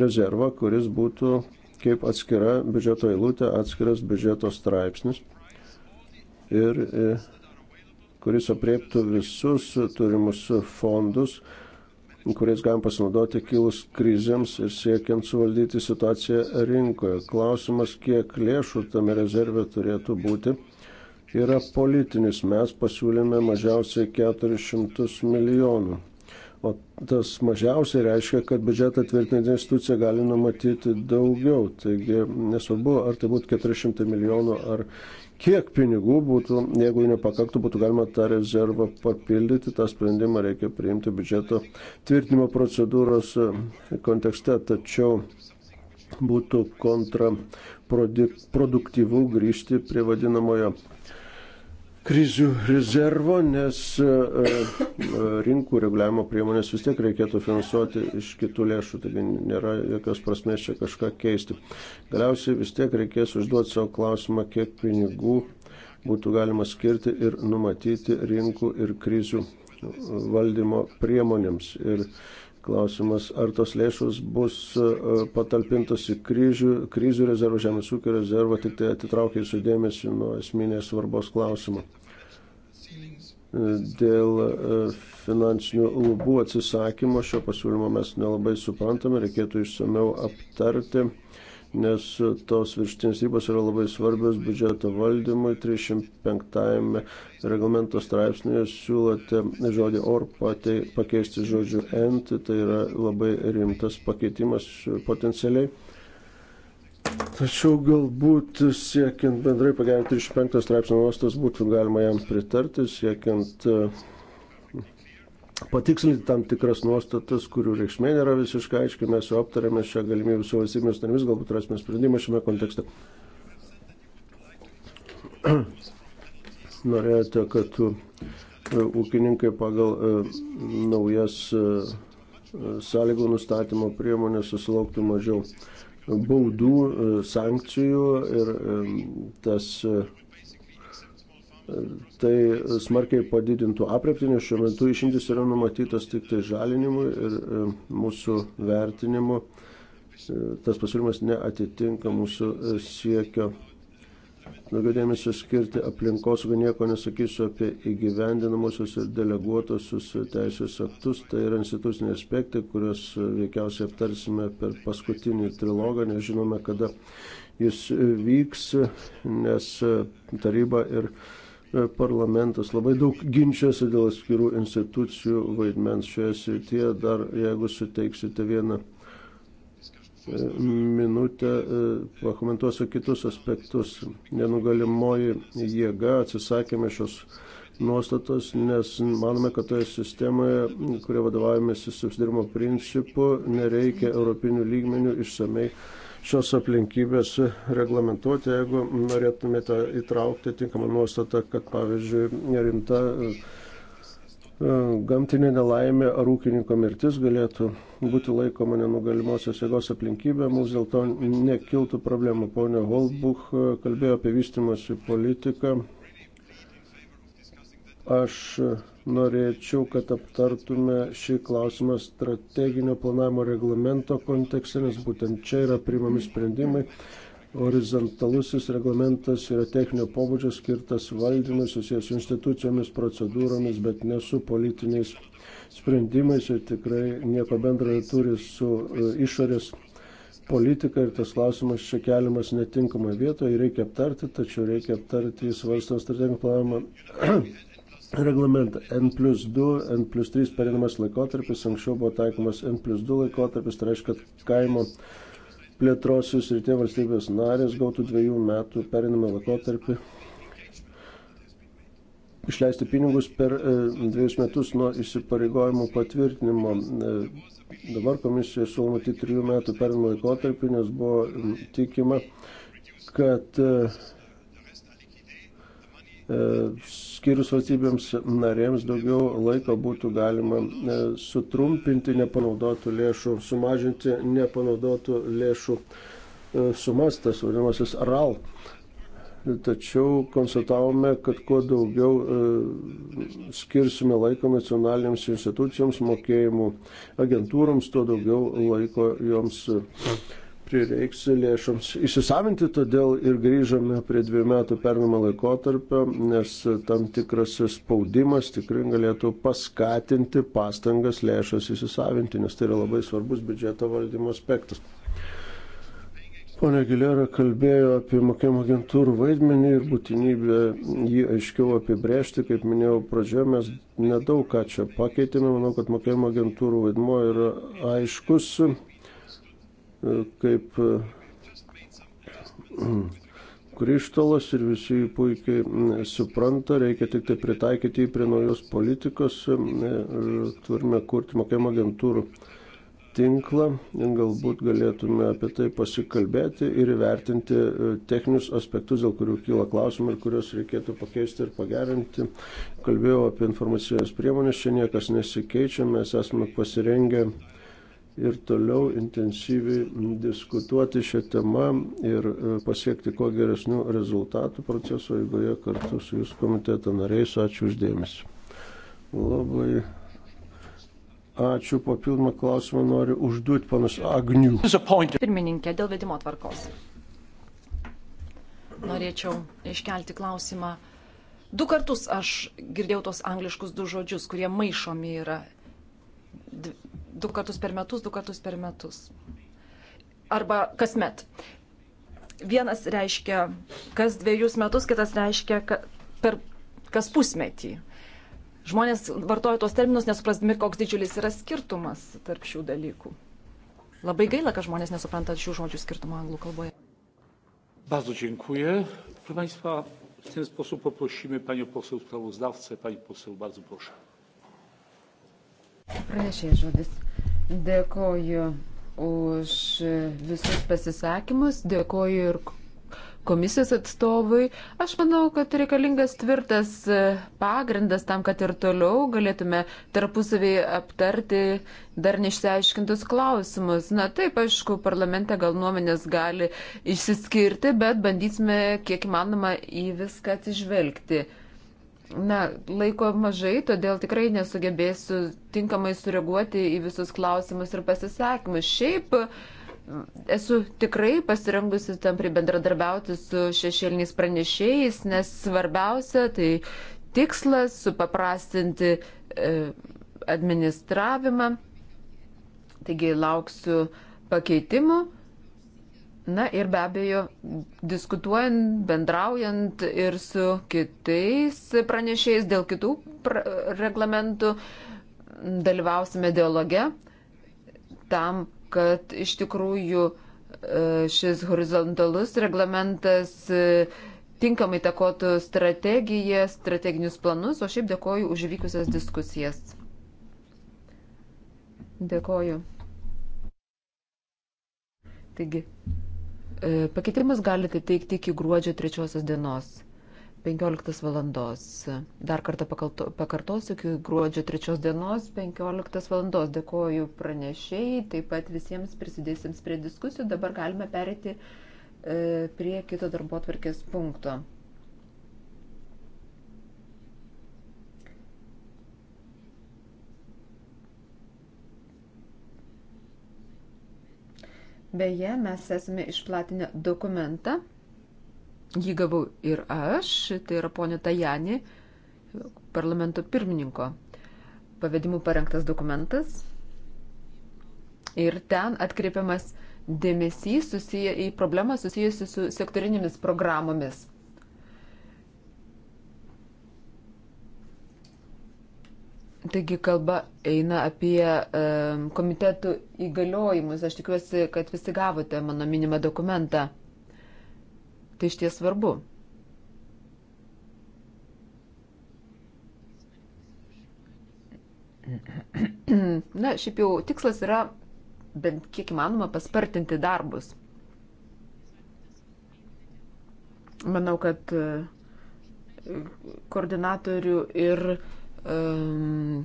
rezervą, kuris būtų kaip atskira biudžeto eilutė, atskiras biudžeto straipsnis. Ir e, kuris apriektų visus turimus fondus, kuriais galim pasinaudoti kilus krizėms ir siekiant suvaldyti situaciją rinkoje. Klausimas, kiek lėšų tame rezerve turėtų būti, yra politinis. Mes pasiūlėme mažiausiai 400 milijonų. O tas mažiausiai reiškia, kad biudžetą tvirtinanti institucija gali numatyti daugiau. Taigi nesvarbu, ar tai būtų 400 milijonų ar kiek pinigų būtų, jeigu jų nepakaktų, būtų galima tą rezervą papildyti, tą sprendimą reikia priimti biudžeto tvirtinimo procedūros e, kontekste, tačiau būtų kontraproduktyvu grįžti prie vadinamojo krizių rezervo, nes e, e, rinkų reguliavimo priemonės vis tiek reikėtų finansuoti iš kitų lėšų, taigi nėra jokios prasmės čia kažką keisti. Galiausiai vis tiek reikės užduoti savo klausimą, kiek pinigų būtų galima skirti ir numatyti rinkų ir krizių valdymo priemonėms. Ir Klausimas, ar tos lėšos bus e, patalpintos į kryžių, kryžių rezervą, žemės ūkio rezervą, tik tai atitraukia jūsų dėmesį nuo esminės svarbos klausimų. E, dėl e, finansinių lubų atsisakymo šio pasiūlymo mes nelabai suprantame, reikėtų išsameu aptarti nes tos virštinės ribos yra labai svarbios biudžeto valdymui. 305 reglamento straipsnėje siūlote žodį or patei, pakeisti žodžiu ent, tai yra labai rimtas pakeitimas potencialiai. Tačiau galbūt siekiant bendrai pagerinti 35 straipsnio nuostas būtų galima jam pritarti, siekiant uh, patikslinti tam tikras nuostatas, kurių reikšmė nėra visiškai aiški, mes jau aptarėme šią galimybę su valstybėmis narimis, galbūt rasime sprendimą šiame kontekste. Norėjote, kad e, ūkininkai pagal e, naujas e, sąlygų nustatymo priemonė susilauktų mažiau baudų, sankcijų ir tas tai smarkiai padidintų apreptinį. Šiuo metu išimtis yra numatytas tik tai žalinimui ir e, mūsų vertinimu e, tas pasiūlymas neatitinka mūsų e, siekio daugiau dėmesio skirti aplinkosaugą, nieko nesakysiu apie įgyvendinamosius ir deleguotosius teisės aktus. Tai yra instituciniai aspektai, kuriuos veikiausiai aptarsime per paskutinį trilogą, nežinome, kada jis vyks, nes taryba ir E, parlamentas labai daug ginčiasi dėl atskirų institucijų vaidmens šioje srityje. Dar jeigu suteiksite vieną e, minutę, e, pakomentuosiu kitus aspektus. Nenugalimoji jėga atsisakėme šios nuostatos, nes manome, kad toje sistemoje, kurie vadovavimėsi subsidirimo principu, nereikia europinių lygmenių išsamei šios aplinkybės reglamentuoti, jeigu norėtumėte įtraukti tinkamą nuostatą, kad pavyzdžiui, rimta e, gamtinė nelaimė ar ūkininko mirtis galėtų būti laikoma nenugalimosios jėgos aplinkybė, mums dėl to nekiltų problemų. Pone Holbuch e, kalbėjo apie vystimosi politiką. Aš e, norėčiau, kad aptartume šį klausimą strateginio planavimo reglamento kontekste, nes būtent čia yra primami sprendimai. Horizontalusis reglamentas yra techninio pobūdžio skirtas valdymui susijęs su institucijomis, procedūromis, bet ne su politiniais sprendimais ir tikrai nieko bendro neturi su e, išorės politika ir tas klausimas čia keliamas netinkamai vietoje, reikia aptarti, tačiau reikia aptarti svarstant strateginį planavimą reglamentą. N plus 2, N plus 3 perinamas laikotarpis, anksčiau buvo taikomas N plus 2 laikotarpis, tai reiškia, kad kaimo plėtros srityje valstybės narės gautų dviejų metų perinamą laikotarpį išleisti pinigus per e, dviejus metus nuo įsipareigojimų patvirtinimo. E, dabar komisija siūlo matyti trijų metų perinamą laikotarpį, nes buvo tikima, kad e, skirius valstybėms narėms daugiau laiko būtų galima e, sutrumpinti nepanaudotų lėšų, sumažinti nepanaudotų lėšų e, sumas, tas vadinamasis RAL. Tačiau konstatavome, kad kuo daugiau e, skirsime laiko nacionalinėms institucijoms, mokėjimų agentūroms, tuo daugiau laiko joms prireiks lėšoms įsisavinti, todėl ir grįžome prie dviejų metų pernamo laikotarpio, nes tam tikras spaudimas tikrai galėtų paskatinti pastangas lėšas įsisavinti, nes tai yra labai svarbus biudžeto valdymo aspektas. Pone Gilera kalbėjo apie mokėjimo agentūrų vaidmenį ir būtinybę jį aiškiau apibrėžti. Kaip minėjau pradžioje, mes nedaug ką čia pakeitėme. Manau, kad mokėjimo agentūrų vaidmo yra aiškus E, kaip e, kryštolas ir visi jį puikiai supranta, reikia tik tai pritaikyti jį prie naujos politikos, e, turime kurti mokėjimo agentūrų tinklą, galbūt galėtume apie tai pasikalbėti ir įvertinti techninius aspektus, dėl kurių kyla klausimai ir kuriuos reikėtų pakeisti ir pagerinti. Kalbėjau apie informacijos priemonės, čia niekas nesikeičia, mes esame pasirengę uh, ir toliau intensyviai diskutuoti šią temą ir e, pasiekti kuo geresnių rezultatų proceso eigoje kartu su jūsų komiteto nariais. Ačiū uždėmesi. Labai ačiū. Papildomą klausimą noriu užduoti panas Agnių. Pirmininkė, dėl vedimo tvarkos. Norėčiau iškelti klausimą. Du kartus aš girdėjau tos angliškus du žodžius, kurie maišomi yra du kartus per metus, du kartus per metus. Arba kasmet. Vienas reiškia kas dviejus metus, kitas reiškia ka, per, kas pusmetį. Žmonės vartoja tos terminus, nesuprasdami, koks didžiulis yra skirtumas tarp šių dalykų. Labai gaila, kad žmonės nesupranta šių žodžių skirtumo anglų kalboje. Bardzo dziękuję. Proszę Państwa, w ten sposób poprosimy Panią poseł sprawozdawcę. Pani poseł, bardzo proszę. Pranešėjai žodis. Dėkoju už visus pasisakymus, dėkoju ir komisijos atstovui. Aš manau, kad reikalingas tvirtas pagrindas tam, kad ir toliau galėtume tarpusavį aptarti dar neišsiaiškintus klausimus. Na taip, aišku, parlamente gal nuomonės gali išsiskirti, bet bandysime kiek įmanoma į viską atsižvelgti. Na, laiko mažai, todėl tikrai nesugebėsiu tinkamai sureaguoti į visus klausimus ir pasisakymus. Šiaip mm, esu tikrai pasirengusi tam pribendradarbiauti su šešėliniais pranešėjais, nes svarbiausia tai tikslas supaprastinti e, administravimą. Taigi lauksiu pakeitimų Na ir be abejo, diskutuojant, bendraujant ir su kitais pranešėjais dėl kitų pra reglamentų, dalyvausime dialoge tam, kad iš tikrųjų e, šis horizontalus reglamentas e, tinkamai takotų strategiją, strateginius planus, o šiaip dėkoju už vykusias diskusijas. Dėkoju. Taigi, E, Pakeitimus galite teikti iki gruodžio 3 dienos. 15 valandos. Dar kartą pakartosiu iki gruodžio 3 dienos 15 valandos. Dėkoju pranešėjai, taip pat visiems prisidėsiams prie diskusijų. Dabar galime perėti e, prie kito darbo tvarkės punkto. Beje, mes esame išplatinę dokumentą. Jį gavau ir aš, tai yra ponio Tajani, parlamento pirmininko pavedimų parengtas dokumentas. Ir ten atkreipiamas dėmesys susiję į problemą susijusi su sektorinėmis programomis. Taigi kalba eina apie um, komitetų įgaliojimus. Aš tikiuosi, kad visi gavote mano minimą dokumentą. Tai iš ties svarbu. Na, šiaip jau tikslas yra bent kiek įmanoma paspartinti darbus. Manau, kad e, koordinatorių ir uh, um,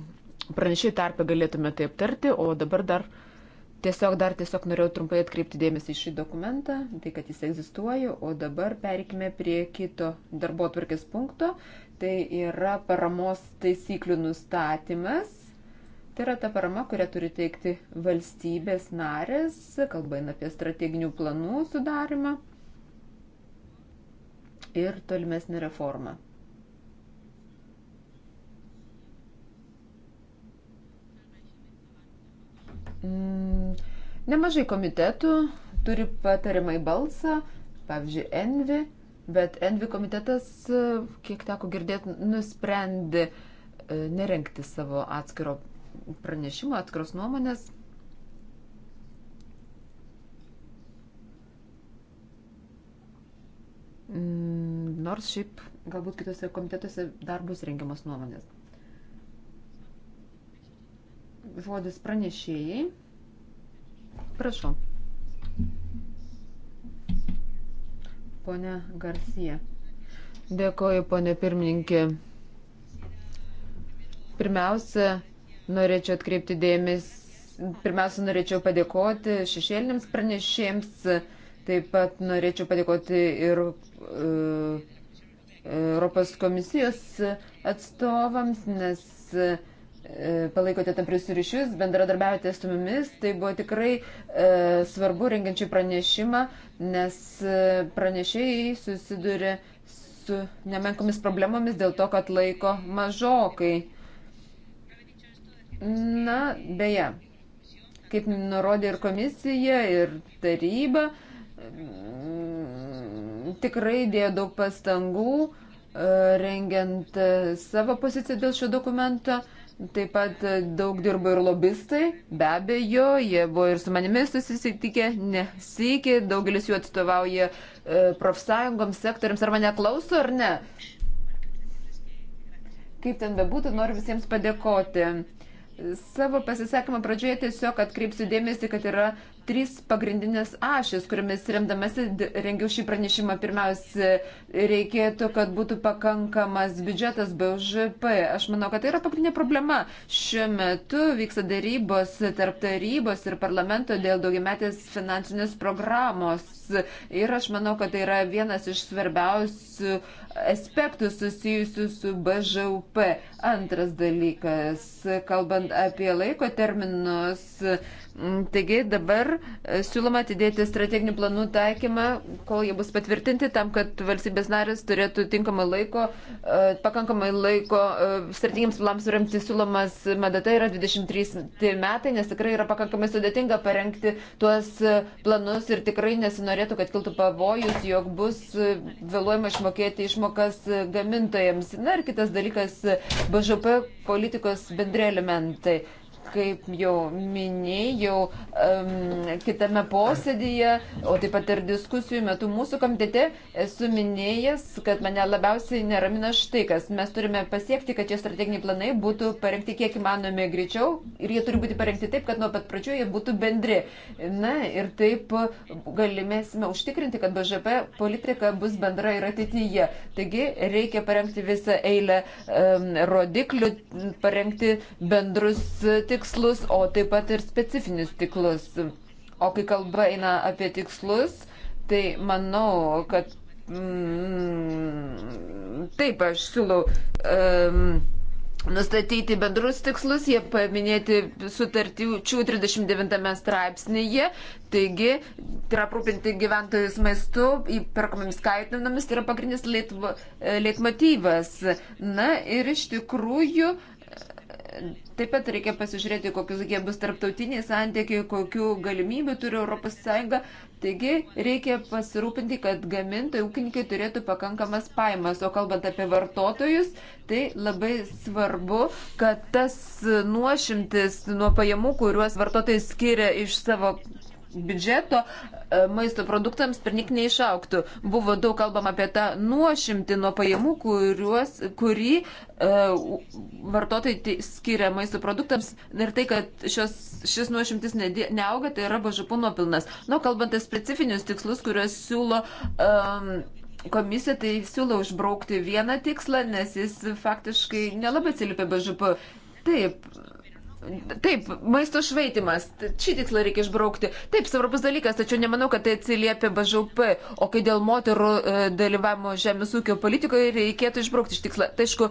pranešėjų tarpę galėtume tai aptarti, o dabar dar tiesiog, dar tiesiog norėjau trumpai atkreipti dėmesį į šį dokumentą, tai kad jis egzistuoja, o dabar perikime prie kito darbo atvarkės punkto, tai yra paramos taisyklių nustatymas. Tai yra ta parama, kurią turi teikti valstybės narės, kalba eina apie strateginių planų sudarimą ir tolimesnį reformą. Mm, nemažai komitetų turi patariamai balsą, pavyzdžiui, Envi, bet Envi komitetas, e, kiek teko girdėti, nusprendė e, nerenkti savo atskiro pranešimo, atskiros nuomonės. Mm, nors šiaip galbūt kitose komitetuose dar bus rengiamas nuomonės žodis pranešėjai. Prašau. Pone Garcija. Dėkoju, pone pirmininkė. Pirmiausia, norėčiau atkreipti dėmesį. Pirmiausia, norėčiau padėkoti šešėlinėms pranešėjams. Taip pat norėčiau padėkoti ir uh, Europos komisijos atstovams, nes uh, E, palaikote tamprius ryšius, bendradarbiavote su mumis. Tai buvo tikrai e, svarbu rengiančiai pranešimą, nes e, pranešėjai susiduria su nemenkomis problemomis dėl to, kad laiko mažokai. Na, beje, kaip nurodė ir komisija, ir taryba, mm, tikrai dėjo daug pastangų e, rengiant savo poziciją dėl šio dokumento. Taip pat e, daug dirbo ir lobistai, be abejo, jie buvo ir su manimi susitikę, nesikė, daugelis jų atstovauja e, profsąjungoms, sektoriams, ar mane klauso ar ne. Kaip ten bebūtų, noriu visiems padėkoti. Savo pasisakymą pradžioje tiesiog atkreipsiu dėmesį, kad yra trys pagrindinės ašės, kuriomis remdamasi rengiau šį pranešimą. Pirmiausia, reikėtų, kad būtų pakankamas biudžetas BŽP. Aš manau, kad tai yra pagrindinė problema. Šiuo metu vyksta darybos tarp tarybos ir parlamento dėl daugiametės finansinės programos. Ir aš manau, kad tai yra vienas iš svarbiausių aspektų susijusių su BŽUP. Antras dalykas, kalbant apie laiko terminus, Mm, taigi dabar e, siūloma atidėti strateginių planų taikymą, kol jie bus patvirtinti, tam, kad valstybės narės turėtų tinkamą laiko, e, pakankamai laiko e, strateginiams planams suremti siūlomas medata yra 23 metai, nes tikrai yra pakankamai sudėtinga parengti tuos planus ir tikrai nesinorėtų, kad kiltų pavojus, jog bus vėluojama išmokėti išmokas gamintojams. Na ir kitas dalykas - BŽP politikos bendri elementai kaip jau minėjau, um, kitame posėdėje, o taip pat ir diskusijų metu mūsų komitete esu minėjęs, kad mane labiausiai neramina štai kas. Mes turime pasiekti, kad šie strateginiai planai būtų parengti kiek įmanome greičiau ir jie turi būti parengti taip, kad nuo pat pradžių jie būtų bendri. Na ir taip galimėsime užtikrinti, kad BŽP politika bus bendra ir ateityje. Taigi reikia parengti visą eilę um, rodiklių, parengti bendrus tikslus tikslus, o taip pat ir specifinius tiklus. O kai kalba eina apie tikslus, tai manau, kad mm, taip aš siūlau. Um, nustatyti bendrus tikslus, jie paminėti sutartyčių 39 straipsnėje, taigi tai yra aprūpinti gyventojus maistu, įperkamomis kaitinomis, tai yra pagrindinis e, leitmotyvas. Na ir iš tikrųjų Taip pat reikia pasižiūrėti, kokius bus tarptautiniai santykiai, kokiu galimybių turi ES. Taigi reikia pasirūpinti, kad gamintojai, ūkininkai turėtų pakankamas paimas. O kalbant apie vartotojus, tai labai svarbu, kad tas nuošimtis nuo pajamų, kuriuos vartotojai skiria iš savo biudžeto e, maisto produktams pernik neišauktų. Buvo daug kalbama apie tą nuošimtį nuo pajamų, kuriuos, kurį uh, vartotojai skiria maisto produktams ir tai, kad šios, šis nuošimtis ne, neauga, tai yra bažupų nuopilnas. Nu, kalbant apie specifinius tikslus, kuriuos siūlo. Um, Komisija tai siūlo užbraukti vieną tikslą, nes jis faktiškai nelabai atsiliepia BŽP. Taip, Taip, maisto švaitimas. Šį tikslą reikia išbraukti. Taip, svarbus dalykas, tačiau nemanau, kad tai atsiliepia BŽP. O kai dėl moterų e, dalyvavimo žemės ūkio politikoje reikėtų išbraukti šį tikslą. Tai aišku,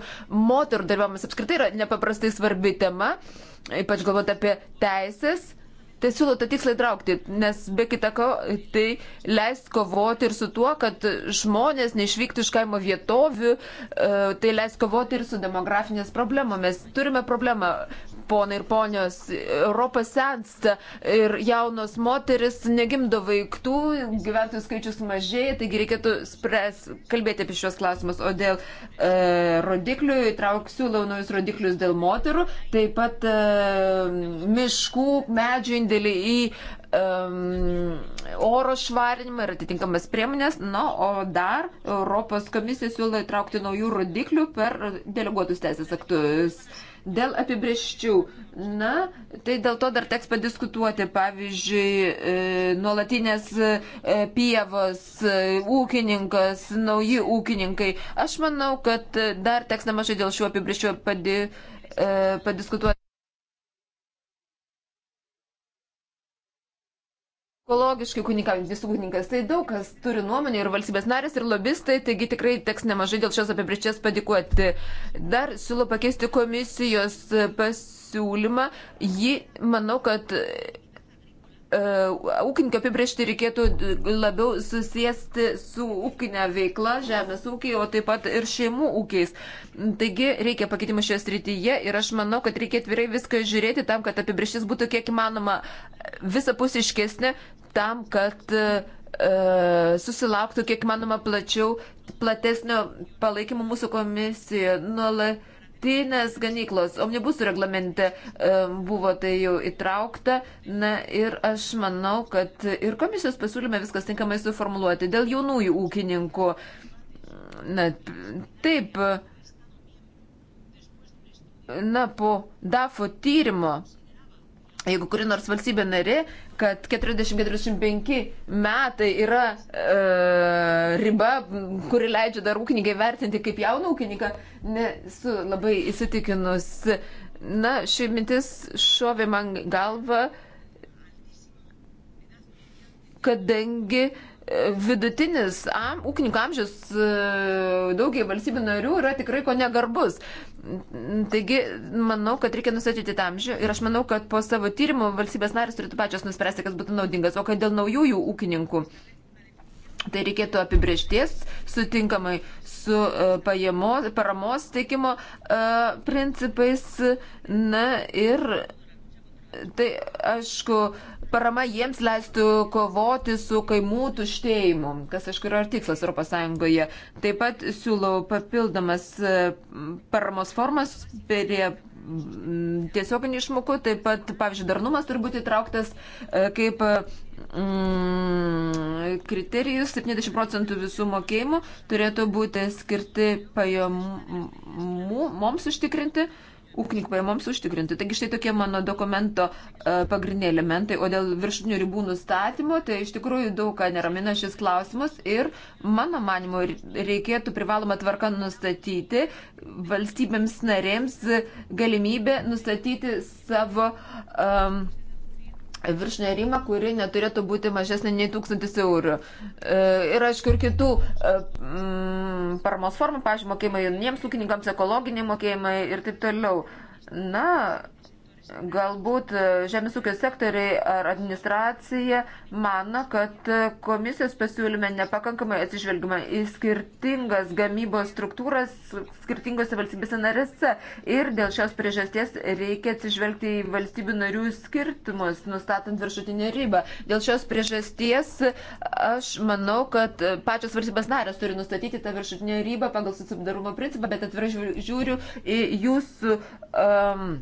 moterų dalyvavimas apskritai yra nepaprastai svarbi tema, ypač galvot apie teisės. Tai siūlau tą tikslą įtraukti, nes be kita ko tai leis kovoti ir su tuo, kad žmonės neišvyktų iš kaimo vietovių, e, tai leis kovoti ir su demografinės problemomis. Turime problemą ponai ir ponios, Europa sensta ir jaunos moteris negimdo vaikų, gyventojų skaičius mažėja, taigi reikėtų spręs, kalbėti apie šios klausimus. O dėl e, rodiklių įtrauksiu launojus rodiklius dėl moterų, taip pat e, miškų, medžių indėlį į um, oro švarinimą ir atitinkamas priemonės. Na, o dar Europos komisija siūlo įtraukti naujų rodiklių per deleguotus teisės aktus. Uh, Dėl apibrieščių, na, tai dėl to dar teks padiskutuoti, pavyzdžiui, e, nuolatinės e, pievos, e, ūkininkas, nauji ūkininkai. Aš manau, kad dar teks nemažai dėl šių apibrieščių padi, padiskutuoti. ekologiškai kuninkaujantis ūkininkas. Tai daug kas turi nuomonę ir valstybės narės, ir lobistai, taigi tikrai teks nemažai dėl šios apibriešties padėkoti. Dar siūlau pakeisti komisijos pasiūlymą. Ji, manau, kad E, ūkininkai apibriežti reikėtų labiau susijęsti su ūkinė veikla, žemės ūkiai, o taip pat ir šeimų ūkiais. Taigi reikia pakeitimų šioje srityje ir aš manau, kad reikia atvirai viską žiūrėti tam, kad apibriežtis būtų kiek įmanoma visapusiškesnė, tam, kad e, e, susilauktų kiek manoma plačiau, platesnio palaikymo mūsų komisijoje. Nuolat naktinės ganyklos. Omnibusų reglamente e, buvo tai jau įtraukta. Na ir aš manau, kad ir komisijos pasiūlyme viskas tinkamai suformuluoti dėl jaunųjų ūkininkų. Na, taip. Na, po DAFO tyrimo jeigu kuri nors valstybė nari, kad 40-45 metai yra e, riba, kuri leidžia dar ūkininkai vertinti kaip jauną ūkininką, nesu labai įsitikinus. Na, ši mintis šovė man galvą, kadangi e, vidutinis am, ūkininkų amžius e, daugiai valstybių narių yra tikrai ko negarbus. Taigi, manau, kad reikia nustatyti tą amžių ir aš manau, kad po savo tyrimų valstybės narės turėtų pačios nuspręsti, kas būtų naudingas, o kad dėl naujųjų ūkininkų. Tai reikėtų apibriešties sutinkamai su uh, pajamos, paramos teikimo uh, principais. Na ir uh, Tai aišku, parama jiems leistų kovoti su kaimų tuštėjimu, kas aišku yra ir tikslas ES. Taip pat siūlau papildomas e, paramos formas prie tiesioginių išmokų, taip pat, pavyzdžiui, darnumas turi būti įtrauktas e, kaip mm, kriterijus, 70 procentų visų mokėjimų turėtų būti skirti pajamų mums užtikrinti ūkininkų pajamoms užtikrinti. Taigi štai tokie mano dokumento e, pagrindiniai elementai. O dėl viršutinių ribų nustatymo, tai iš tikrųjų daug ką neramina šis klausimas ir mano manimo reikėtų privaloma tvarka nustatyti valstybėms narėms galimybę nustatyti savo um, viršinę ribą, kuri neturėtų būti mažesnė nei 1000 eurų. E, ir aišku, ir kitų e, mm, paramos formų, pažiūrėjau, mokėjimai jauniems ūkininkams, ekologiniai mokėjimai ir taip toliau. Na, Galbūt e, žemės ūkio sektoriai ar administracija mano, kad e, komisijos pasiūlyme nepakankamai atsižvelgiama į skirtingas gamybos struktūras skirtingose valstybėse narėse ir dėl šios priežasties reikia atsižvelgti į valstybių narių skirtumus, nustatant viršutinę ribą. Dėl šios priežasties aš manau, kad pačios valstybės narės turi nustatyti tą viršutinę ribą pagal susidarumo principą, bet atvirai žiūriu į jūsų. Um,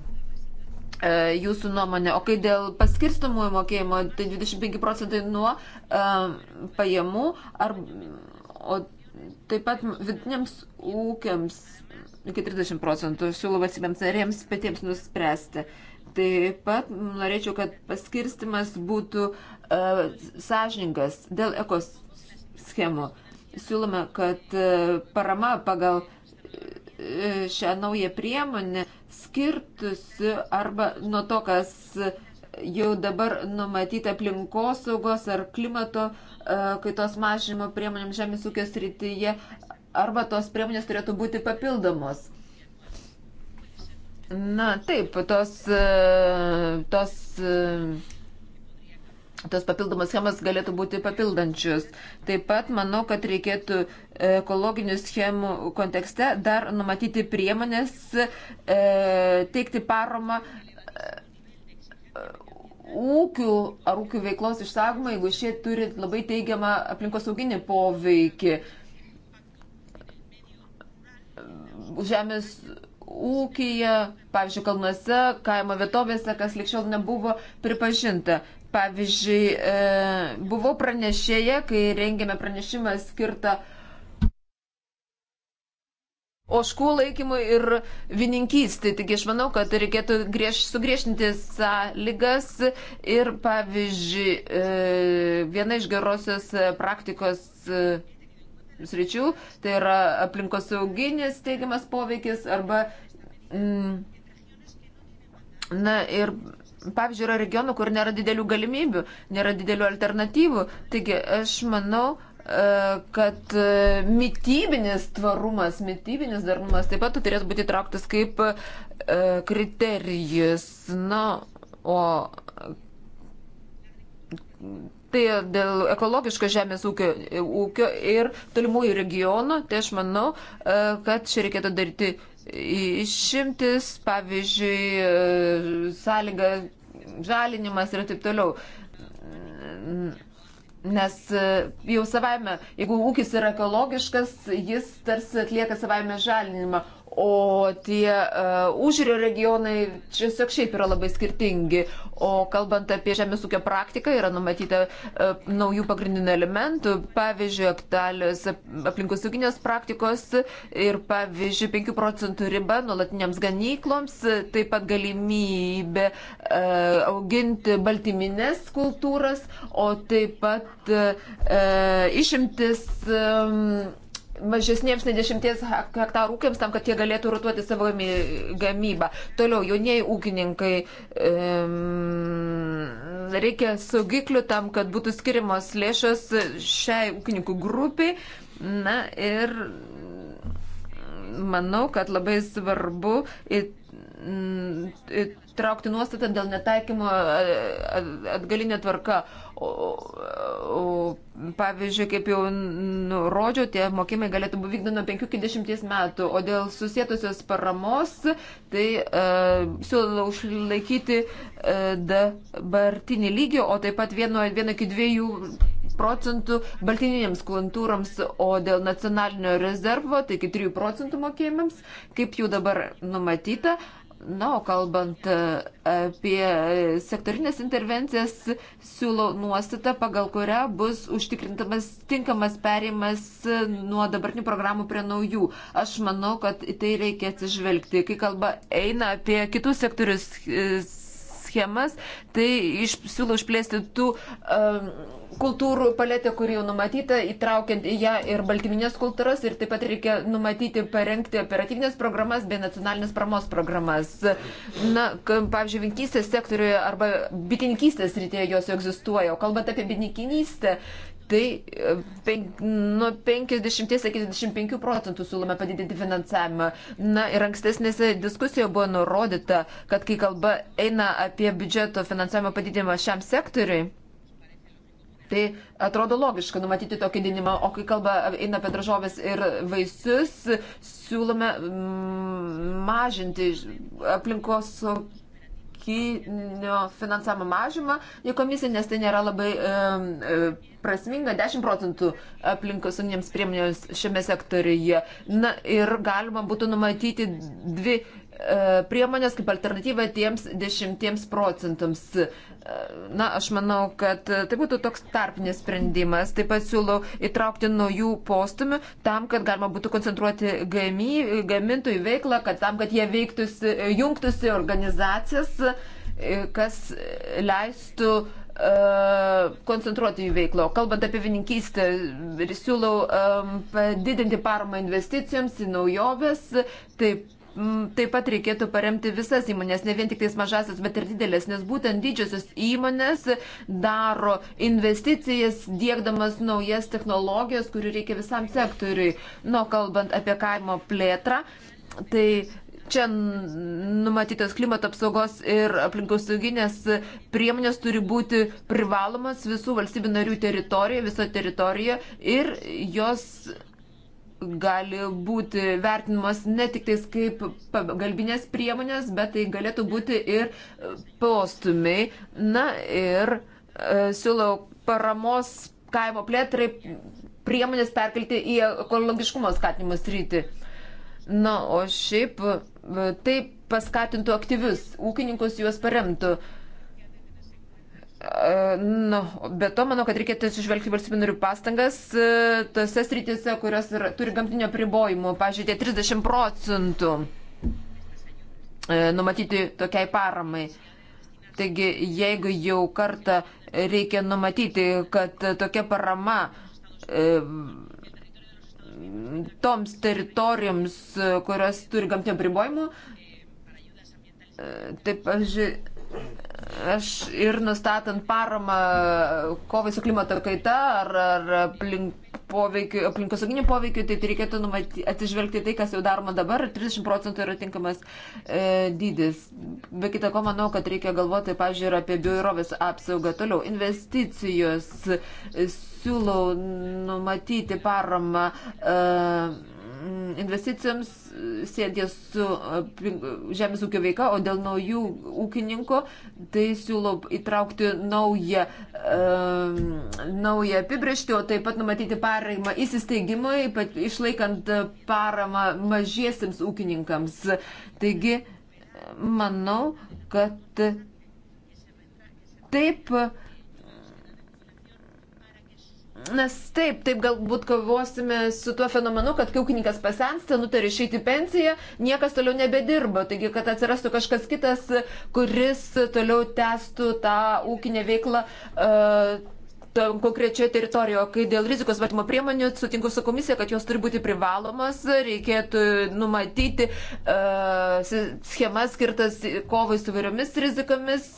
E, jūsų nuomonė. O kai dėl paskirstamųjų mokėjimo, tai 25 procentai nuo uh, pajamų, ar, o taip pat vidiniams ūkiams iki 30 procentų siūlo valstybėms narėms patiems nuspręsti. Taip pat norėčiau, kad paskirstimas būtų uh, sąžiningas dėl ekos schemų. Siūlome, kad uh, parama pagal uh, šią naują priemonę uh, skirtusi arba nuo to, kas jau dabar numatyta aplinkosaugos ar klimato e, kaitos mažinimo priemonėm žemės ūkio srityje, arba tos priemonės turėtų būti papildomos. Na taip, tos, e, tos e, tos papildomos schemas galėtų būti papildančius. Taip pat manau, kad reikėtų ekologinių schemų kontekste dar numatyti priemonės e, teikti paromą e, ūkių ar ūkių veiklos išsagumą, jeigu šie turi labai teigiamą aplinkosauginį poveikį. Žemės ūkija, pavyzdžiui, kalnuose, kaimo vietovėse, kas likščiau nebuvo pripažinta. Pavyzdžiui, e, buvau pranešėję, kai rengėme pranešimą skirtą oškų laikymui ir vininkystį. Tik aš manau, kad reikėtų grieš, sugriešinti sąlygas ir, pavyzdžiui, e, viena iš gerosios praktikos e, sričių, tai yra aplinkosauginis teigiamas poveikis arba. Mm, na ir pavyzdžiui, yra regionų, kur nėra didelių galimybių, nėra didelių alternatyvų. Taigi aš manau, e, kad e, mytybinis tvarumas, mytybinis darnumas taip pat turėtų būti traktas kaip e, kriterijus. Na, o tai dėl ekologiško žemės ūkio, ūkio ir tolimųjų regionų, tai aš manau, kad čia reikėtų daryti išimtis, pavyzdžiui, sąlyga žalinimas ir taip toliau. Nes jau savaime, jeigu ūkis yra ekologiškas, jis tarsi atlieka savaime žalinimą, O tie uh, e, užrio regionai tiesiog šiaip yra labai skirtingi. O kalbant apie žemės ūkio praktiką, yra numatyta uh, naujų pagrindinių elementų, pavyzdžiui, aktualios aplinkosauginės praktikos ir, pavyzdžiui, 5 procentų riba nuolatiniams ganykloms, taip pat galimybė uh, auginti baltyminės kultūras, o taip pat uh, išimtis. Um, mažesniems nei 10 hektarų ūkiams, tam, kad jie galėtų rotuoti savo gamybą. Toliau, jaunieji ūkininkai, reikia saugiklių tam, kad būtų skirimos lėšos šiai ūkininkų grupiai. Na ir manau, kad labai svarbu į Mm, traukti nuostatą dėl netaikymo atgalinė tvarka. O, o, pavyzdžiui, kaip jau nurodžiau, tie mokymai galėtų būti vykdomi nuo 5-10 metų, o dėl susėtusios paramos, tai uh, siūlau išlaikyti uh, dabartinį lygį, o taip pat 1-2 procentų baltininėms kultūrams, o dėl nacionalinio rezervo, tai iki 3 procentų mokėjimams, kaip jau dabar numatyta. Uh, Na, o kalbant e, apie sektorinės intervencijas, siūlau nuostatą, pagal kurią bus užtikrintamas tinkamas perėjimas e, nuo dabartinių programų prie naujų. Aš manau, kad į tai reikia atsižvelgti. Kai kalba eina apie kitus sektorius, e, schemas, tai iš, siūlau išplėsti tų um, kultūrų paletę, kuri jau numatyta, įtraukiant į ją ir baltyminės kultūras ir taip pat reikia numatyti, parengti operatyvinės programas bei nacionalinės paramos programas. Na, pavyzdžiui, vinkystės sektoriuje arba bitininkystės rytėje jos egzistuoja, o kalbant apie bitininkystę, tai e, penk, nuo 50 iki 25 procentų siūlome padidinti finansavimą. Na ir ankstesnėse diskusijoje buvo nurodyta, kad kai kalba eina apie biudžeto finansavimo padidinimą šiam sektoriui, tai atrodo logiška numatyti tokį didinimą, o kai kalba eina apie daržovės ir vaisius, siūlome mm, mažinti aplinkos klasikinio finansavimo mažymą į komisiją, nes tai nėra labai um, prasminga, 10 procentų aplinkosauginėms priemonėms šiame sektoriuje. Na ir galima būtų numatyti dvi E, priemonės kaip alternatyva tiems dešimtiems procentams. E, na, aš manau, kad tai būtų toks tarpinis sprendimas. Taip pat siūlau įtraukti naujų postumių tam, kad galima būtų koncentruoti gamy, gamintojų veiklą, kad tam, kad jie veiktusi, jungtųsi organizacijas, e, kas leistų uh, koncentruoti jų veiklą. Kalbant apie vininkystę, siūlau um, padidinti paramą investicijoms į naujoves, taip Mm, taip pat reikėtų paremti visas įmonės, ne vien tik tais mažasis, bet ir didelės, nes būtent didžiosios įmonės daro investicijas, dėkdamas naujas technologijas, kurių reikia visam sektoriui. Nu, kalbant apie kaimo plėtrą, tai čia numatytos klimato apsaugos ir aplinkosauginės priemonės turi būti privalomas visų valstybių narių teritorijoje, viso teritorijoje ir jos gali būti vertinamas ne tik tais kaip galbinės priemonės, bet tai galėtų būti ir e, postumiai. Na ir e, siūlau paramos kaimo plėtrai priemonės perkelti į ekologiškumo skatinimo sritį. Na, o šiaip e, tai paskatintų aktyvius ūkininkus, juos paremtų. E, Nu, bet to manau, kad reikėtų išvelgti valstybių narių pastangas e, tose srityse, kurios yra, turi gamtinio pribojimų, pažiūrėjau, 30 procentų e, numatyti tokiai paramai. Taigi, jeigu jau kartą reikia numatyti, kad tokia parama e, toms teritorijoms, kurios turi gamtinių pribojimų, taip, pažiūrėjau, Aš ir nustatant paramą kovai su klimato kaita ar, ar aplink, poveikiu, aplinkosauginį poveikį, tai, tai reikėtų numaty, atsižvelgti tai, kas jau daroma dabar, 30 procentų yra tinkamas e, dydis. Be kita ko, manau, kad reikia galvoti, pavyzdžiui, ir apie biurovės apsaugą. Toliau, investicijos siūlau numatyti paramą. E, Mm, investicijoms e, sėdė su e, žemės ūkio veika, o dėl naujų ūkininko tai siūlau įtraukti naują, e, naują apibrėžtį, o taip pat numatyti paramą įsisteigimui, išlaikant paramą mažiesiams ūkininkams. Taigi, manau, kad taip Nes taip, taip galbūt kovosime su tuo fenomenu, kad kai ūkininkas pasensta, nutarė išeiti į pensiją, niekas toliau nebedirba. Taigi, kad atsirastų kažkas kitas, kuris toliau testų tą ūkinę veiklą uh, konkrečioje teritorijoje. Kai dėl rizikos valdymo priemonių sutinku su komisija, kad jos turi būti privalomas, reikėtų numatyti uh, schemas skirtas kovai su vairiomis rizikomis,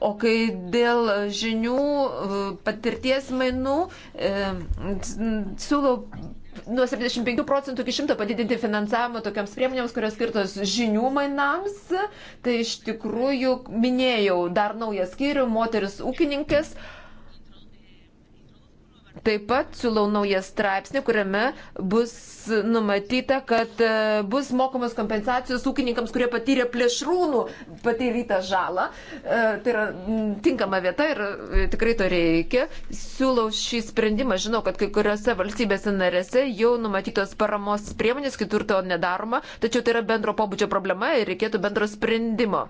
o kai dėl žinių uh, patirties mainų uh, siūlau nuo 75 procentų iki 100 padidinti finansavimą tokiams priemonėms, kurios skirtos žinių mainams. Tai iš tikrųjų minėjau dar naują skyrių - moteris ūkininkės. Taip pat siūlau naują straipsnį, kuriame bus numatyta, kad e, bus mokamos kompensacijos ūkininkams, kurie patyrė plėšrūnų patyrytą žalą. E, tai yra tinkama vieta ir e, tikrai to reikia. Siūlau šį sprendimą. Žinau, kad kai kuriuose valstybėse narėse jau numatytos paramos priemonės, kitur to nedaroma, tačiau tai yra bendro pobūdžio problema ir reikėtų bendro sprendimo.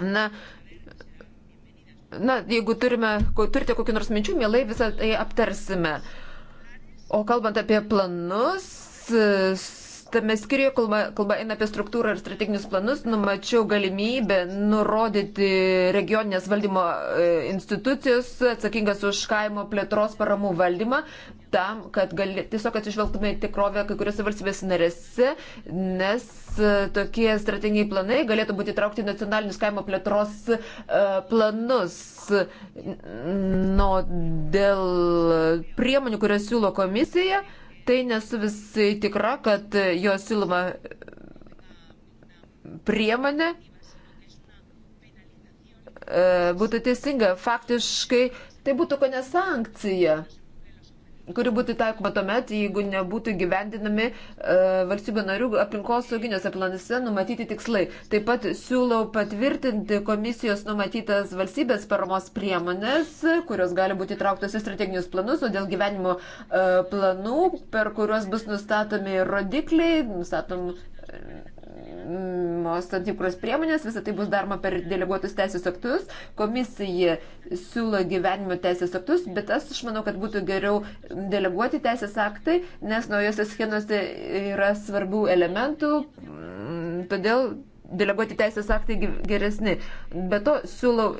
Na, na, jeigu turime, turite kokių nors minčių, mielai visą tai aptarsime. O kalbant apie planus, tame skyriuje kalba, kalba eina apie struktūrą ir strateginius planus, numačiau galimybę nurodyti regioninės valdymo e, institucijos atsakingas už kaimo plėtros paramų valdymą, tam, kad gali, tiesiog atsižvelgtume į tikrovę kai kuriuose valstybės narėse, nes e, tokie strateginiai planai galėtų būti traukti nacionalinius kaimo plėtros e, planus. Nu, dėl priemonių, kurias siūlo komisija, uh, tai nesu visai tikra, kad jo siūloma priemonė e, būtų teisinga. Faktiškai tai būtų ko nesankcija. sankcija kuri būtų taikoma tuomet, jeigu nebūtų gyvendinami e, valstybių narių aplinkos sauginiuose planuose numatyti tikslai. Taip pat siūlau patvirtinti komisijos numatytas valstybės paramos priemonės, kurios gali būti trauktos į strateginius planus, o dėl gyvenimo e, planų, per kuriuos bus nustatomi rodikliai, nustatom taikomos mm, tam tikros priemonės, visą tai bus daroma per deleguotus teisės aktus. Komisija siūlo gyvenimo teisės aktus, bet aš, aš manau, kad būtų geriau deleguoti teisės aktai, nes naujose schemose yra svarbių elementų, mm, todėl deleguoti teisės aktai geresni. Be to siūlau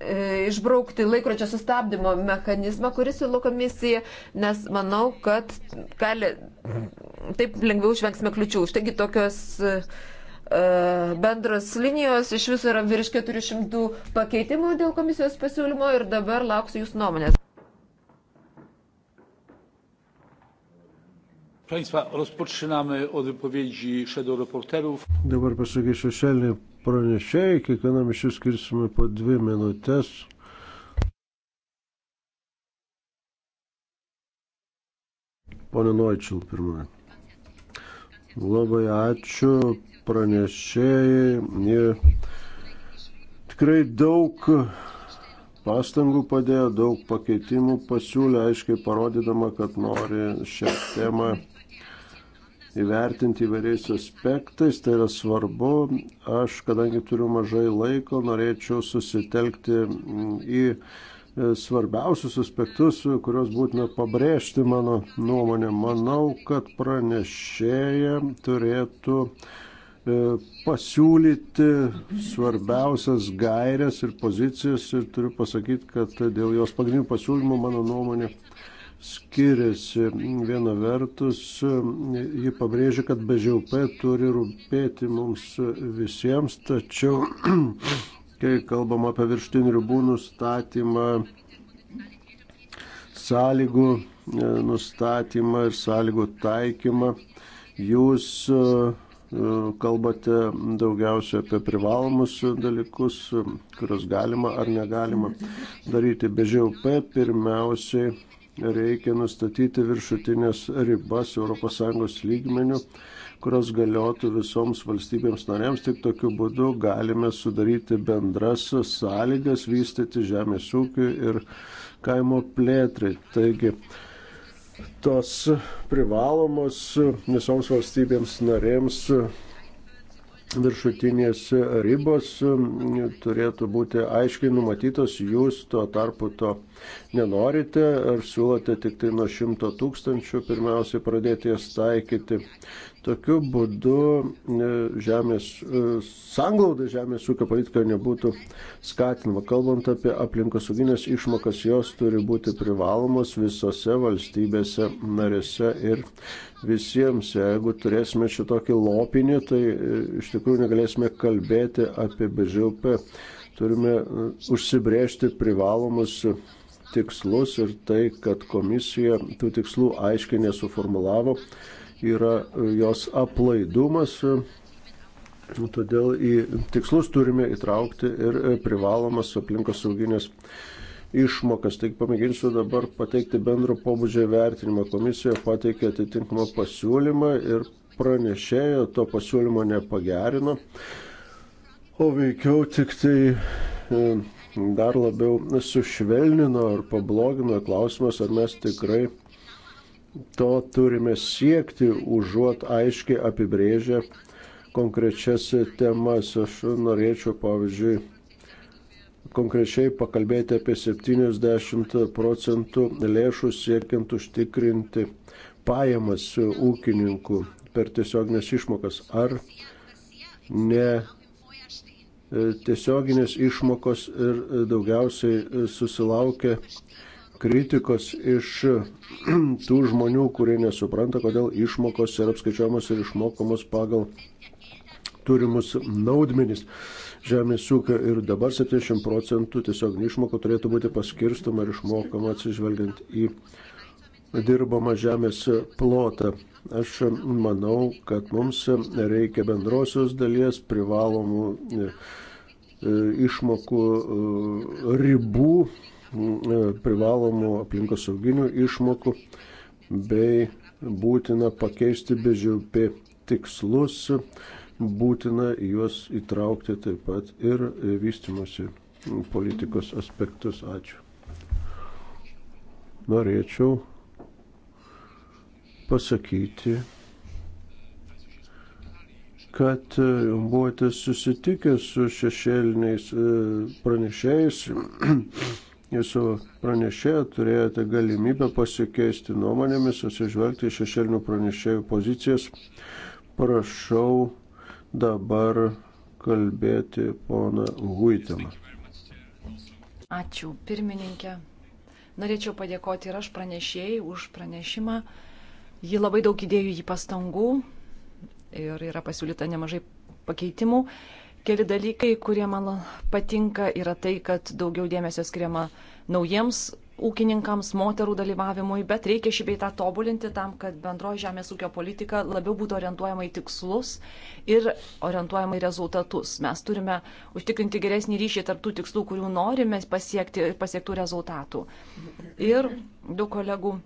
E, išbraukti laikrodžio sustabdymo mechanizmą, kuris siūlo komisija, nes manau, kad gali taip lengviau išvengsime kliučių. Štaigi tokios e, e, bendros linijos iš viso yra virš 400 pakeitimų dėl komisijos pasiūlymo ir dabar lauksiu jūsų nuomonės. Państwa, rozpoczynamy od wypowiedzi shadow reporterów. Dabar pasakysiu šešėlį pranešėjai, kiekvienam iš jų skirsime po dvi minutės. Pone Noičil, pirmoji. Labai ačiū pranešėjai. Jie tikrai daug pastangų padėjo, daug pakeitimų pasiūlė, aiškiai parodydama, kad nori šią temą įvertinti įvairiais aspektais, tai yra svarbu. Aš, kadangi turiu mažai laiko, norėčiau susitelkti į e, svarbiausius aspektus, kuriuos būtina pabrėžti mano nuomonė. Manau, kad pranešėja turėtų e, pasiūlyti svarbiausias gairias ir pozicijas ir turiu pasakyti, kad dėl jos pagrindinių pasiūlymų mano nuomonė skiriasi. Viena vertus, ji pabrėžia, kad BŽUP turi rūpėti mums visiems, tačiau kai kalbam apie virštinių ribų nustatymą, sąlygų e, nustatymą ir sąlygų taikymą, jūs e, e, kalbate daugiausia apie privalomus dalykus, kuriuos galima ar negalima daryti. BŽUP pirmiausiai reikia nustatyti viršutinės ribas ES lygmenių, kurios galiotų visoms valstybėms norėms. Tik tokiu būdu galime sudaryti bendras sąlygas vystyti žemės ūkiui ir kaimo plėtrai. Taigi, tos privalomos visoms valstybėms narėms viršutinės ribos turėtų būti aiškiai numatytos, jūs tuo tarpu to nenorite ar siūlote tik tai nuo 100 tūkstančių pirmiausiai pradėti jas taikyti. Tokiu būdu e, žemės e, sanglauda žemės ūkio politika nebūtų skatinama. Kalbant apie aplinkosauginės išmokas, jos turi būti privalomos visose valstybėse narėse ir visiems. Jeigu turėsime šitokį lopinį, tai e, iš tikrųjų negalėsime kalbėti apie BŽUP. Turime užsibriežti privalomus tikslus ir tai, kad komisija tų tikslų aiškiai nesuformulavo yra e, jos aplaidumas. E, todėl į tikslus turime įtraukti ir e, privalomas aplinkos sauginės išmokas. Taigi pamėginsiu dabar pateikti bendro pobūdžio vertinimą. Komisija pateikė atitinkamą pasiūlymą ir pranešėjo to pasiūlymo nepagerino, o veikiau tik tai dar labiau sušvelnino ar pablogino klausimas, ar mes tikrai to turime siekti, užuot aiškiai apibrėžę konkrečias temas. Aš norėčiau, pavyzdžiui, konkrečiai pakalbėti apie 70 procentų lėšų siekiant užtikrinti pajamas ūkininkų per tiesioginės išmokas. Ar ne tiesioginės išmokos ir daugiausiai susilaukia kritikos iš tų žmonių, kurie nesupranta, kodėl išmokos yra apskaičiuojamos ir išmokamos pagal turimus naudmenis žemės ūkio ir dabar 70 procentų tiesiog išmokų turėtų būti paskirstoma ir išmokama atsižvelgiant į dirbamą žemės plotą. Aš manau, kad mums reikia bendrosios dalies privalomų e, e, išmokų e, ribų E, privalomų aplinkosauginių išmokų bei būtina pakeisti BŽP tikslus, būtina juos įtraukti taip pat ir vystimosi politikos aspektus. Ačiū. Norėčiau pasakyti, kad buvote susitikę su šešėliniais e, pranešėjais su pranešėja turėjote galimybę pasikeisti nuomonėmis, atsižvelgti į šešėlinių pranešėjų pozicijas. Prašau dabar kalbėti poną Huitemą. Ačiū, pirmininkė. Norėčiau padėkoti ir aš pranešėjai už pranešimą. Ji labai daug įdėjo į pastangų ir yra pasiūlyta nemažai pakeitimų. Keli dalykai, kurie man patinka, yra tai, kad daugiau dėmesio skiriama naujiems ūkininkams, moterų dalyvavimui, bet reikia šį beitą tobulinti tam, kad bendroji žemės ūkio politika labiau būtų orientuojama į tikslus ir orientuojama į rezultatus. Mes turime užtikrinti geresnį ryšį tarptų tikslų, kurių norime pasiekti ir pasiektų rezultatų. Ir daug kolegų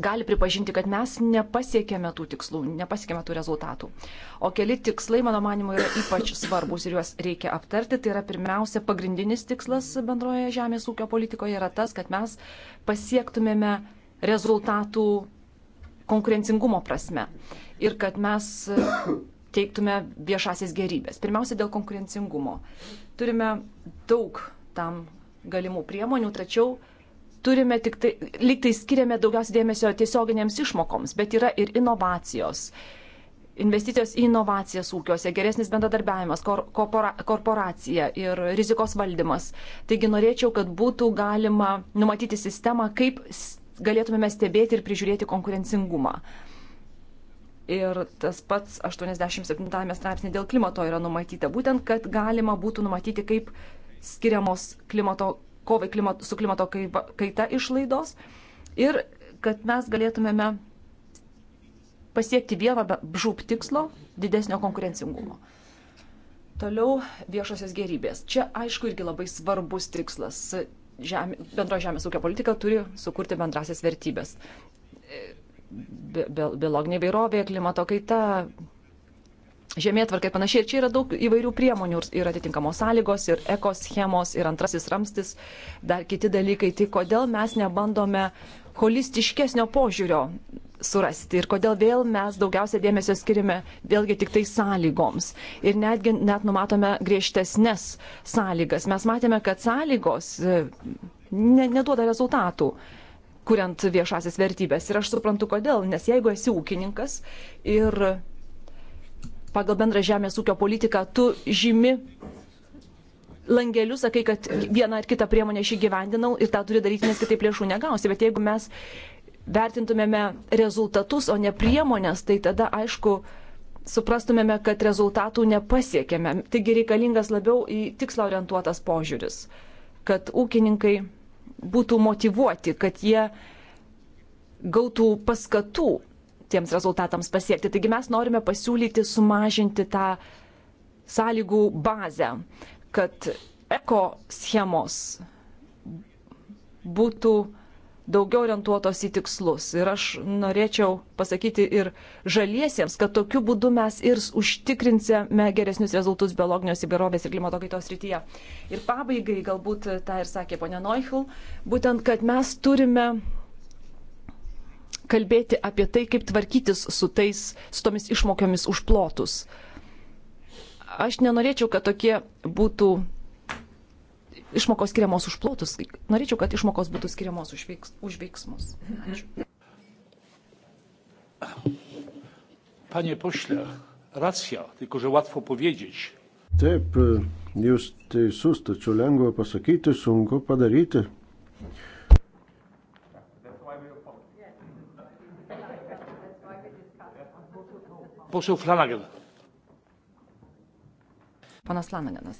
gali pripažinti, kad mes nepasiekėme tų tikslų, nepasiekėme tų rezultatų. O keli tikslai, mano manimo, yra ypač svarbus ir juos reikia aptarti. Tai yra pirmiausia, pagrindinis tikslas bendroje žemės ūkio politikoje yra tas, kad mes pasiektumėme rezultatų konkurencingumo prasme ir kad mes teiktume viešasias gerybės. Pirmiausia, dėl konkurencingumo. Turime daug tam galimų priemonių, tačiau turime tik tai, liktai skiriame daugiausiai dėmesio tiesioginėms išmokoms, bet yra ir inovacijos. Investicijos į inovacijas ūkiuose, geresnis bendradarbiavimas, kor, korpora, korporacija ir rizikos valdymas. Taigi norėčiau, kad būtų galima numatyti sistemą, kaip galėtumėme stebėti ir prižiūrėti konkurencingumą. Ir tas pats 87 straipsnė dėl klimato yra numatyta, būtent, kad galima būtų numatyti, kaip skiriamos klimato kovai klimat, su klimato kaita išlaidos ir kad mes galėtumėme pasiekti vieno žūp tikslo didesnio konkurencingumo. Toliau viešosios gerybės. Čia aišku irgi labai svarbus tikslas. Žemė, bendro žemės ūkio politika turi sukurti bendrasias vertybės. Biologinė be, vairovė, klimato kaita, žemėtvarka ir panašiai. Ir čia yra daug įvairių priemonių ir atitinkamos sąlygos, ir ekoschemos, ir antrasis ramstis, dar kiti dalykai. Tai kodėl mes nebandome holistiškesnio požiūrio surasti ir kodėl vėl mes daugiausia dėmesio skirime vėlgi tik tai sąlygoms ir netgi net numatome griežtesnės sąlygas. Mes matėme, kad sąlygos e, ne, neduoda rezultatų kuriant viešasias vertybės. Ir aš suprantu, kodėl, nes jeigu esi ūkininkas ir pagal bendrą žemės ūkio politiką, tu žymi langeliu, sakai, kad vieną ar kitą priemonę aš įgyvendinau ir tą turi daryti, nes kitaip lėšų negausi. Bet jeigu mes vertintumėme rezultatus, o ne priemonės, tai tada aišku, suprastumėme, kad rezultatų nepasiekėme. Taigi reikalingas labiau į tikslą orientuotas požiūris, kad ūkininkai būtų motivuoti, kad jie gautų paskatų tiems rezultatams pasiekti. Taigi mes norime pasiūlyti sumažinti tą sąlygų bazę, kad eko schemos būtų daugiau orientuotos į tikslus. Ir aš norėčiau pasakyti ir žaliesiems, kad tokiu būdu mes ir užtikrinsime geresnius rezultus biologinės įvairovės ir klimato kaitos rytyje. Ir pabaigai, galbūt tą ir sakė ponia Neuchil, būtent, kad mes turime kalbėti apie tai, kaip tvarkytis su, tais, su tomis išmokiamis už plotus. Aš nenorėčiau, kad tokie būtų išmokos skiriamos už plotus. Norėčiau, kad išmokos būtų skiriamos už, veiks, už veiksmus. Ačiū. Panie pośle, racja, tylko że łatwo powiedzieć. Taip, e, jūs teisus, tačiau lengva pasakyti, sunku padaryti. Pošiau Flanaganą. Panas Lanaganas.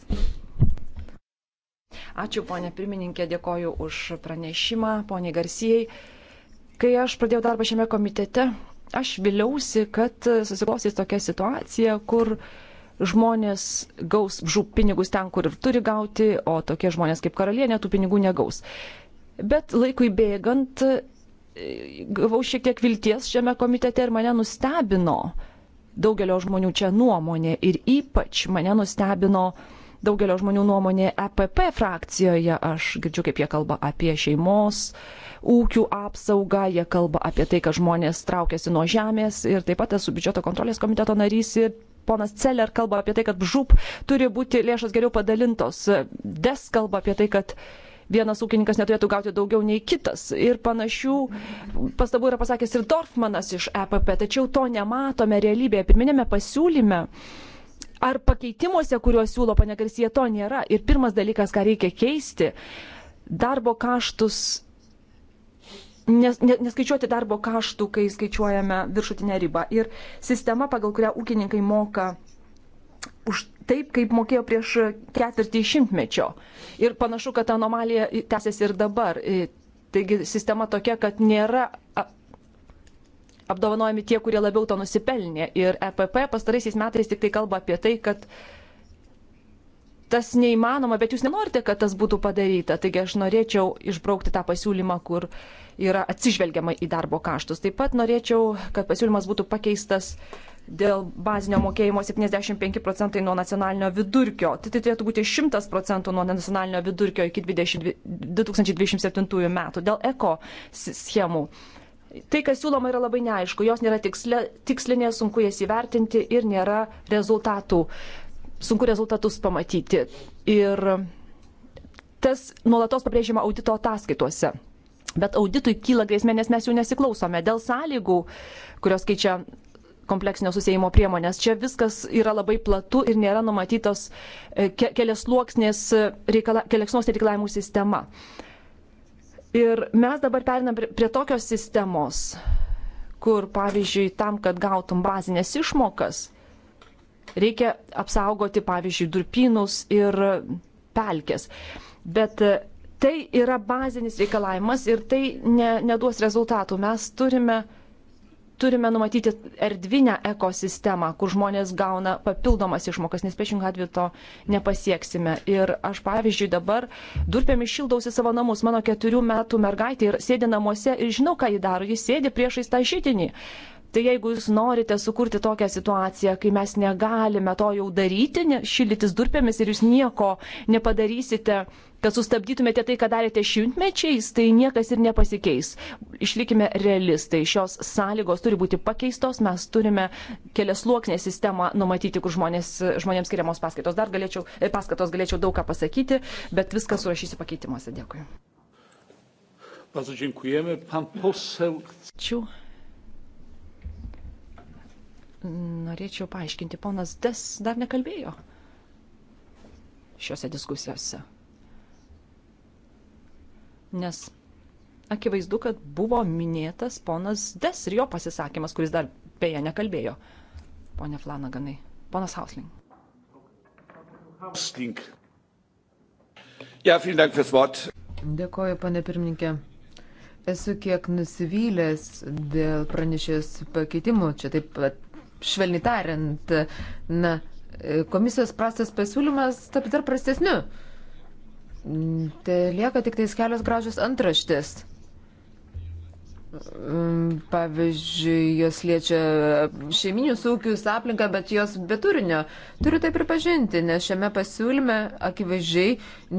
Ačiū, ponė pirmininkė, dėkoju už pranešimą, ponė Garsijai. Kai aš pradėjau darbą šiame komitete, aš viliausi, kad susiklostys tokia situacija, kur žmonės gaus žūp pinigus ten, kur ir turi gauti, o tokie žmonės kaip karalienė tų pinigų negaus. Bet laikui bėgant gavau šiek tiek vilties šiame komitete ir mane nustebino, uh, daugelio žmonių čia nuomonė ir ypač mane nustebino daugelio žmonių nuomonė EPP frakcijoje. Aš girdžiu, kaip jie kalba apie šeimos, ūkių apsaugą, jie kalba apie tai, kad žmonės traukiasi nuo žemės ir taip pat esu biudžeto kontrolės komiteto narys ir ponas Celler kalba apie tai, kad žūp turi būti lėšas geriau padalintos. Des kalba apie tai, kad vienas ūkininkas neturėtų gauti daugiau nei kitas. Ir panašių pastabų yra pasakęs ir Dorfmanas iš EPP, tačiau to nematome realybėje. Pirminėme pasiūlyme ar pakeitimuose, kuriuos siūlo panegarsija, to nėra. Ir pirmas dalykas, ką reikia keisti, darbo kaštus. Nes, neskaičiuoti darbo kaštų, kai skaičiuojame viršutinę ribą. Ir sistema, pagal kurią ūkininkai moka už taip, kaip mokėjo prieš ketvirtį šimtmečio. Ir panašu, kad anomalija tęsiasi ir dabar. Taigi sistema tokia, kad nėra apdovanojami tie, kurie labiau to nusipelnė. Ir EPP pastaraisiais metais tik tai kalba apie tai, kad tas neįmanoma, bet jūs nenorite, kad tas būtų padaryta. Taigi aš norėčiau išbraukti tą pasiūlymą, kur uh, yra atsižvelgiama į darbo kaštus. Taip pat norėčiau, kad pasiūlymas būtų pakeistas dėl bazinio mokėjimo 75 procentai nuo nacionalinio vidurkio. Tai, tai turėtų būti 100 procentų nuo nacionalinio vidurkio iki 20, 2027 metų dėl eko schemų. Tai, kas siūloma, yra labai neaišku. Jos nėra tikslė, tikslinė, sunku jas įvertinti ir nėra rezultatų. Sunku rezultatus pamatyti. Ir tas nuolatos pabrėžiama audito ataskaituose. Bet auditui kyla grėsmė, nes mes jų nesiklausome. Dėl sąlygų, kurios keičia kompleksinio susėjimo priemonės. Čia viskas yra labai platu ir nėra numatytos e, ke keliasluoksnės e, reikala, reikalavimų sistema. Ir mes dabar perinam prie tokios sistemos, kur, pavyzdžiui, tam, kad gautum bazinės išmokas, reikia apsaugoti, pavyzdžiui, durpynus ir pelkės. Bet e, Tai yra bazinis reikalavimas ir tai ne, neduos rezultatų. Mes turime, turime numatyti erdvinę ekosistemą, kur žmonės gauna papildomas išmokas, nes priešingą atveju to nepasieksime. Ir aš, pavyzdžiui, dabar durpėmis šildausi savo namus. Mano keturių metų mergaitė ir sėdi namuose ir žinau, ką ji daro. Ji sėdi priešais tą žydinį. Tai jeigu jūs norite sukurti tokią situaciją, kai mes negalime to jau daryti, šilytis durpėmis ir jūs nieko nepadarysite, kad sustabdytumėte tai, ką darėte šimtmečiais, tai niekas ir nepasikeis. Išlikime realistai. Šios sąlygos turi būti pakeistos, mes turime kelias sluoksnė sistemą numatyti, kur žmonės, žmonėms skiriamos paskaitos. Dar galėčiau, e, paskatos galėčiau daug ką pasakyti, bet viską surašysiu pakeitimuose. Dėkui. Ačiū. Norėčiau paaiškinti, ponas Des dar nekalbėjo šiuose diskusijose. Nes akivaizdu, kad buvo minėtas ponas Des ir jo pasisakymas, kuris dar beje nekalbėjo. Pone Flanaganai, ponas Hausling. Hausling. Ja, Dank fürs Wort. Dėkoju, pane pirmininkė. Esu kiek nusivylęs dėl pranešės pakeitimų, čia taip pat švelniai tariant, na, komisijos prastas pasiūlymas taps dar prastesniu. Tai lieka tik tais kelios gražios antraštės. Mm, pavyzdžiui, jos liečia šeiminius ūkius, aplinką, bet jos be turinio. Turiu tai pripažinti, nes šiame pasiūlyme akivaizdžiai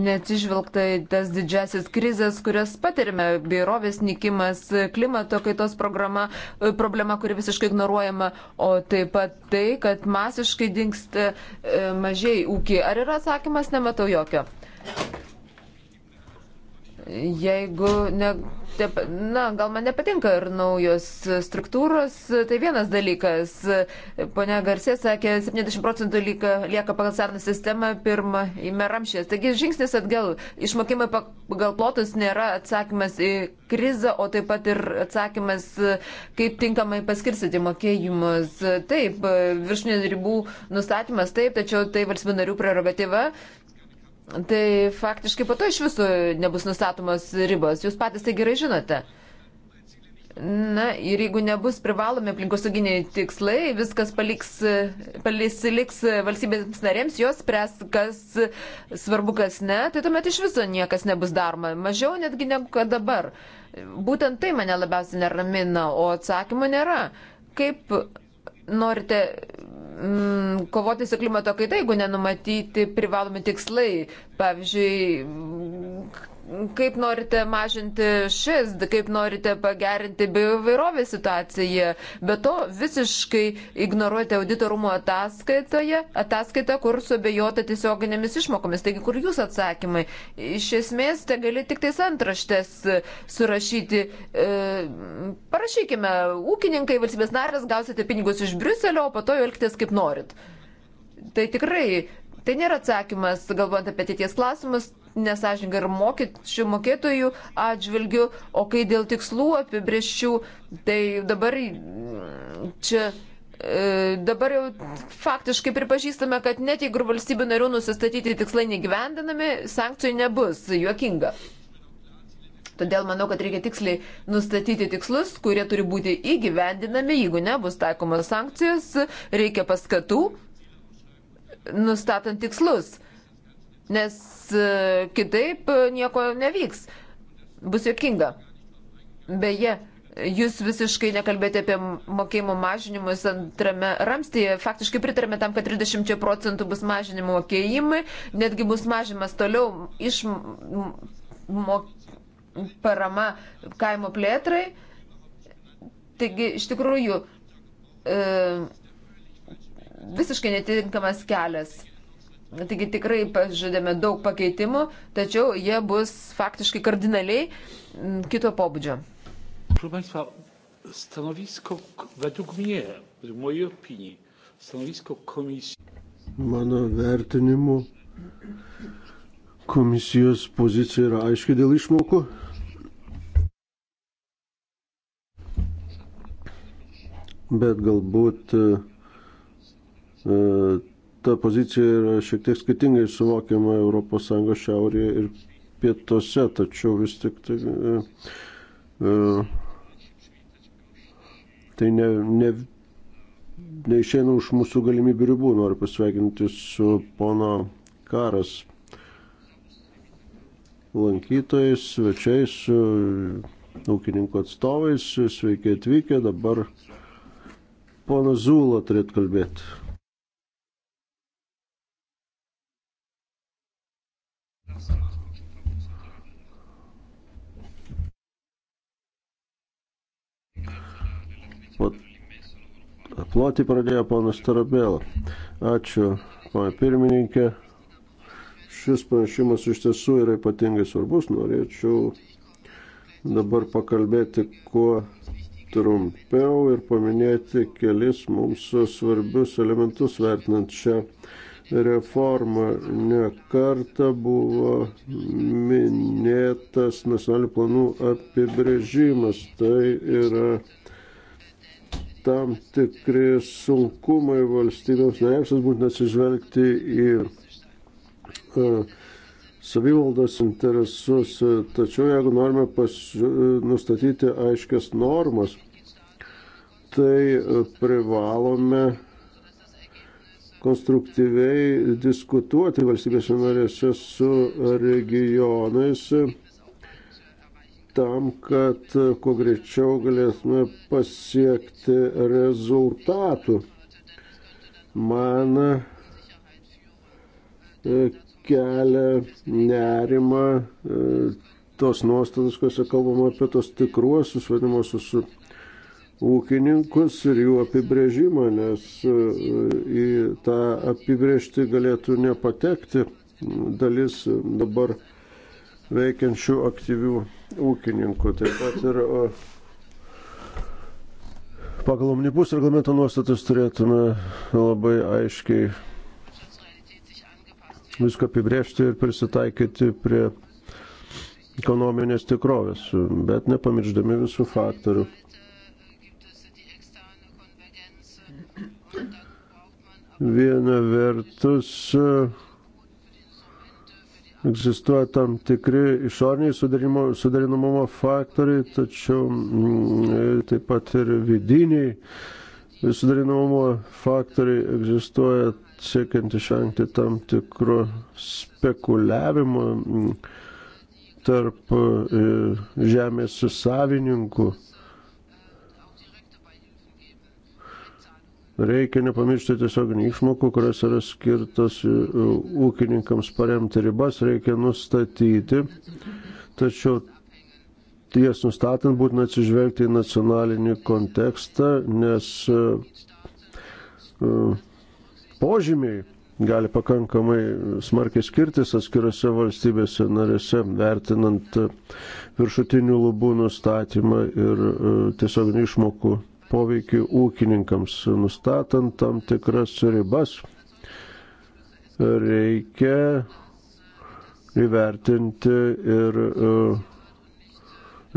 neatsižvelgta tas didžiasis krizės, kurias patirime - bėrovės nikimas, klimato kaitos programa, e, problema, kuri visiškai ignoruojama, o taip pat tai, kad masiškai dinksta e, mažiai ūkiai. Ar yra atsakymas, nematau jokio. Jeigu, ne, te, na, gal man nepatinka ir naujos struktūros, tai vienas dalykas. Pone Garsė sakė, 70 procentų lieka, lieka pagal seną sistemą pirmą į meramšės. Taigi žingsnis atgal. Išmokimai pagal plotus nėra atsakymas į krizę, o taip pat ir atsakymas, kaip tinkamai paskirsyti mokėjimus. Taip, viršinių ribų nustatymas taip, tačiau tai valstybių narių prerogatyva tai faktiškai po to iš viso nebus nustatomos ribos. Jūs patys tai gerai žinote. Na ir jeigu nebus privalomi aplinkosauginiai tikslai, viskas paliks, paliks valstybėms narėms, jos spres, kas svarbu, kas ne, tai tuomet iš viso niekas nebus daroma. Mažiau netgi negu kad dabar. Būtent tai mane labiausiai neramina, o atsakymų nėra. Kaip norite mm, kovoti su klimato kaita, jeigu nenumatyti privalomi tikslai. Pavyzdžiui, kaip norite mažinti šis, kaip norite pagerinti bioįvairovės situaciją. Be to visiškai ignoruojate auditorumo ataskaitoje, ataskaitą, kur subejota tiesioginėmis išmokomis. Taigi, kur jūs atsakymai? Iš esmės, te gali tik tais antraštės surašyti. E, parašykime, ūkininkai, valstybės narės, gausite pinigus iš Briuselio, o po to jau elgtės kaip norit. Tai tikrai Tai nėra atsakymas, galvojant apie ateities klausimus, nesažininga ir mokesčių mokėtojų atžvilgių, o kai dėl tikslų apibrieščių, tai dabar mm, čia. E, dabar jau faktiškai pripažįstame, kad net jeigu valstybių narių nusistatyti tikslai negyvendinami, sankcijų nebus. Juokinga. Todėl manau, kad reikia tiksliai nustatyti tikslus, kurie turi būti įgyvendinami, jeigu nebus taikomas sankcijas, reikia paskatų, nustatant tikslus nes e, kitaip e, nieko nevyks. Bus jokinga. Beje, jūs visiškai nekalbėjote apie mokėjimų mažinimus antrame ramstyje. Faktiškai pritarėme tam, kad 30 procentų bus mažinimo mokėjimai, netgi bus mažimas toliau iš mok... parama kaimo plėtrai. Taigi, iš tikrųjų, e, visiškai netinkamas kelias. Taigi tikrai pažadėme daug pakeitimų, tačiau jie bus faktiškai kardinaliai kito pobūdžio. Mano vertinimu komisijos pozicija yra aiški dėl išmokų. Bet galbūt e, e, ta pozicija yra šiek tiek skirtingai suvokiama ES šiaurėje ir pietuose, tačiau vis tik tai, e, e, tai ne, ne, neišėna už mūsų galimybių ribų. Noriu pasveikinti su pono karas lankytojais, svečiais, ūkininkų atstovais. Sveiki atvykę, dabar ponas Zūla turėtų kalbėti. Ploti pradėjo ponas Tarabėla. Ačiū, pana pirmininkė. Šis pranešimas iš tiesų yra ypatingai svarbus. Norėčiau dabar pakalbėti kuo trumpiau ir paminėti kelis mums svarbius elementus vertinant šią reformą. Nekarta buvo minėtas nacionalinių planų apibrėžimas. Tai yra tam tikri sunkumai valstybėms narėms, būtent atsižvelgti į uh, savivaldos interesus. Tačiau jeigu norime pas, nustatyti aiškias normas, tai privalome konstruktyviai diskutuoti valstybėse narėse su regionais tam, kad kuo greičiau galėtume pasiekti rezultatų. Man e, kelia nerima e, tos nuostatos, kuriuose kalbama apie tos tikruosius vadinamosius ūkininkus ir jų apibrėžimą, nes e, į tą apibrėžti galėtų nepatekti dalis dabar veikiančių aktyvių ūkininkų. Taip pat ir pagal omnibus reglamento nuostatas turėtume labai aiškiai viską apibrėžti ir prisitaikyti prie ekonominės tikrovės, bet nepamiršdami visų faktorių. Viena vertus egzistuoja tam tikri išoriniai sudarinamumo faktoriai, tačiau mm, taip pat ir vidiniai sudarinamumo faktoriai egzistuoja siekiant išvengti tam tikro spekuliavimo mm, tarp e, žemės savininkų Reikia nepamiršti tiesioginių išmokų, kurios yra skirtos e, ūkininkams paremti ribas, reikia nustatyti, tačiau ties nustatant būtina atsižvelgti į nacionalinį kontekstą, nes e, e, požymiai gali pakankamai smarkiai skirtis atskirose valstybėse narėse, vertinant viršutinių lubų nustatymą ir tiesioginių išmokų poveikį ūkininkams, nustatant tam tikras ribas. Reikia įvertinti ir e,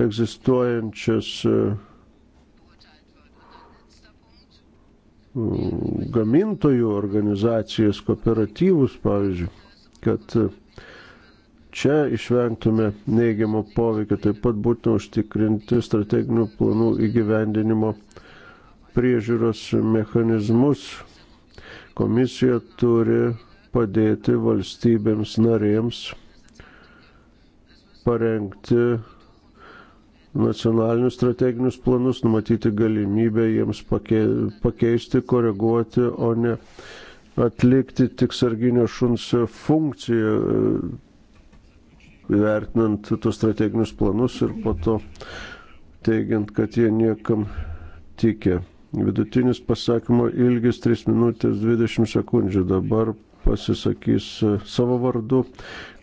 egzistuojančias e, gamintojų organizacijas, kooperatyvus, pavyzdžiui, kad e, čia išvengtume neigiamo poveikio, taip pat būtina užtikrinti strateginių planų įgyvendinimo priežiūros mechanizmus. Komisija turi padėti valstybėms narėms parengti nacionalinius strateginius planus, numatyti galimybę jiems pakeisti, koreguoti, o ne atlikti tik sarginio šuns funkciją, e, vertinant tos strateginius planus ir po to teigiant, kad jie niekam tikė. Vidutinis pasakymo ilgis 3 minutės 20 sekundžių. Dabar pasisakys e, savo vardu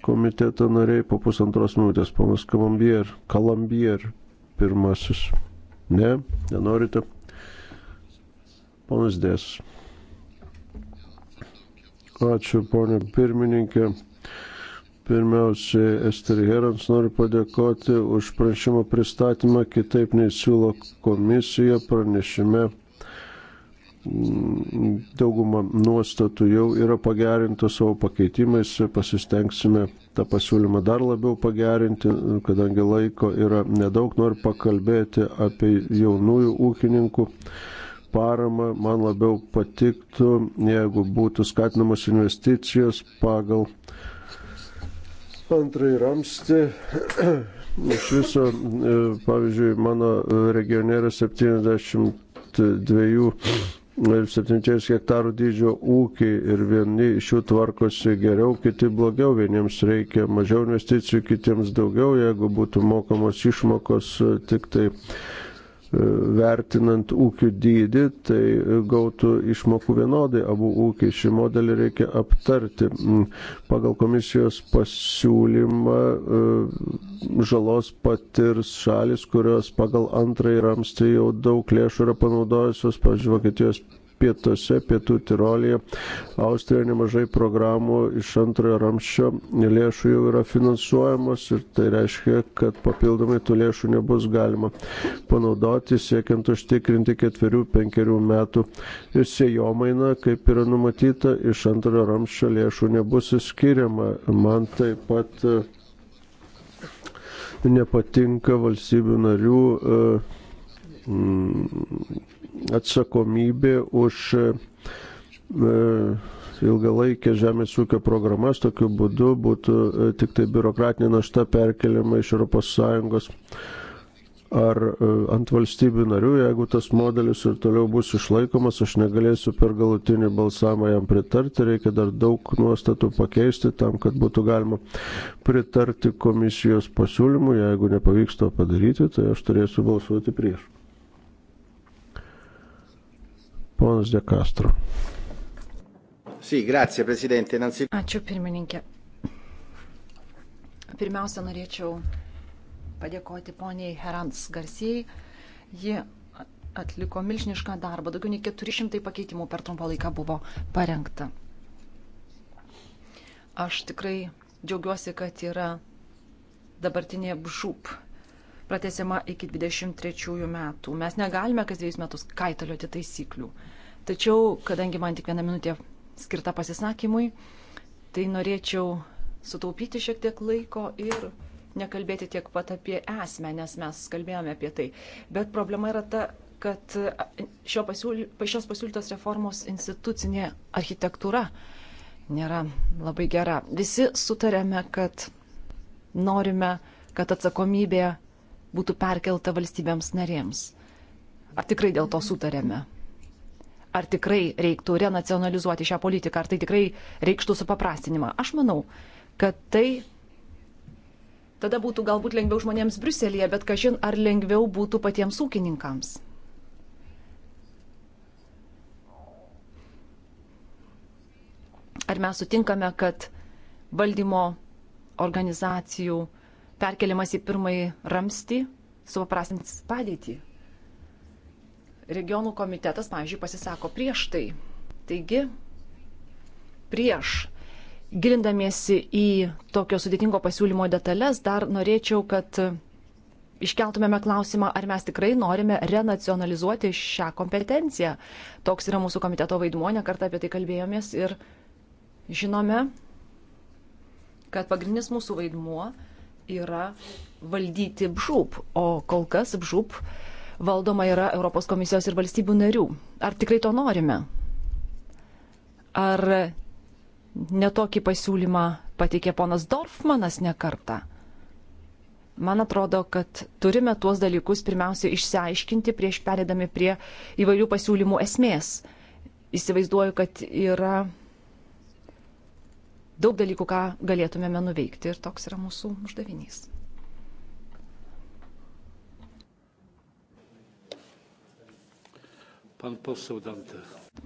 komiteto nariai po pusantros minutės. Ponas Kalambier, Kalambier pirmasis. Ne, nenorite. Ponas Dės. Ačiū, ponė pirmininkė. Pirmiausiai, Ester Herans noriu padėkoti už pranešimo pristatymą, kitaip nei siūlo komisija pranešime dauguma nuostatų jau yra pagerintos savo pakeitimais, pasistengsime tą pasiūlymą dar labiau pagerinti, kadangi laiko yra nedaug, noriu pakalbėti apie jaunųjų ūkininkų paramą. Man labiau patiktų, jeigu būtų skatinamos investicijos pagal antrąjį ramstį. Iš viso, e, pavyzdžiui, mano regione yra 72 70 hektarų dydžio ūkiai ir vieni iš jų tvarkosi geriau, kiti blogiau, vieniems reikia mažiau investicijų, kitiems daugiau, jeigu būtų mokamos išmokos tik tai vertinant ūkių dydį, tai gautų išmokų vienodai abu ūkiai. Šį modelį reikia aptarti. Mm, pagal komisijos pasiūlymą e, žalos patirs šalis, kurios pagal antrąjį ramstį jau daug lėšų yra panaudojusios, pavyzdžiui, Vokietijos pietuose, pietų Tirolėje, Austrijoje nemažai programų iš antrojo ramščio lėšų jau yra finansuojamos ir tai reiškia, kad papildomai tų lėšų nebus galima panaudoti, siekiant užtikrinti ketverių, penkerių metų sėjomainą, kaip yra numatyta, iš antrojo ramščio lėšų nebus skiriama. Man taip pat e, nepatinka valstybių narių e, atsakomybė už e, ilgalaikė žemės ūkio programas, tokiu būdu būtų e, tik tai biurokratinė našta perkeliama iš ES ar e, ant valstybių narių, jeigu tas modelis ir toliau bus išlaikomas, aš negalėsiu per galutinį balsamą jam pritarti, reikia dar daug nuostatų pakeisti tam, kad būtų galima pritarti komisijos pasiūlymų, jeigu nepavyks to padaryti, tai aš turėsiu balsuoti prieš. Ponas De Castro. Ačiū pirmininkė. Pirmiausia, norėčiau padėkoti poniai Herans Garsijai. Ji atliko milžinišką darbą. Daugiau nei 400 pakeitimų per trumpą laiką buvo parengta. Aš tikrai džiaugiuosi, kad yra dabartinė bžūp pratesiama iki 23 metų. Mes negalime kas dviejus metus kaitalioti taisyklių. Tačiau, kadangi man tik viena minutė skirta pasisakymui, tai norėčiau sutaupyti šiek tiek laiko ir nekalbėti tiek pat apie esmę, nes mes kalbėjome apie tai. Bet problema yra ta, kad šio pasiūly, šios pasiūlytos reformos institucinė architektūra nėra labai gera. Visi sutarėme, kad norime, kad atsakomybė būtų perkelta valstybėms narėms. Ar tikrai dėl to sutarėme? ar tikrai reiktų renacionalizuoti šią politiką, ar tai tikrai reikštų supaprastinimą. Aš manau, kad tai tada būtų galbūt lengviau žmonėms Bruselėje, bet kažin ar lengviau būtų patiems ūkininkams. Ar mes sutinkame, kad valdymo organizacijų perkeliamas į pirmąjį ramstį supaprastins padėtį? Regionų komitetas, pavyzdžiui, pasisako prieš tai. Taigi, prieš gilindamiesi į tokio sudėtingo pasiūlymo detalės, dar norėčiau, kad iškeltumėme klausimą, ar mes tikrai norime renacionalizuoti šią kompetenciją. Toks yra mūsų komiteto vaidmuo, nekartą apie tai kalbėjomės ir žinome, kad pagrindinis mūsų vaidmuo yra valdyti bžūp, o kol kas bžūp valdoma yra Europos komisijos ir valstybių narių. Ar tikrai to norime? Ar netokį pasiūlymą pateikė ponas Dorfmanas nekarta? Man atrodo, kad turime tuos dalykus pirmiausia išsiaiškinti prieš perėdami prie įvairių pasiūlymų esmės. Įsivaizduoju, kad yra daug dalykų, ką galėtumėme nuveikti ir toks yra mūsų uždavinys. Pan posau Dantė.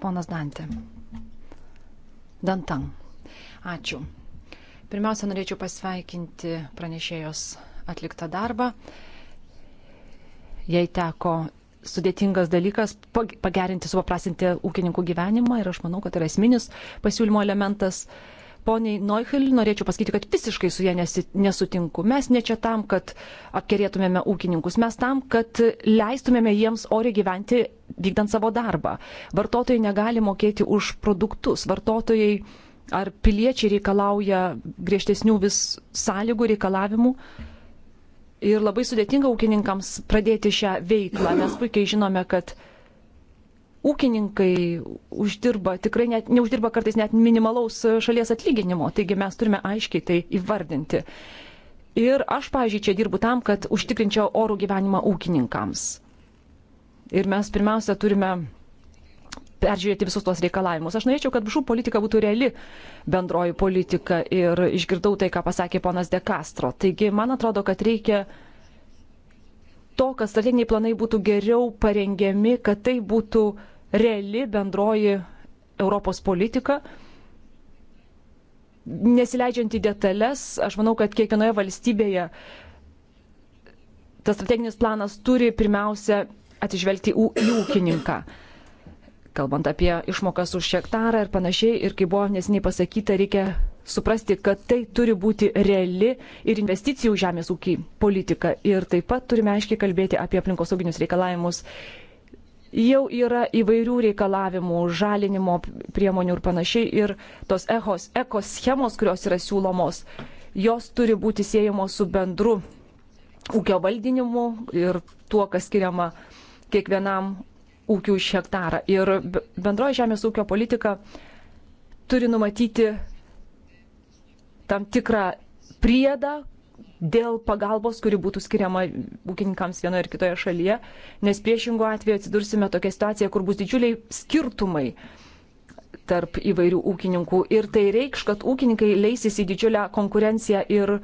Ponas Dantė. Dantam. Ačiū. Pirmiausia, norėčiau pasveikinti pranešėjos atliktą darbą. Jai teko sudėtingas dalykas pagerinti, supaprastinti ūkininkų gyvenimą ir aš manau, kad tai yra esminis pasiūlymo elementas. Uh, Poniai Neuchel norėčiau pasakyti, kad visiškai su ja nesutinku. Mes ne čia tam, kad apkerėtumėme ūkininkus, mes tam, kad leistumėme jiems oriai gyventi, vykdant savo darbą. Vartotojai negali mokėti už produktus, vartotojai ar piliečiai reikalauja griežtesnių vis sąlygų reikalavimų. Ir labai sudėtinga ūkininkams pradėti šią veiklą, nes puikiai žinome, kad ūkininkai uždirba, tikrai net, neuždirba kartais net minimalaus šalies atlyginimo, taigi mes turime aiškiai tai įvardinti. Ir aš, pažiūrėjau, čia dirbu tam, kad užtikrinčiau orų gyvenimą ūkininkams. Ir mes pirmiausia turime peržiūrėti visus tuos reikalavimus. Aš norėčiau, kad žų politika būtų reali bendroji politika ir išgirdau tai, ką pasakė ponas De Castro. Taigi, man atrodo, kad reikia uh, to, kad strateginiai planai būtų geriau parengiami, kad tai būtų reali bendroji Europos politika. Nesileidžiant į detalės, aš manau, kad kiekvienoje valstybėje tas strateginis planas turi pirmiausia atsižvelgti į ūkininką kalbant apie išmokas už hektarą ir panašiai, ir kaip buvo nesiniai pasakyta, reikia suprasti, kad tai turi būti reali ir investicijų žemės ūkį politika. Ir taip pat turime aiškiai kalbėti apie aplinkosauginius reikalavimus. Jau yra įvairių reikalavimų, žalinimo priemonių ir panašiai. Ir tos echos, ekoschemos, kurios yra siūlomos, jos turi būti siejamos su bendru ūkio valdinimu ir tuo, kas skiriama kiekvienam ūkių iš hektarą. Ir bendroji žemės ūkio politika turi numatyti tam tikrą priedą dėl pagalbos, kuri būtų skiriama ūkininkams vienoje ar kitoje šalyje, nes priešingų atveju atsidursime tokia situacija, kur bus didžiuliai skirtumai tarp įvairių ūkininkų ir tai reikš, kad ūkininkai leisis į didžiulę konkurenciją ir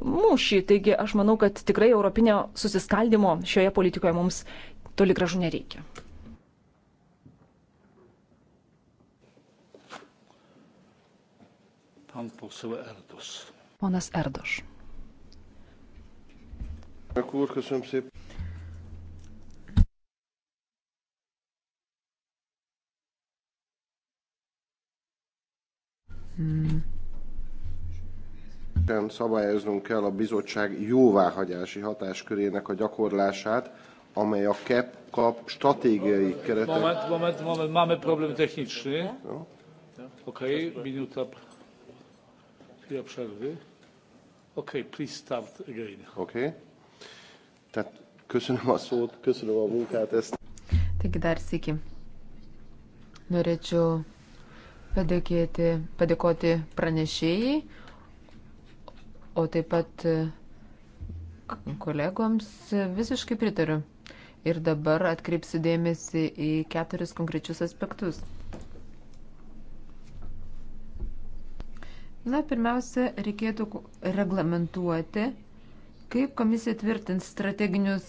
mūšį. Taigi aš manau, kad tikrai europinio susiskaldimo šioje politikoje mums toli gražu nereikia. Pan poseł Erd. Erdos. Ponas Erdos. Hmm területen szabályoznunk kell a bizottság jóváhagyási hatáskörének a gyakorlását, amely a KEP kap stratégiai keretet. Moment, moment, moment, mamy problem techniczny. No. Okej, okay, minuta chwila przerwy. Okay, please start again. Okay. Tehát köszönöm a szót, köszönöm a munkát ezt. Taigi dar sėki. Norėčiau padėkėti, padėkoti pranešėjai, o taip pat e, kolegoms visiškai pritariu. Ir dabar atkreipsiu dėmesį į keturis konkrečius aspektus. Na, pirmiausia, reikėtų reglamentuoti, kaip komisija tvirtins strateginius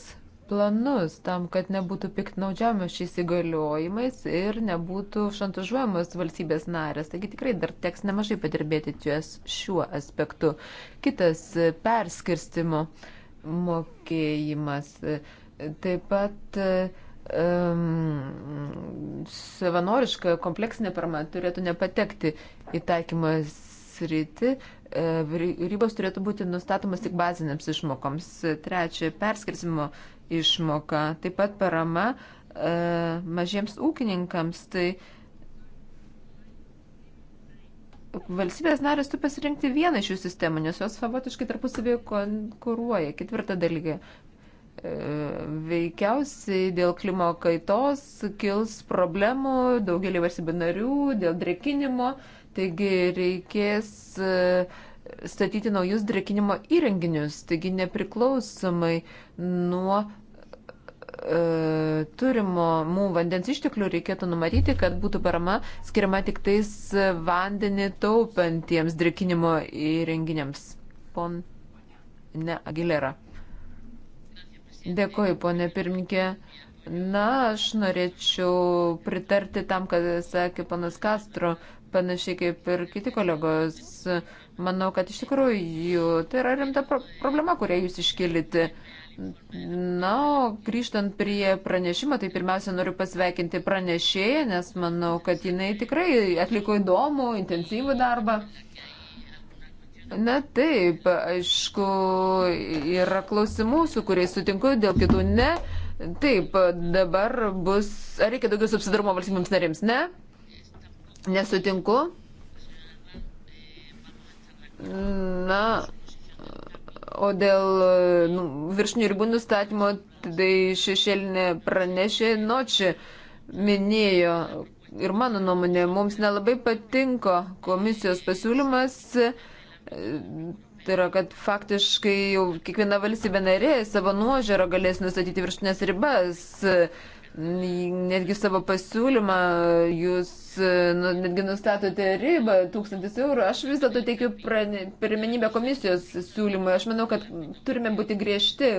planus tam, kad nebūtų piktnaudžiavimas šiais įgaliojimais ir nebūtų šantažuojamos valstybės narės. Taigi tikrai dar teks nemažai padirbėti ties šiuo aspektu. Kitas e, perskirstimo mokėjimas. E, taip pat um, savanoriška kompleksinė parama turėtų nepatekti į taikymas sritį, e, ribos turėtų būti nustatomas tik bazinėms išmokoms. Trečia, perskirsimo išmoka, taip pat parama e, mažiems ūkininkams. Tai valstybės narės tu pasirinkti vieną iš šių sistemų, nes jos savotiškai tarpusavėje konkuruoja. Ketvirta dalykai. E, veikiausiai dėl klimo kaitos kils problemų daugelį valstybių narių, dėl drekinimo. Uh, Taigi reikės e, statyti naujus drekinimo įrenginius, taigi nepriklausomai nuo e, turimų vandens išteklių reikėtų numatyti, kad būtų parama skiriama tik tais vandenį taupantiems drekinimo įrenginiams. Pon... Ne, Agilera. Dėkoju, ponė pirmininkė. Na, aš norėčiau pritarti tam, ką sakė panas Kastro panašiai kaip ir kiti kolegos. Manau, kad iš tikrųjų tai yra rimta pro problema, kurią jūs iškilite. Na, grįžtant prie pranešimo, tai pirmiausia noriu pasveikinti pranešėją, nes manau, kad jinai tikrai atliko įdomų, intensyvų darbą. Na taip, aišku, yra klausimų, su kuriais sutinku, dėl kitų ne. Taip, dabar bus. Ar reikia daugiau subsidarumo valstybėms narėms? Ne. Nesutinku. Na, o dėl nu, viršinių ribų nustatymo, tai šešėlinė pranešė nočiai minėjo. Ir mano nuomonė, mums nelabai patinka komisijos pasiūlymas Tai yra, kad faktiškai jau kiekviena valstybė narė savo nuožiūro galės nustatyti viršutinės ribas Netgi savo pasiūlymą jūs nu, netgi nustatote ribą 1000 eurų. Aš vis dėlto teikiu pirmenybę komisijos siūlymui. Aš manau, kad turime būti griežti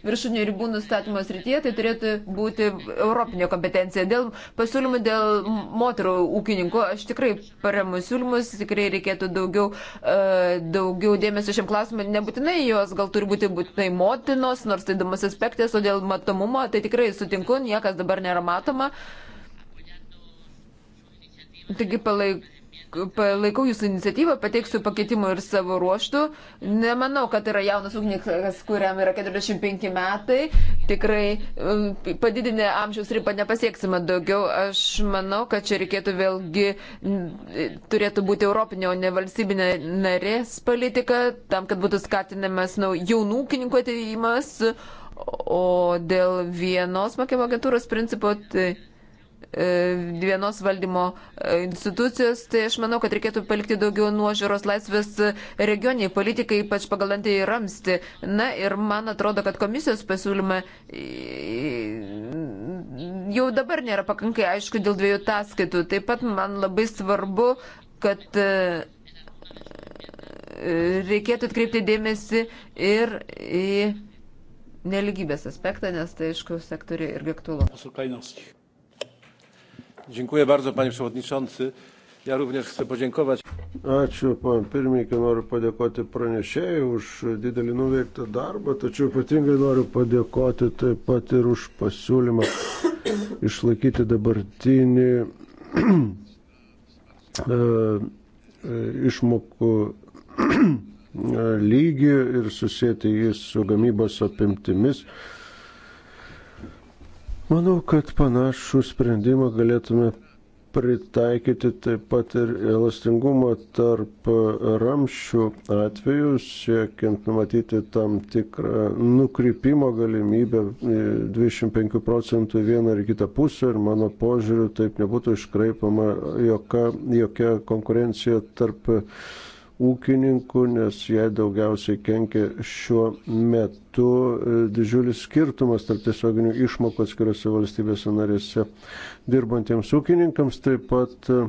viršūnių ribų nustatymo srityje. Tai turėtų būti europinė kompetencija. Dėl pasiūlymų dėl moterų ūkininkų aš tikrai paremu siūlymus. Tikrai reikėtų daugiau, e, daugiau dėmesio šiam klausimui. Nebūtinai jos gal turi būti būtinai motinos, nors tai įdomus aspektas, o dėl matomumo tai tikrai sutinku niekas dabar nėra matoma. Taigi palaik, palaikau jūsų iniciatyvą, pateiksiu pakeitimų ir savo ruoštų. Nemanau, kad yra jaunas ugnikas, kuriam yra 45 metai. Tikrai um, padidinę amžiaus ribą nepasieksime daugiau. Aš manau, kad čia reikėtų vėlgi, turėtų būti europinė, o ne valstybinė narės politika, tam, kad būtų skatinamas jaunų ūkininkų ateimas. O dėl vienos mokėjimo agentūros principo, tai e, vienos valdymo e, institucijos, tai aš manau, kad reikėtų palikti daugiau nuožiūros laisvės regioniai politikai, ypač pagal antėjį ramsti. Na ir man atrodo, kad komisijos pasiūlyme jau dabar nėra pakankai aišku dėl dviejų taskaitų. Taip pat man labai svarbu, kad e, reikėtų atkreipti dėmesį ir į neligybės aspektą, nes tai, aišku, sektoriai irgi aktualu. Dziękuję bardzo, panie przewodniczący. Ja również chcę podziękować. Ačiū, pan pirmininkė, noriu padėkoti pranešėjai už didelį nuveiktą darbą, tačiau ypatingai noriu padėkoti taip pat ir už pasiūlymą išlaikyti dabartinį e, e, išmokų lygį ir susijęti jį su gamybos apimtimis. Manau, kad panašų sprendimą galėtume pritaikyti taip pat ir elastingumą tarp ramščių atveju, siekiant numatyti tam tikrą nukrypimo galimybę 25 e, procentų į vieną ar kitą pusę ir mano požiūriu taip nebūtų iškraipama jokia, jokia konkurencija tarp ūkininkų, nes jai daugiausiai kenkia šiuo metu e, didžiulis skirtumas tarp tiesioginių išmokų atskirose valstybėse narėse dirbantiems ūkininkams. Taip pat e,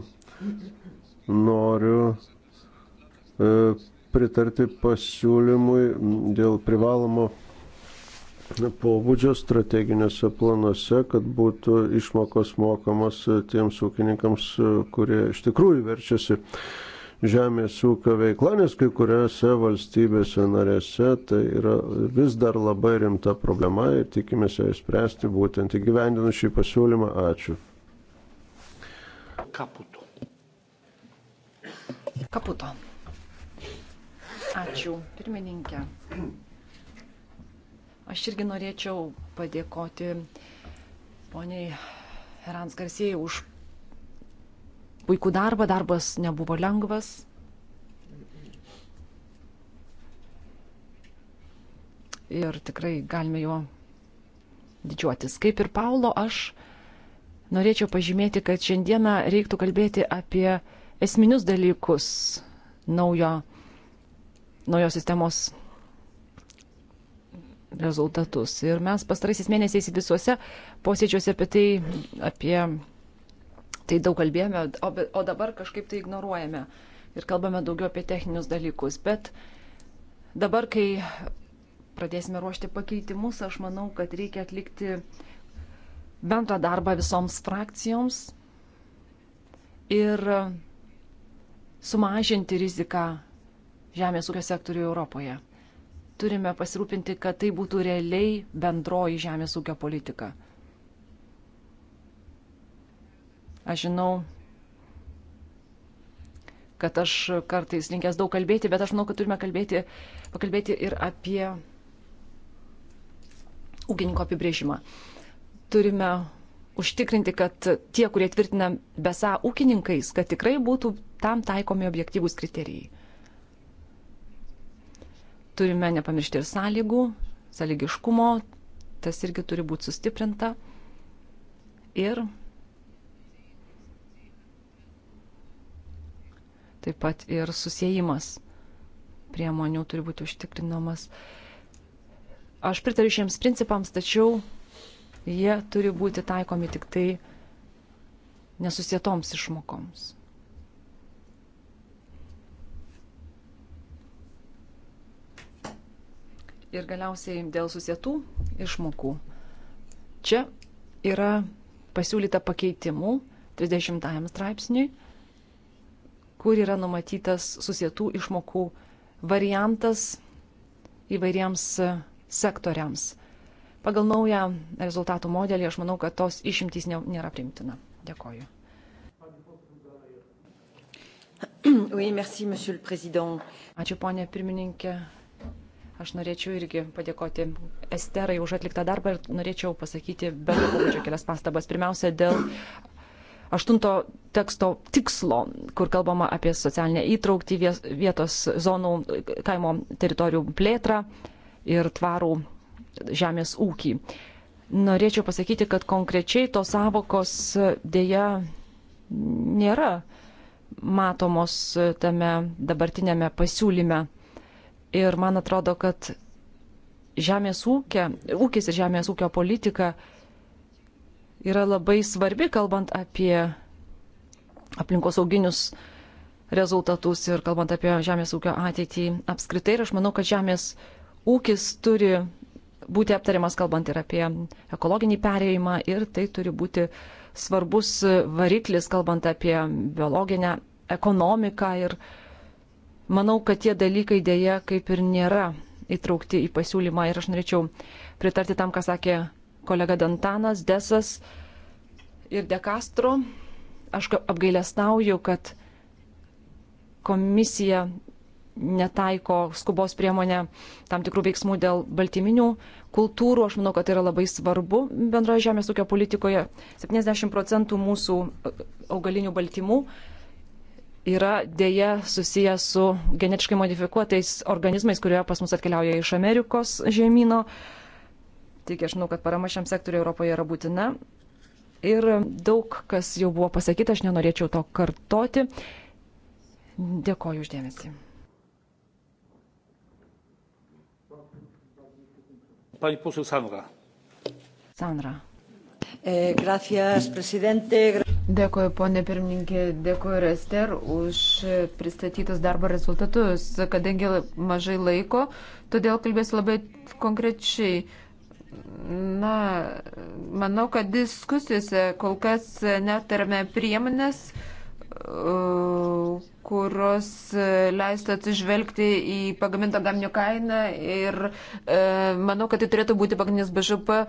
noriu e, pritarti pasiūlymui dėl privalomo pobūdžio strateginiuose planuose, kad būtų išmokos mokamos tiems ūkininkams, kurie iš tikrųjų verčiasi žemės ūkio veikla, nes kai kuriuose valstybėse narėse tai yra vis dar labai rimta problema ir tikimės ją įspręsti būtent įgyvendinus šį pasiūlymą. Ačiū. Kaputo. Kaputo. Ačiū, pirmininkė. Aš irgi norėčiau padėkoti poniai Herans Garsėjai už puikų darbą, darbas nebuvo lengvas. Ir tikrai galime jo didžiuotis. Kaip ir Paulo, aš norėčiau pažymėti, kad šiandieną reiktų kalbėti apie esminius dalykus naujo, naujo sistemos rezultatus. Ir mes pastaraisiais mėnesiais visuose posėdžiuose apie tai, apie tai daug kalbėjome, o, o dabar kažkaip tai ignoruojame ir kalbame daugiau apie techninius dalykus. Bet dabar, kai pradėsime ruošti pakeitimus, aš manau, kad reikia atlikti bendrą darbą visoms frakcijoms ir sumažinti riziką žemės ūkio sektoriui Europoje. Turime pasirūpinti, kad tai būtų realiai bendroji žemės ūkio politika. Aš žinau, kad aš kartais linkęs daug kalbėti, bet aš manau, kad turime kalbėti, pakalbėti ir apie ūkininko apibrėžimą. Turime užtikrinti, kad tie, kurie tvirtina besą ūkininkais, kad tikrai būtų tam taikomi objektyvūs kriterijai. Turime nepamiršti ir sąlygų, sąlygiškumo, tas irgi turi būti sustiprinta. Ir taip pat ir susijimas priemonių turi būti užtikrinamas. Aš pritariu šiems principams, tačiau jie turi būti taikomi tik tai nesusietoms išmokoms. Ir galiausiai dėl susietų išmokų. Čia yra pasiūlyta pakeitimų 30 straipsniui kur yra numatytas susietų išmokų variantas įvairiems e, sektoriams. Pagal naują rezultatų modelį aš manau, kad tos išimtys nėra primtina. Dėkoju. Oui, merci, Ačiū, ponė pirmininkė. Aš norėčiau irgi padėkoti Esterai už atliktą darbą ir norėčiau pasakyti bendro pobūdžio kelias pastabas. Pirmiausia, dėl aštunto teksto tikslo, kur kalbama apie socialinę įtraukti vietos zonų kaimo teritorijų plėtrą ir tvarų žemės ūkį. Norėčiau pasakyti, kad konkrečiai tos savokos dėja nėra matomos tame dabartinėme pasiūlyme. Ir man atrodo, kad žemės ūkė, ūkis ir žemės ūkio politika yra labai svarbi, kalbant apie aplinkosauginius rezultatus ir kalbant apie žemės ūkio ateitį apskritai. Ir aš manau, kad žemės ūkis turi būti aptariamas, kalbant ir apie ekologinį perėjimą, ir tai turi būti svarbus variklis, kalbant apie biologinę ekonomiką. Ir manau, kad tie dalykai dėja kaip ir nėra įtraukti į pasiūlymą. Ir aš norėčiau pritarti tam, ką sakė kolega Dantanas, Desas ir De Castro. Aš apgailestauju, kad komisija netaiko skubos priemonę tam tikrų veiksmų dėl baltyminių kultūrų. Aš manau, kad tai yra labai svarbu bendroje žemės ūkio politikoje. 70 procentų mūsų augalinių baltymų yra dėja susiję su genetiškai modifikuotais organizmais, kurie pas mus atkeliauja iš Amerikos žemynų. Taigi aš žinau, kad parama šiam sektoriu Europoje yra būtina. Ir daug kas jau buvo pasakyta, aš nenorėčiau to kartoti. Dėkoju uždėmesi. Pani poseł Sandra. Sandra. E, gracias, presidente. Dėkuoju, ponė pirmininkė, dėkuoju Rester už pristatytus darbo rezultatus. Kadangi mažai laiko, todėl kalbėsiu labai konkrečiai. Na, manau, kad diskusijose kol kas netarme priemonės, e, kurios leistų atsižvelgti į pagamintą gaminių kainą ir e, manau, kad tai turėtų būti pagrindinis BŽP e,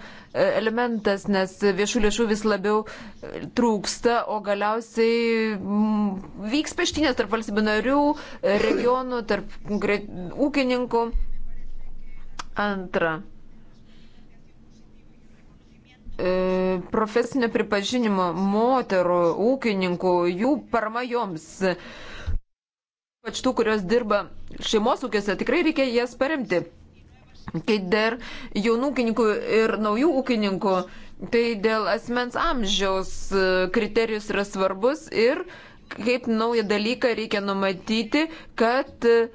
elementas, nes viešų lėšų vis labiau e, trūksta, o galiausiai m, vyks peštinės tarp valstybių narių, regionų, tarp ūkininkų. Antra. E, profesinio pripažinimo moterų, ūkininkų, jų parama joms, pač tų, kurios dirba šeimos ūkiuose, tikrai reikia jas paremti. Kai dar jaunų ūkininkų ir naujų ūkininkų, tai dėl asmens amžiaus e, kriterijus yra svarbus ir kaip naują dalyką reikia numatyti, kad uh,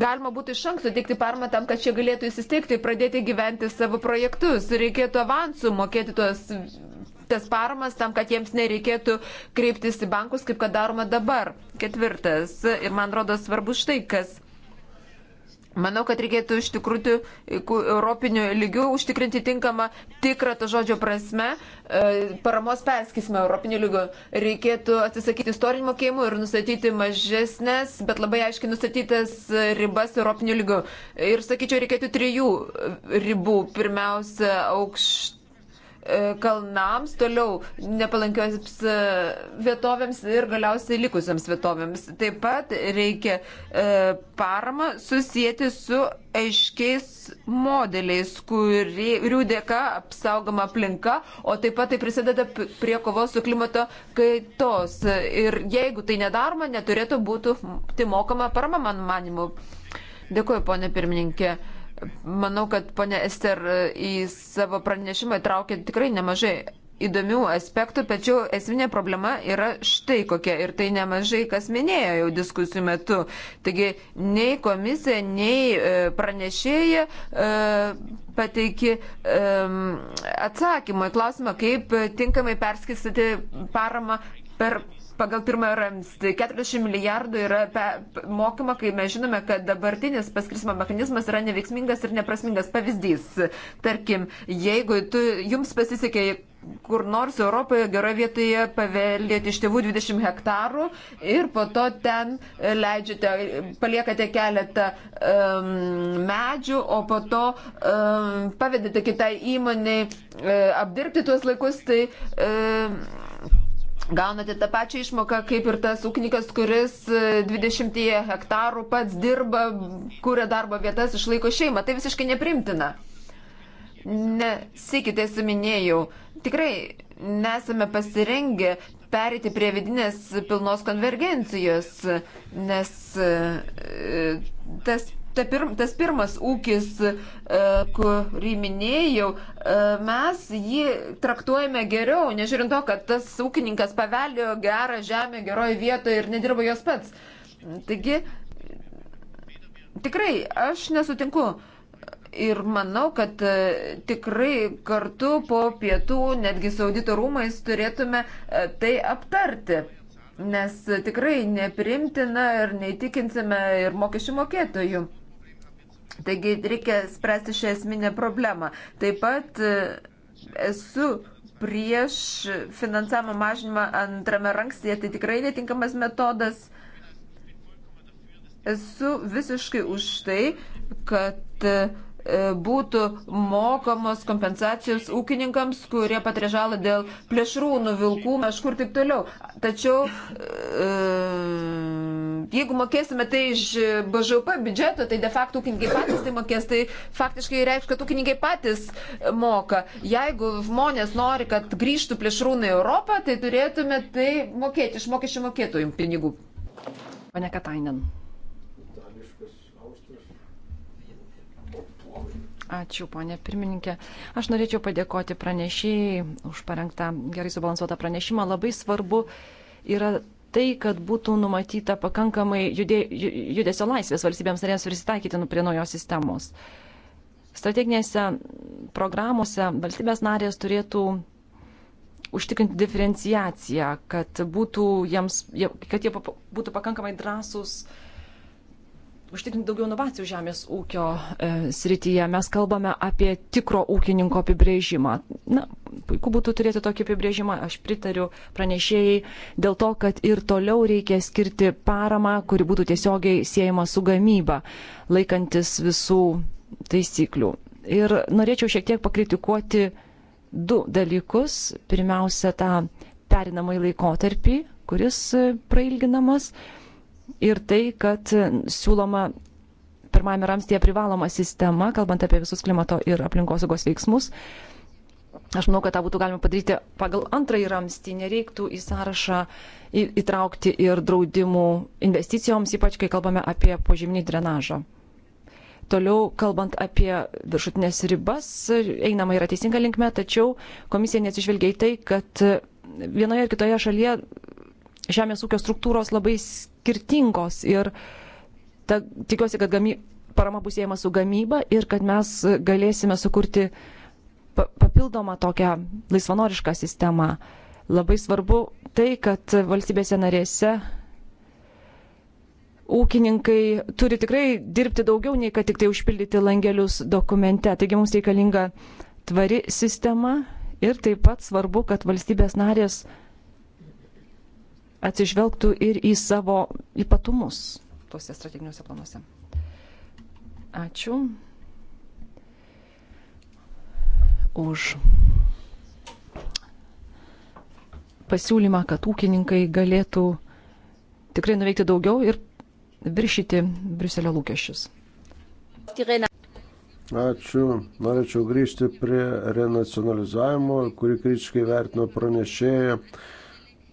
galima būtų iš anksto teikti paramą tam, kad čia galėtų įsisteigti, pradėti gyventi savo projektus. Reikėtų avansų mokėti tuos, tas paramas tam, kad jiems nereikėtų kreiptis į bankus, kaip kad daroma dabar. Ketvirtas. Ir man rodo svarbus štai kas. Manau, kad reikėtų iš tikrųjų europinių lygių užtikrinti tinkamą tikrą to žodžio prasme e, paramos perskismą europinių lygių. Reikėtų atsisakyti istorinių mokėjimų ir nustatyti mažesnės, bet labai aiškiai nustatytas ribas europinių lygių. Ir sakyčiau, reikėtų trijų ribų. Pirmiausia, aukštų E, kalnams, toliau nepalankioms e, vietovėms ir galiausiai likusiams vietovėms. Taip pat reikia e, paramą susijęti su aiškiais modeliais, kurių dėka apsaugoma aplinka, o taip pat tai prisideda prie kovos su klimato kaitos. Ir jeigu tai nedaroma, neturėtų būti mokama parama, man manimu. Dėkuoju, ponė pirmininkė manau, kad ponė Ester e, į savo pranešimą įtraukė tikrai nemažai įdomių aspektų, tačiau esminė problema yra štai kokia ir tai nemažai kas minėjo jau diskusijų metu. Taigi nei komisija, nei e, pranešėja e, pateikė atsakymą į klausimą, kaip tinkamai perskistyti paramą per pagal pirmą ramstį 40 milijardų yra pe, mokama, kai mes žinome, kad dabartinis paskirstimo mechanizmas yra neveiksmingas ir neprasmingas. Pavyzdys, tarkim, jeigu tu, jums pasisekė kur nors Europoje geroje vietoje paveldėti iš tėvų 20 hektarų ir po to ten leidžiate, paliekate keletą um, medžių, o po to um, pavedate kitai įmoniai e, apdirbti tuos laikus, tai um, gaunate tą pačią išmoką kaip ir tas ūkininkas, kuris 20 e, hektarų pats dirba, kuria darbo vietas, išlaiko šeimą. Tai visiškai neprimtina. Nesikite, suminėjau. Tai Tikrai nesame pasirengę perėti prie vidinės pilnos konvergencijos, nes e, tas ta pir, tas pirmas ūkis, e, kurį minėjau, e, mes jį traktuojame geriau, nežiūrint to, kad tas ūkininkas paveldėjo gerą žemę geroje vietoje ir nedirbo jos pats. Taigi, tikrai, aš nesutinku. Ir manau, kad e, tikrai kartu po pietų, netgi su audito rūmais, turėtume tai aptarti nes tikrai neprimtina ir neįtikinsime ir mokesčių mokėtojų. Taigi reikia spręsti šią esminę problemą. Taip pat e, esu prieš finansavimo mažinimą antrame rankstyje, tai tikrai netinkamas metodas. Esu visiškai už tai, kad e, būtų mokamos kompensacijos ūkininkams, kurie patiria žalą dėl plėšrūnų, vilkų, kažkur taip toliau. Tačiau e, jeigu mokėsime tai iš e, BŽP biudžeto, tai de facto ūkininkai patys tai mokės, tai faktiškai reiškia, kad ūkininkai patys moka. Jeigu žmonės nori, kad grįžtų plėšrūnai į Europą, tai turėtume tai mokėti iš mokesčių mokėtojų pinigų. Pane Katainen. Ačiū, ponė pirmininkė. Aš norėčiau padėkoti pranešėjai už parengtą gerai subalansuotą pranešimą. Labai svarbu yra tai, kad būtų numatyta pakankamai judė, judesio laisvės valstybėms narėms prisitaikyti nu, prie naujos sistemos. Strateginėse programuose valstybės narės turėtų užtikrinti diferenciaciją, kad, būtų jiems, kad jie būtų pakankamai drąsūs uh, užtikrinti daugiau inovacijų žemės ūkio e, srityje. Mes kalbame apie tikro ūkininko apibrėžimą. Na, puiku būtų turėti tokį apibrėžimą, aš pritariu pranešėjai, dėl to, kad ir toliau reikia skirti paramą, kuri būtų tiesiogiai siejama su gamyba, laikantis visų taisyklių. Ir norėčiau šiek tiek pakritikuoti du dalykus. Pirmiausia, tą perinamąjį laikotarpį, kuris prailginamas. E, ir tai, kad siūloma pirmajame ramstėje privaloma sistema, kalbant apie visus klimato ir aplinkosaugos veiksmus. Aš manau, kad tą būtų galima padaryti pagal antrąjį ramstį, nereiktų į sąrašą įtraukti ir draudimų investicijoms, ypač kai kalbame apie požeminį drenažą. Toliau, kalbant apie viršutinės ribas, einama yra teisinga linkme, tačiau komisija nesižvelgia į tai, kad vienoje ar kitoje šalyje žemės ūkio struktūros labai skiriasi skirtingos ir ta, tikiuosi, kad gamy, parama bus siejama su gamyba ir kad mes galėsime sukurti papildomą tokią laisvanorišką sistemą. Labai svarbu tai, kad valstybėse narėse ūkininkai turi tikrai dirbti daugiau, nei kad tik tai užpildyti langelius dokumente. Taigi mums reikalinga tvari sistema ir taip pat svarbu, kad valstybės narės atsižvelgtų ir į savo ypatumus tuose strateginiuose planuose. Ačiū už pasiūlymą, kad ūkininkai galėtų tikrai nuveikti daugiau ir viršyti Briuselio lūkesčius. Ačiū. Norėčiau grįžti prie renacionalizavimo, kurį kritiškai vertino pranešėja.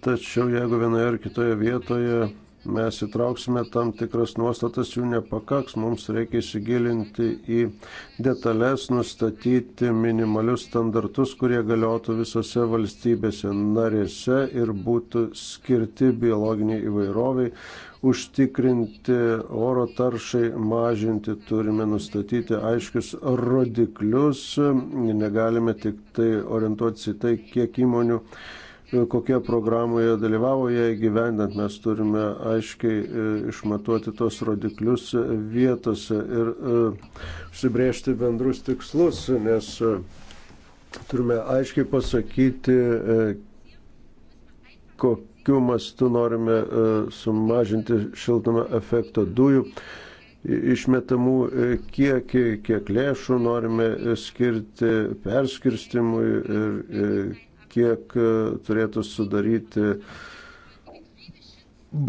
Tačiau jeigu vienoje ar kitoje vietoje mes įtrauksime tam tikras nuostatas, jų nepakaks, mums reikia įsigilinti į detalės, nustatyti minimalius standartus, kurie galiotų visose valstybėse narėse ir būtų skirti biologiniai įvairoviai, užtikrinti oro taršai, mažinti, turime nustatyti aiškius rodiklius, negalime tik tai orientuotis į tai, kiek įmonių kokie programoje dalyvavo ją įgyvendant. Mes turime aiškiai e, išmatuoti tos rodiklius e, vietose ir e, užsibriežti bendrus tikslus, nes turime aiškiai pasakyti, kokiu mastu norime sumažinti šiltame efekto dujų išmetamų kiekį, kiek lėšų norime skirti perskirstimui ir kiek e, turėtų sudaryti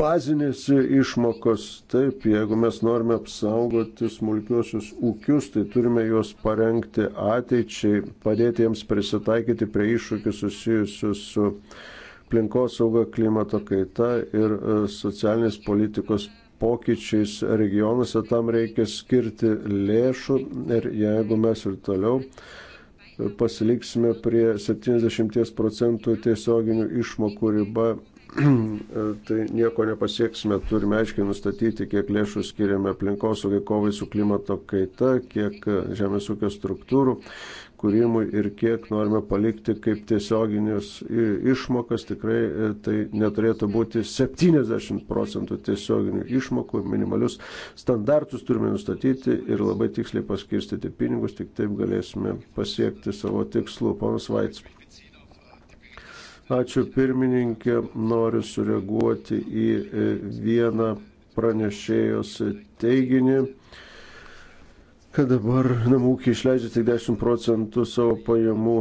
bazinės išmokos. Taip, jeigu mes norime apsaugoti smulkiosius ūkius, tai turime juos parengti ateičiai, padėti jiems prisitaikyti prie iššūkių susijusių su aplinkosauga, klimato kaita ir e, socialinės politikos pokyčiais regionuose tam reikia skirti lėšų ir jeigu mes ir toliau pasiliksime prie 70 procentų tiesioginių išmokų riba, e, tai nieko nepasieksime. Turime aiškiai nustatyti, kiek lėšų skiriame aplinkosaugai kovai su klimato kaita, kiek žemės ūkio struktūrų atkūrimui ir kiek norime palikti kaip tiesioginius išmokas, tikrai e, tai neturėtų būti 70 procentų tiesioginių išmokų, minimalius standartus turime nustatyti ir labai tiksliai paskirstyti pinigus, tik taip galėsime pasiekti savo tikslų. Panas Vaits. Ačiū pirmininkė, noriu sureaguoti į e, vieną pranešėjos teiginį kad dabar namūkiai išleidžia tik 10 procentų savo pajamų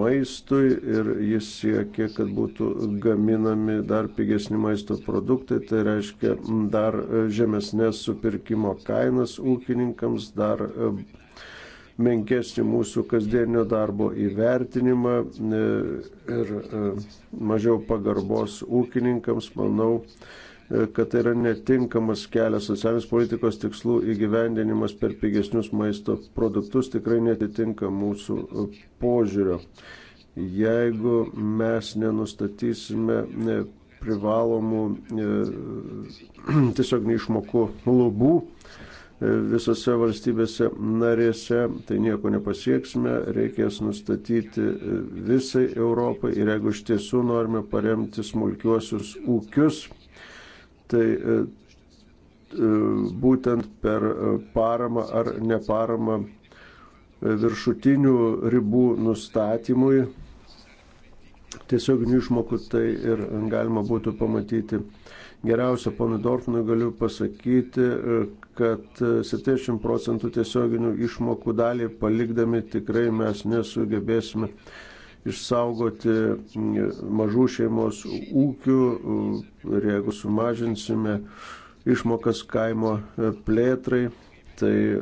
maistui ir jis siekia, kad būtų gaminami dar pigesni maisto produktai, tai reiškia dar e, žemesnės supirkimo kainas ūkininkams, dar e, menkesnį mūsų kasdienio darbo įvertinimą e, ir mažiau pagarbos ūkininkams, manau, kad tai yra netinkamas kelias socialinės politikos tikslų įgyvendinimas per pigesnius maisto produktus tikrai netitinka mūsų požiūrio. Jeigu mes nenustatysime privalomų e, tiesiog neišmokų lubų, e, visose valstybėse narėse, tai nieko nepasieksime, reikės nustatyti e, visai Europai ir jeigu iš tiesų norime paremti smulkiuosius ūkius, tai e, e, būtent per e, paramą ar neparamą viršutinių ribų nustatymui tiesioginių išmokų tai ir galima būtų pamatyti. Geriausia, ponui Dorfmanui galiu pasakyti, kad 70 procentų tiesioginių išmokų dalį palikdami tikrai mes nesugebėsime išsaugoti mažų šeimos ūkių ir jeigu sumažinsime išmokas kaimo e, plėtrai, tai e,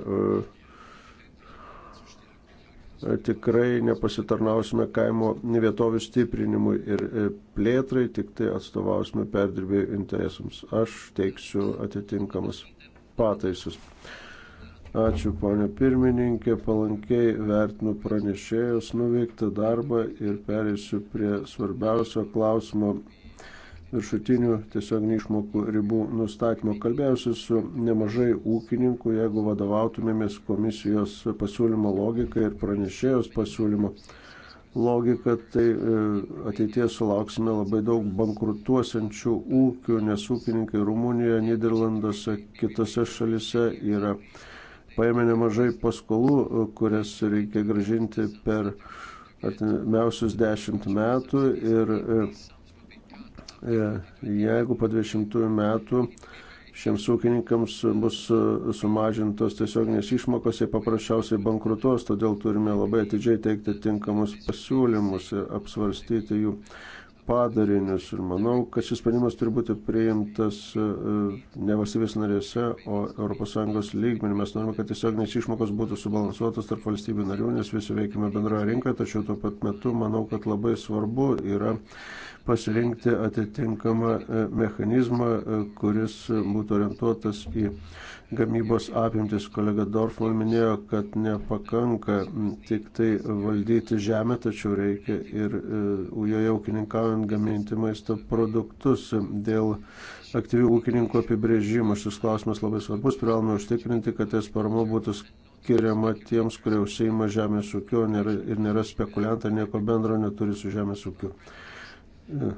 tikrai nepasitarnausime kaimo vietovių stiprinimui ir e, plėtrai, tik tai atstovausime perdirbėjų interesams. Aš teiksiu atitinkamas pataisus. Ačiū, ponė pirmininkė, palankiai vertinu pranešėjus nuveiktą darbą ir perėsiu prie svarbiausio klausimo viršutinių tiesioginių išmokų ribų nustatymo. Kalbėjausi su nemažai ūkininkų, jeigu vadovautumėmės komisijos pasiūlymo logiką ir pranešėjos pasiūlymo logiką, tai e, ateitie sulauksime labai daug bankrutuosiančių ūkių, nes ūkininkai Rumunijoje, Niderlanduose, kitose šalise yra paėmė nemažai paskolų, e, kurias reikia gražinti per atmiausius dešimt metų ir e, e, jeigu po 20 metų šiems ūkininkams bus sumažintos tiesioginės išmokos, jie paprasčiausiai bankrutuos, todėl turime labai atidžiai teikti tinkamus pasiūlymus ir apsvarstyti jų padarinius. Ir manau, kad šis sprendimas turi būti priimtas e, e, ne valstybės narėse, o ES lygmenį. Mes norime, kad tiesioginės išmokos būtų subalansuotos tarp valstybių narių, nes visi veikime bendroje rinkoje, tačiau tuo pat metu manau, kad labai svarbu yra pasirinkti atitinkamą e, mechanizmą, kuris būtų orientuotas į gamybos apimtis. Kolega Dorfman minėjo, kad nepakanka tik tai valdyti žemę, tačiau reikia ir e, joje ūkininkaujant gaminti maisto produktus. Dėl aktyvių ūkininkų apibrėžimo šis klausimas labai svarbus. Privalome užtikrinti, kad tas parama būtų skiriama tiems, kurie užseima žemės ūkio nėra, ir nėra spekuliantai, nieko bendro neturi su žemės ūkiu. E,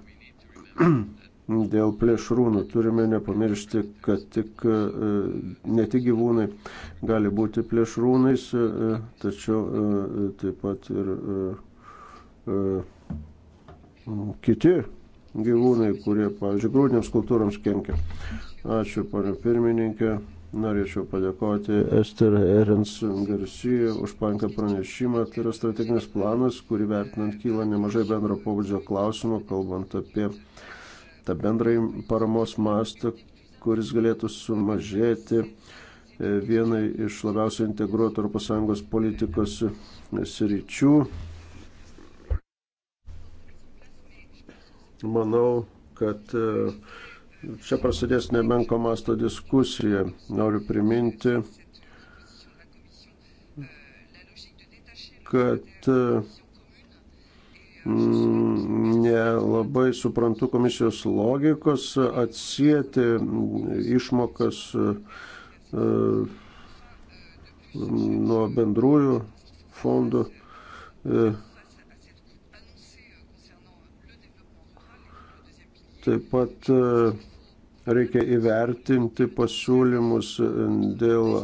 dėl plėšrūnų. Turime nepamiršti, kad tik, e, ne tik gyvūnai gali būti plėšrūnais, e, tačiau e, taip pat ir kiti gyvūnai, kurie, pavyzdžiui, grūdiniams kultūrams kenkia. Ačiū, panė pirmininkė. Norėčiau padėkoti Ester Erens Garcia už panką pranešimą. Tai yra strateginis planas, kurį vertinant kyla nemažai bendro pobūdžio klausimų, kalbant apie uh, tą bendrąjį paramos mastą, kuris galėtų sumažėti e, vienai iš labiausiai integruotų ES politikos e, sričių. Manau, kad e, čia prasidės nemenko masto diskusija. Noriu priminti, kad Mm, nelabai suprantu komisijos logikos atsijėti mm, išmokas e, mm, nuo bendrųjų fondų. E. Taip pat e, reikia įvertinti pasiūlymus dėl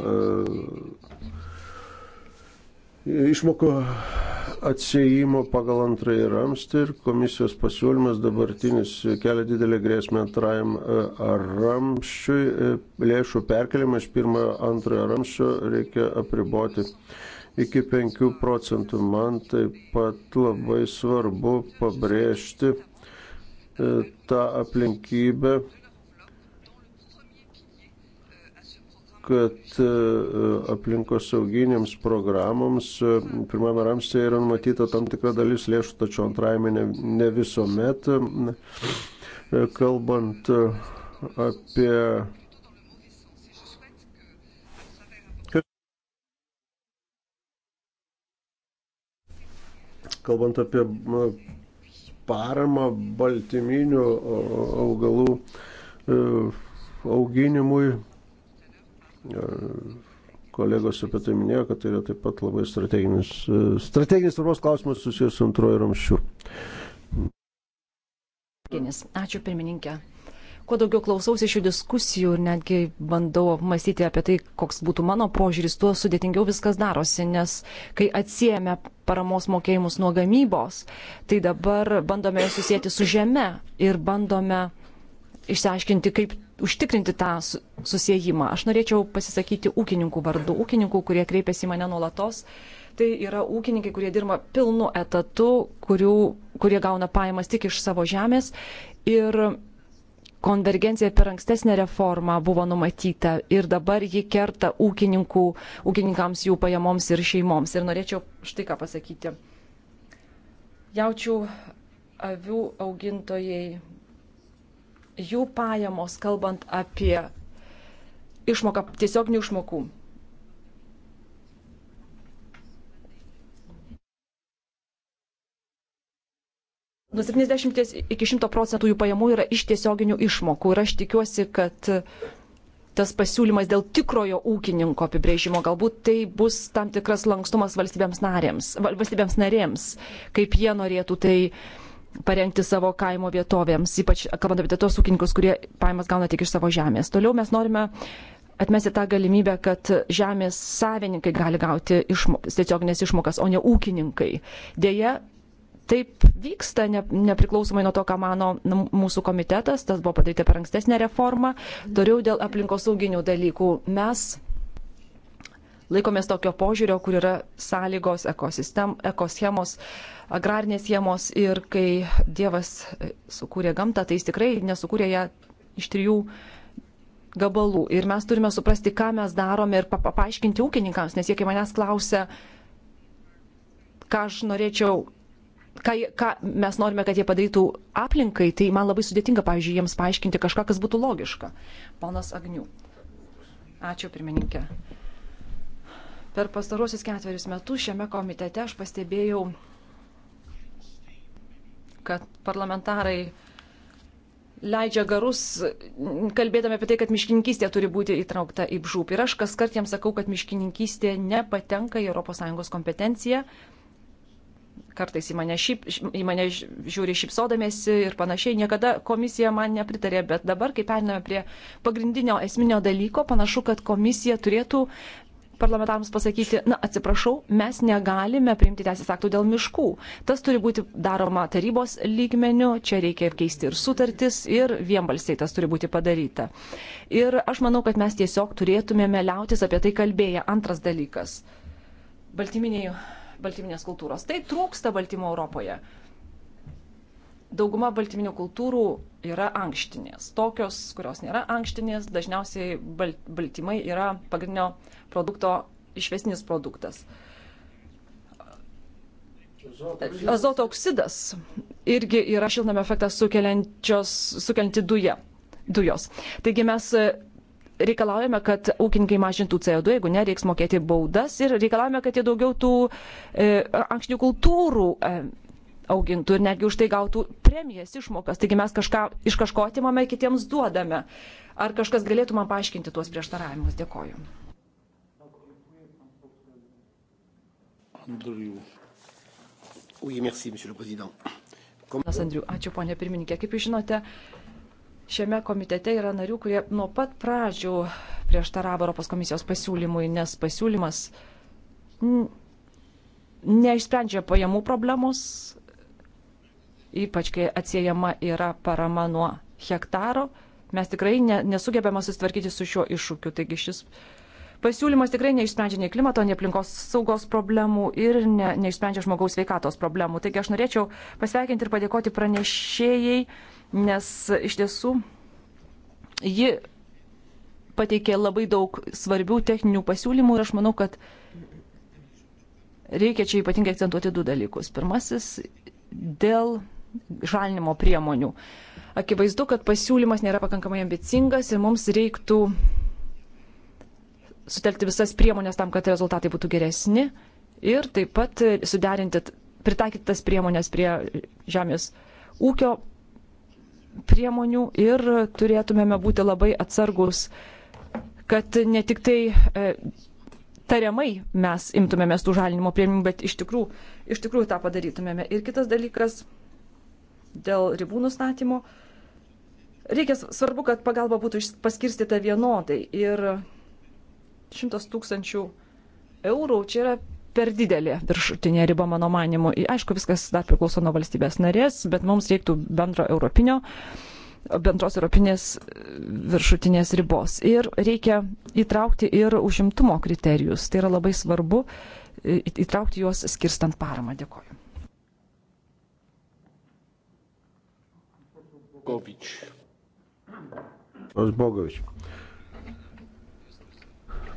išmokų atsėjimo pagal antrąjį ramstį ir komisijos pasiūlymas dabartinis kelia didelį grėsmę antrajam e, ramščiui. E, lėšų perkelimą iš pirmojo antrojo ramščio reikia apriboti iki 5 procentų. Man taip pat labai svarbu pabrėžti e, tą aplinkybę, kad e, aplinkosauginiams programoms e, pirmame ramstėje yra numatyta tam tikra dalis lėšų, tačiau antrajame ne, ne visuomet. E, kalbant apie kalbant apie paramą baltyminių augalų auginimui, E, kolegos apie tai minėjo, kad tai yra taip pat labai strateginis, e, strateginis svarbos klausimas susijęs su antroju ramščiu. Ačiū pirmininkė. Kuo daugiau klausausi šių diskusijų ir netgi bandau apmastyti apie tai, koks būtų mano požiūris, tuo sudėtingiau viskas darosi, nes kai atsijėmė paramos mokėjimus nuo gamybos, tai dabar bandome susijęti su žeme ir bandome išsiaiškinti, kaip užtikrinti tą susijimą. Aš norėčiau pasisakyti ūkininkų vardu, ūkininkų, kurie kreipiasi į mane nuolatos. Tai yra ūkininkai, kurie dirba pilnu etatu, kurių, kurie gauna pajamas tik iš savo žemės. Ir konvergencija per ankstesnę reformą buvo numatyta ir dabar ji kerta ūkininkų, ūkininkams jų pajamoms ir šeimoms. Ir norėčiau štai ką pasakyti. Jaučių avių augintojai jų pajamos, kalbant apie išmoką, tiesioginių išmokų. Nuo 70 iki 100 procentų jų pajamų yra iš tiesioginių išmokų ir aš tikiuosi, kad tas pasiūlymas dėl tikrojo ūkininko apibrėžimo, galbūt tai bus tam tikras lankstumas valstybėms, narėms, valstybėms narėms, kaip jie norėtų tai uh, parengti savo kaimo vietovėms, ypač kalbant apie tos ūkininkus, kurie pajamas gauna tik iš savo žemės. Toliau mes norime atmesti tą galimybę, kad žemės savininkai gali gauti išmokas, tiesioginės išmokas, o ne ūkininkai. Deja, taip vyksta, ne, nepriklausomai nuo to, ką mano mūsų komitetas, tas buvo padaryta per ankstesnę reformą, toliau dėl aplinkosauginių dalykų mes laikomės tokio požiūrio, kur yra sąlygos ekosistem, ekoschemos, agrarinės schemos ir kai Dievas e, sukūrė gamtą, tai jis tikrai nesukūrė ją iš trijų gabalų. Ir mes turime suprasti, ką mes darome ir paaiškinti ūkininkams, nes jie kai manęs klausia, ką aš norėčiau, ką, ką mes norime, kad jie padarytų aplinkai, tai man labai sudėtinga, pavyzdžiui, jiems paaiškinti kažką, kas būtų logiška. Ponas Agnių. Ačiū, pirmininkė. Per pastarosius ketverius metus šiame komitete aš pastebėjau, kad parlamentarai leidžia garus, kalbėdami apie tai, kad miškininkystė turi būti įtraukta į bžūp. Ir aš kas kart jiems sakau, kad miškininkystė nepatenka į ES kompetenciją. Kartais į mane, šyp, į mane žiūri šipsodamėsi ir panašiai. Niekada komisija man nepritarė, bet dabar, kai periname prie pagrindinio esminio dalyko, panašu, kad komisija turėtų parlamentarams pasakyti, na atsiprašau, mes negalime priimti teisės aktų dėl miškų. Tas turi būti daroma tarybos lygmeniu, čia reikia keisti ir sutartis, ir vienbalsiai tas turi būti padaryta. Ir aš manau, kad mes tiesiog turėtumėme liautis apie tai kalbėję. Antras dalykas. Baltyminėjų, baltyminės kultūros. Tai trūksta baltymo Europoje. Dauguma baltyminių kultūrų yra ankštinės. Tokios, kurios nėra ankštinės, dažniausiai balt, baltymai yra pagrindinio produkto išvestinis produktas. Azoto oksidas irgi yra šiltnamio efektą sukelianti duja, dujos. Taigi mes e, reikalaujame, kad ūkininkai mažintų CO2, jeigu nereiks mokėti baudas ir reikalaujame, kad jie daugiau tų e, ankštinių kultūrų e, augintų ir netgi už tai gautų premijas išmokas. Taigi mes kažką iš kažko atimame, kitiems duodame. Ar kažkas galėtų man paaiškinti tuos prieštaravimus? Dėkoju. Andriu. Oui, merci, monsieur le président. Kom... Andriu, ačiū, ponė pirmininkė. Kaip jūs žinote, šiame komitete yra narių, kurie nuo pat pradžių prieštaravo Europos komisijos pasiūlymui, nes pasiūlymas neišsprendžia pajamų problemos, ypač kai atsiejama yra parama nuo hektaro. Mes tikrai ne, nesugebėme susitvarkyti su šiuo iššūkiu, taigi šis Pasiūlymas tikrai neišsprendžia nei klimato, nei aplinkos saugos problemų ir ne, neišsprendžia žmogaus veikatos problemų. Taigi aš norėčiau pasveikinti ir padėkoti pranešėjai, nes iš tiesų ji pateikė labai daug svarbių techninių pasiūlymų ir aš manau, kad reikia čia ypatingai akcentuoti du dalykus. Pirmasis - dėl žalinimo priemonių. Akivaizdu, kad pasiūlymas nėra pakankamai ambicingas ir mums reiktų sutelkti visas priemonės tam, kad rezultatai būtų geresni ir taip pat e, suderinti, pritaikyti tas priemonės prie žemės ūkio priemonių ir turėtumėme būti labai atsargus, kad ne tik tai e, tariamai mes imtumėmės tų žalinimo priemonių, bet iš tikrųjų, iš tikrųjų tą padarytumėme. Ir kitas dalykas dėl ribų nustatymo. Reikia svarbu, kad pagalba būtų paskirstyta vienodai ir 100 tūkstančių eurų čia yra per didelė viršutinė riba mano manimu. Aišku, viskas dar priklauso nuo valstybės narės, bet mums reiktų bendro europinio, bendros europinės viršutinės ribos. Ir reikia įtraukti ir užimtumo kriterijus. Tai yra labai svarbu įtraukti juos skirstant paramą. Dėkoju. Bogovič. Bogovič.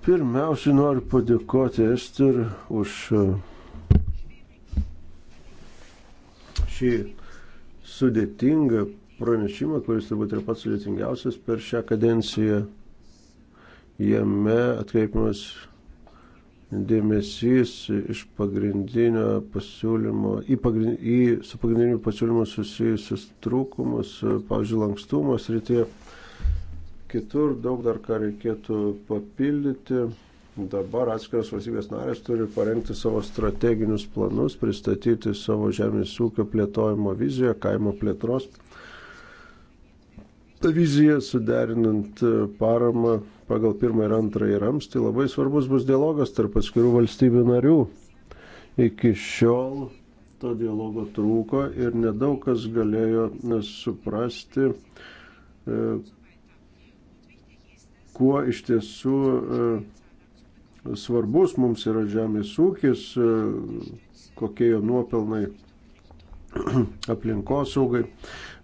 Pirmiausiai noriu padėkoti Ester už e, šį sudėtingą pranešimą, kuris turbūt yra pats sudėtingiausias per šią kadenciją. Jame atkreipimas dėmesys iš pagrindinio pasiūlymo, į, pagrind, į su pagrindiniu pasiūlymu susijusius trūkumus, e, pavyzdžiui, lankstumas rytėje. Tai kitur, daug dar ką reikėtų papildyti. Dabar atskiros valstybės narės turi parengti savo strateginius planus, pristatyti savo žemės ūkio plėtojimo viziją, kaimo plėtros viziją, suderinant paramą pagal pirmą ir antrąjį ramstį. Labai svarbus bus dialogas tarp atskirų valstybių narių. Iki šiol to dialogo trūko ir nedaug kas galėjo suprasti kuo iš tiesų e, svarbus mums yra žemės ūkis, e, kokie jo nuopelnai aplinkosaugai.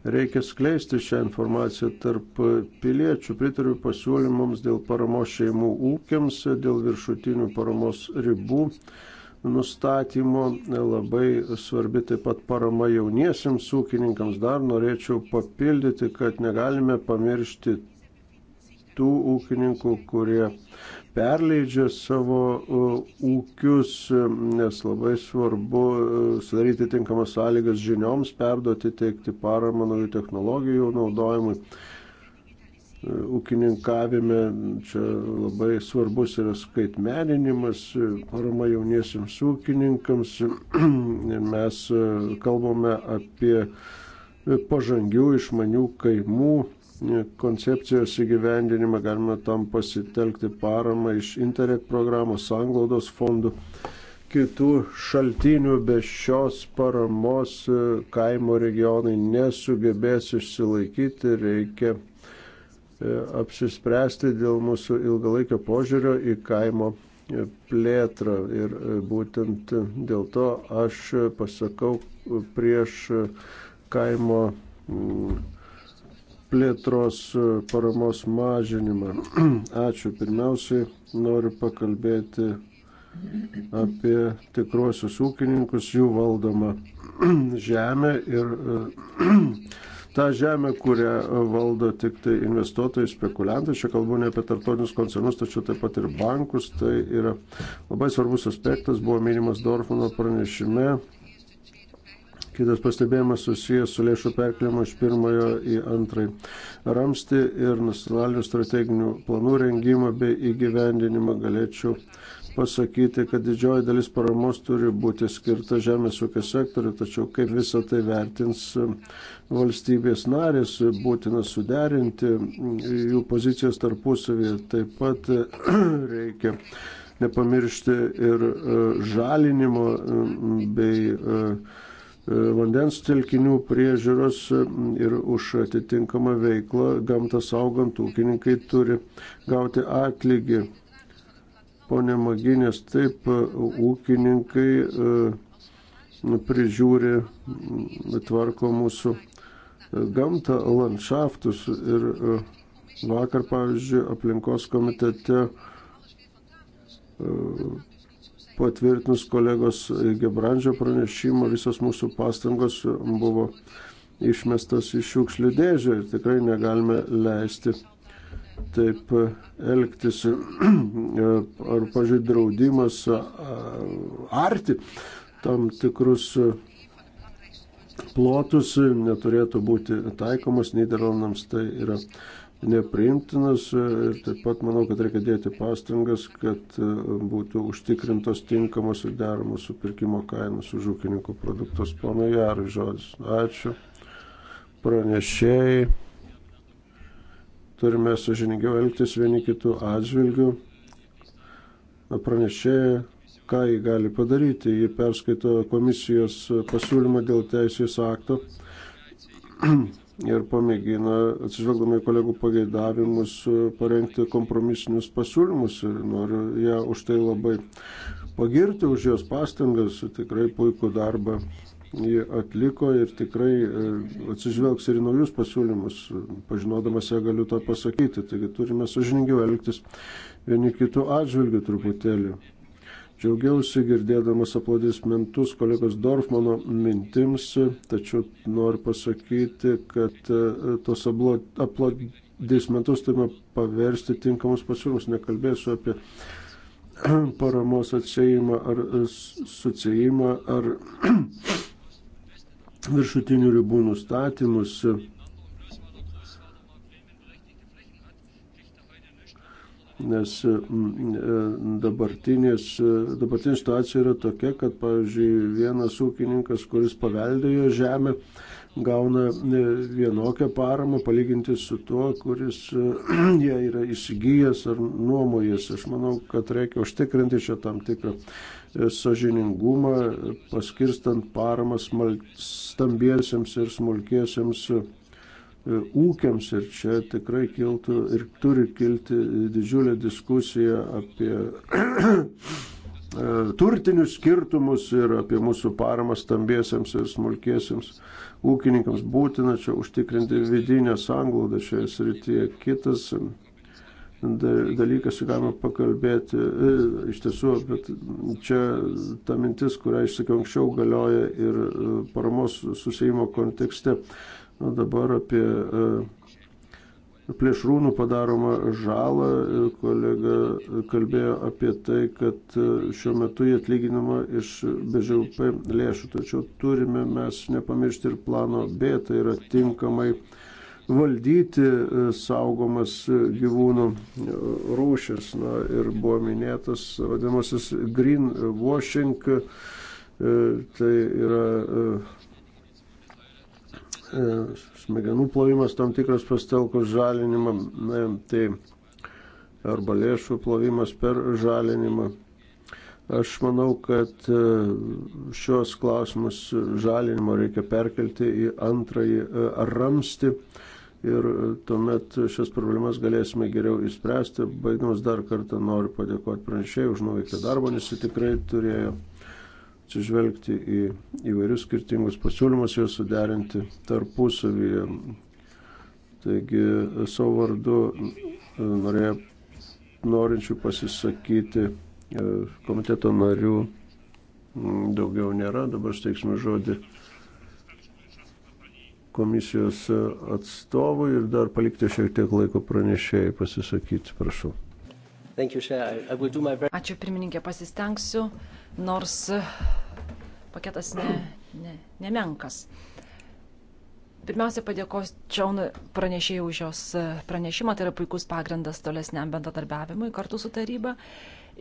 Reikia skleisti šią informaciją tarp piliečių. Pritariu pasiūlymams dėl paramos šeimų ūkiams, dėl viršutinių paramos ribų nustatymo. Labai svarbi taip pat parama jauniesiems ūkininkams. Dar norėčiau papildyti, kad negalime pamiršti tų ūkininkų, kurie perleidžia savo e, ūkius, e, nes labai svarbu e, sudaryti tinkamas sąlygas žinioms, perduoti, teikti paramą naujų technologijų naudojimui. Ūkininkavime čia labai svarbus yra skaitmeninimas, parama jauniesiams ūkininkams. Mes kalbame apie pažangių išmanių kaimų koncepcijos įgyvendinimą, galime tam pasitelkti paramą iš Interreg programos, sanglaudos fondų, kitų šaltinių. Be šios paramos e, kaimo regionai nesugebės išsilaikyti, reikia e, apsispręsti dėl mūsų ilgalaikio požiūrio į kaimo e, plėtrą. Ir būtent dėl to aš pasakau prieš kaimo plėtros e, paramos mažinimą. Ačiū. Pirmiausiai noriu pakalbėti apie tikruosius ūkininkus, jų valdomą žemę ir e, tą žemę, kurią valdo tik tai investuotojai, spekuliantai, čia kalbu ne apie tartotinius koncernus, tačiau taip pat ir bankus, tai yra labai svarbus aspektas, buvo minimas Dorfano pranešime, Kitas pastebėjimas susijęs su lėšų perkelimu iš pirmojo į antrąjį ramstį ir nacionalinių strateginių planų rengimą bei įgyvendinimą galėčiau pasakyti, kad didžioji dalis paramos turi būti skirta žemės ūkio sektoriu, tačiau kaip visą tai vertins valstybės narės, būtina suderinti jų pozicijas tarpusavį. Taip pat reikia nepamiršti ir e, žalinimo bei e, E, vandens telkinių priežiūros e, ir už atitinkamą veiklą gamtą saugant ūkininkai turi gauti atlygį. Pone Maginės, taip e, ūkininkai prižiūri, tvarko mūsų gamtą, landšaftus ir vakar, pavyzdžiui, aplinkos komitete patvirtinus kolegos Gebrandžio pranešimą, visos mūsų pastangos buvo išmestas iš šiukšlių dėžę ir tikrai negalime leisti taip elgtis ar pažiūrėti draudimas arti tam tikrus plotus neturėtų būti taikomas Niderlandams, tai yra nepriimtinas ir taip pat manau, kad reikia dėti pastangas, kad e, būtų užtikrintos tinkamos ir deramos supirkimo kainos už ūkininkų produktus. Pana Jarui žodis. Ačiū. Pranešėjai. Turime sažiningiau elgtis vieni kitų atžvilgių. Pranešėjai, ką jį gali padaryti. Jį perskaito komisijos pasiūlymą dėl teisės akto ir pamėgina, atsižvelgdama į kolegų pageidavimus, parengti kompromisinius pasiūlymus ir noriu ją už tai labai pagirti, už jos pastangas, tikrai puikų darbą jį atliko ir tikrai e, atsižvelgs ir į naujus pasiūlymus, pažinodamas ją galiu tą pasakyti, taigi turime sažiningiau elgtis vieni kitų atžvilgių truputėlį. Džiaugiausi girdėdamas aplodismentus kolegos Dorfmano mintims, tačiau noriu pasakyti, kad e, tos aplodismentus turime paversti tinkamus pasiūlymus. Nekalbėsiu apie paramos atsėjimą ar e, sucijimą ar viršutinių ribų nustatymus. nes mm, e, dabartinės, e, dabartinė situacija yra tokia, kad, pavyzdžiui, vienas ūkininkas, kuris paveldėjo žemę, gauna e, vienokią paramą palyginti su tuo, kuris ją yra įsigijęs ar nuomojęs. Aš manau, kad reikia užtikrinti čia tam tikrą sažiningumą, paskirstant paramą stambiesiems ir smulkiesiems E, ūkiams ir čia tikrai kiltų ir turi kilti e, didžiulė diskusija apie e, turtinius skirtumus ir apie mūsų paramą stambiesiams ir smulkiesiams ūkininkams. Būtina čia užtikrinti vidinę sanglaudą šioje srityje. Kitas dalykas, galima pakalbėti, iš tiesų, bet čia ta mintis, kurią išsakiau anksčiau, galioja ir paramos susijimo kontekste. O dabar apie e, plėšrūnų padaromą žalą. E, kolega kalbėjo apie tai, kad e, šiuo metu jie atlyginama iš BŽUP lėšų, tačiau turime mes nepamiršti ir plano B, tai yra tinkamai valdyti saugomas gyvūnų rūšis. Na, ir buvo minėtas vadinamasis greenwashing, tai yra E, smegenų plovimas tam tikras pastelkos žalinimą, na, tai arba lėšų plovimas per žalinimą. Aš manau, kad e, šios klausimus žalinimo reikia perkelti į antrąjį e, ramsti ir tuomet šias problemas galėsime geriau įspręsti. Baigdamas dar kartą noriu padėkoti pranešėjai už nuveiktą darbą, nes jis tikrai turėjo atsižvelgti į įvairius skirtingus pasiūlymus, juos suderinti tarpusavyje. Taigi savo vardu e, norėjau norinčių pasisakyti e, komiteto narių daugiau nėra. Dabar steiksime žodį komisijos atstovui ir dar palikti šiek tiek laiko pranešėjai pasisakyti, prašau. You, my... Ačiū pirmininkė, pasistengsiu, nors eh, paketas ne, ne, nemenkas. Pirmiausia, padėkočiau pranešėjai už jos eh, pranešimą, tai yra puikus pagrindas tolesniam bendradarbiavimui kartu su taryba.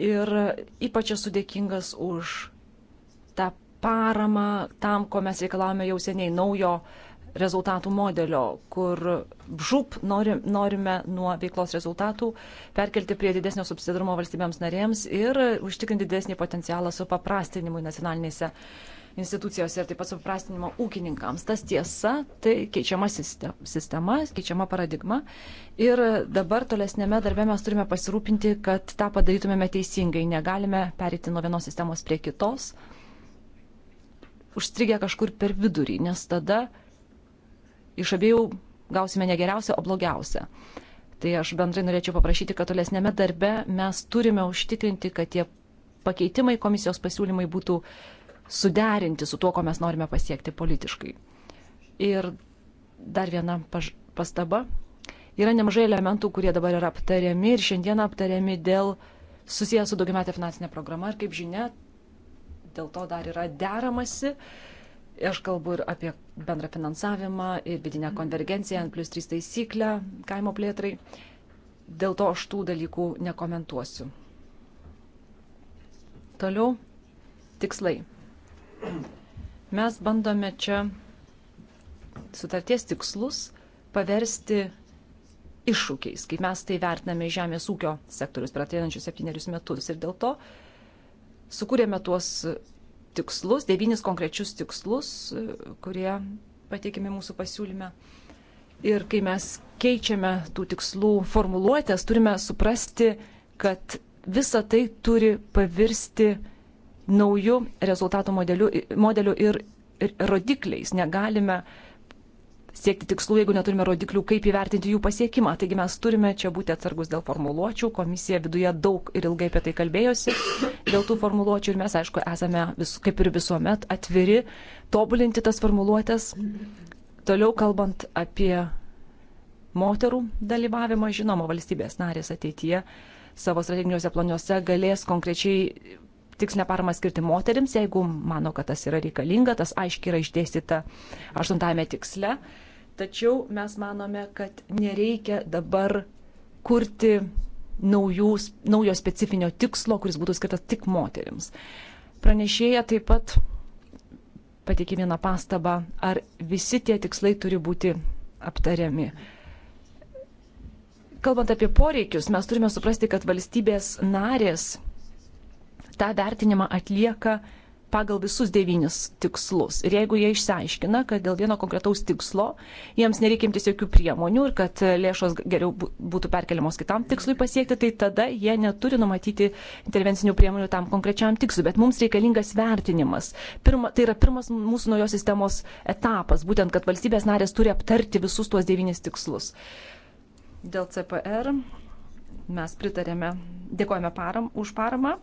Ir eh, ypač esu dėkingas už tą paramą tam, ko mes reikalavome jau seniai naujo rezultatų modelio, kur žūp nori, norime nuo veiklos rezultatų perkelti prie didesnio subsidarumo valstybėms narėms ir užtikrinti didesnį potencialą su paprastinimu nacionalinėse institucijose ir taip pat suprastinimo ūkininkams. Tas tiesa, tai keičiama sistema, keičiama paradigma. Ir dabar tolesnėme darbe mes turime pasirūpinti, kad tą padarytumėme teisingai. Negalime perėti nuo vienos sistemos prie kitos, užstrigę kažkur per vidurį, nes tada iš abiejų gausime ne geriausią, o blogiausią. Tai aš bendrai norėčiau paprašyti, kad tolesnėme darbe mes turime užtikrinti, kad tie pakeitimai komisijos pasiūlymai būtų suderinti su tuo, ko mes norime pasiekti politiškai. Ir dar viena pastaba. Yra nemažai elementų, kurie dabar yra aptariami ir šiandien aptariami dėl susijęs su daugiametė finansinė programa ir kaip žinia, dėl to dar yra deramasi. Uh, Aš kalbu ir apie bendrą finansavimą, ir vidinę konvergenciją, N plus 3 taisyklę kaimo plėtrai. Dėl to aš tų dalykų nekomentuosiu. Toliau tikslai. Mes bandome čia sutarties tikslus paversti iššūkiais, kaip mes tai vertiname žemės ūkio sektorius per ateinančius septynerius metus. Ir dėl to sukūrėme tuos tikslus, devynis konkrečius tikslus, e, kurie pateikime mūsų pasiūlyme. Ir kai mes keičiame tų tikslų formuluotės, turime suprasti, kad visa tai turi pavirsti naujų rezultatų modelių, modelių ir, ir rodikliais. Negalime uh, siekti tikslų, jeigu neturime rodiklių, kaip įvertinti jų pasiekimą. Taigi mes turime čia būti atsargus dėl formuluočių. Komisija viduje daug ir ilgai apie tai kalbėjosi dėl tų formuluočių ir mes, aišku, esame vis, kaip ir visuomet atviri tobulinti tas formuluotės. Toliau kalbant apie moterų dalyvavimą, žinoma, valstybės narės ateityje savo strateginiuose planuose galės konkrečiai tikslinę paramą skirti moterims, jeigu mano, kad tas yra reikalinga, tas aiškiai yra išdėstyta aštuntame tiksle. Tačiau mes manome, kad nereikia dabar kurti naujų, naujo specifinio tikslo, kuris būtų skirtas tik moteriams. Pranešėja taip pat pateikė vieną pastabą, ar visi tie tikslai turi būti aptariami. Kalbant apie poreikius, mes turime suprasti, kad valstybės narės tą vertinimą atlieka pagal visus devynis tikslus. Ir jeigu jie išsiaiškina, kad dėl vieno konkretaus tikslo jiems nereikimtis jokių priemonių ir kad lėšos geriau būtų perkeliamos kitam tikslui pasiekti, tai tada jie neturi numatyti intervencinių priemonių tam konkrečiam tikslui. Bet mums reikalingas vertinimas. Pirma, tai yra pirmas mūsų naujos sistemos etapas, būtent, kad valstybės narės turi aptarti visus tuos devynis tikslus. Dėl CPR mes pritarėme, dėkojame param, už paramą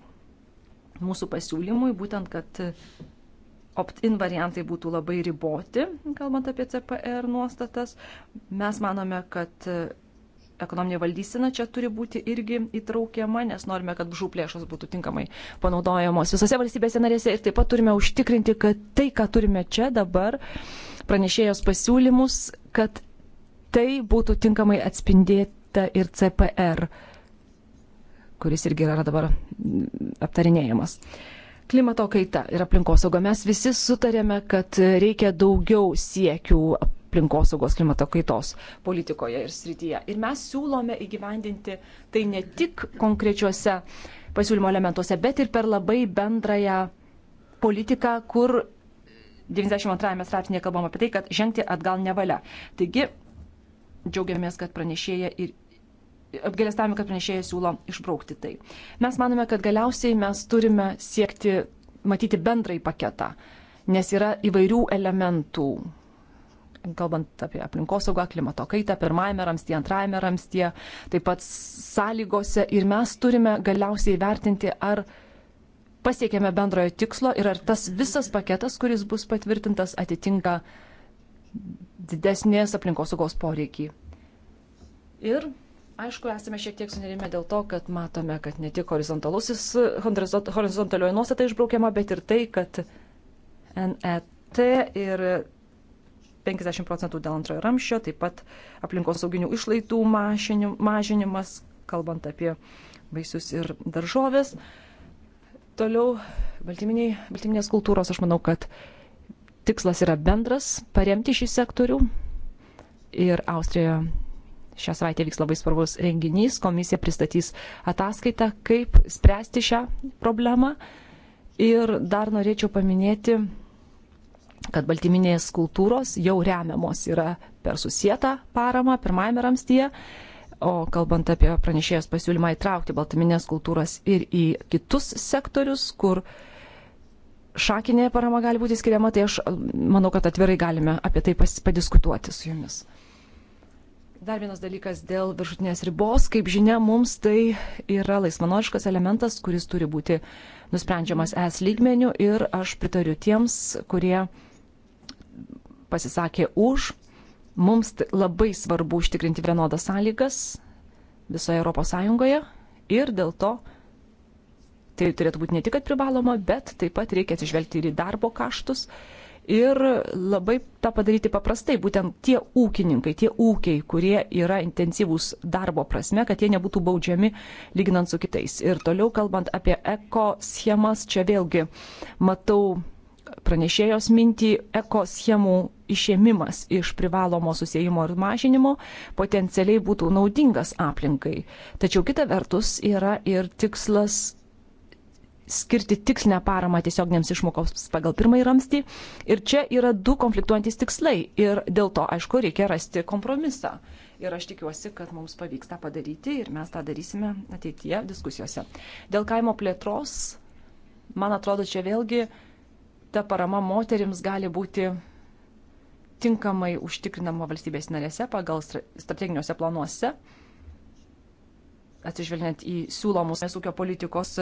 mūsų pasiūlymui, būtent, kad opt-in variantai būtų labai riboti, kalbant apie CPR nuostatas. Mes manome, kad ekonominė valdysena čia turi būti irgi įtraukiama, nes norime, kad žūp lėšos būtų tinkamai panaudojamos visose valstybėse narėse ir taip pat turime užtikrinti, kad tai, ką turime čia dabar, pranešėjos pasiūlymus, kad tai būtų tinkamai atspindėta ir CPR kuris irgi yra dabar mm, aptarinėjamas. Klimato kaita ir aplinkosauga. Mes visi sutarėme, kad reikia daugiau siekių aplinkosaugos klimato kaitos politikoje ir srityje. Ir mes siūlome įgyvendinti tai ne tik konkrečiuose pasiūlymo elementuose, bet ir per labai bendrąją politiką, kur 92 straipsnėje kalbam apie tai, kad žengti atgal nevalia. Taigi, džiaugiamės, kad pranešėja ir apgėlestavimą, kad pranešėjas siūlo išbraukti tai. Mes manome, kad galiausiai mes turime siekti matyti bendrąjį paketą, nes yra įvairių elementų. Kalbant apie aplinkosaugą, klimato kaitą, pirmajame ramstyje, antrajame ramstyje, taip pat sąlygose ir mes turime galiausiai vertinti, ar pasiekėme bendrojo tikslo ir ar tas visas paketas, kuris bus patvirtintas, atitinka didesnės aplinkosaugos poreikį. Ir Aišku, esame šiek tiek sunerime dėl to, kad matome, kad ne tik horizontalioji nuostata išbraukiama, bet ir tai, kad NET ir 50 procentų dėl antrojo ramščio, taip pat aplinkos sauginių išlaidų mažinimas, kalbant apie vaisius ir daržovės. Toliau, baltyminės kultūros, aš manau, kad tikslas yra bendras - paremti šį sektorių. Ir Austrijoje Šią savaitę vyks labai svarbus renginys, komisija pristatys ataskaitą, kaip spręsti šią problemą. Ir dar norėčiau paminėti, kad baltyminės kultūros jau remiamos yra per susietą paramą pirmajame ramstyje, o kalbant apie pranešėjos pasiūlymą įtraukti baltyminės kultūras ir į kitus sektorius, kur šakinė parama gali būti skiriama, tai aš manau, kad atvirai galime apie tai padiskutuoti su jumis. Dar vienas dalykas dėl viršutinės ribos. Kaip žinia, mums tai yra laisvanoriškas elementas, kuris turi būti nusprendžiamas es lygmenių ir aš pritariu tiems, kurie pasisakė už. Mums labai svarbu užtikrinti vienodas sąlygas visoje Europos Sąjungoje ir dėl to tai turėtų būti ne tik privaloma, bet taip pat reikia atsižvelgti ir į darbo kaštus ir labai tą padaryti paprastai, būtent tie ūkininkai, tie ūkiai, kurie yra intensyvūs darbo prasme, kad jie nebūtų baudžiami lyginant su kitais. Ir toliau kalbant apie ekoschemas, čia vėlgi matau pranešėjos mintį ekoschemų išėmimas iš privalomo susijimo ir mažinimo potencialiai būtų naudingas aplinkai. Tačiau kita vertus yra ir tikslas skirti tikslinę paramą tiesioginėms išmokoms pagal pirmąjį ramstį. Ir čia yra du konfliktuojantis tikslai. Ir dėl to, aišku, reikia rasti kompromisą. Ir aš tikiuosi, kad mums pavyks tą padaryti ir mes tą darysime ateityje diskusijose. Dėl kaimo plėtros, man atrodo, čia vėlgi ta parama moterims gali būti tinkamai užtikrinama valstybės narėse pagal strateginiuose planuose atsižvelgiant į siūlomus mes ūkio politikos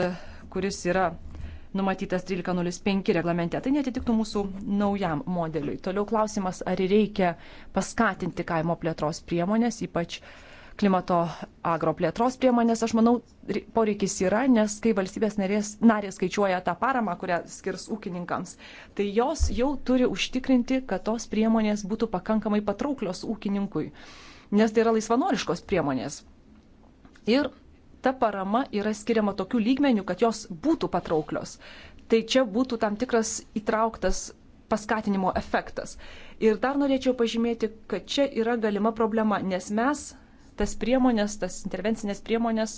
kuris yra numatytas 13.05 reglamente. Tai netitiktų mūsų naujam modeliui. Toliau klausimas, ar reikia paskatinti kaimo plėtros priemonės, ypač klimato agroplėtros priemonės. Aš manau, poreikis yra, nes kai valstybės narės, narės skaičiuoja tą paramą, kurią skirs ūkininkams, tai jos jau turi užtikrinti, kad tos priemonės būtų pakankamai patrauklios ūkininkui, nes tai yra laisvanoriškos priemonės. Ir ta parama yra skiriama tokiu lygmeniu, kad jos būtų patrauklios. Tai čia būtų tam tikras įtrauktas paskatinimo efektas. Ir dar norėčiau pažymėti, kad čia yra galima problema, nes mes tas priemonės, tas intervencinės priemonės,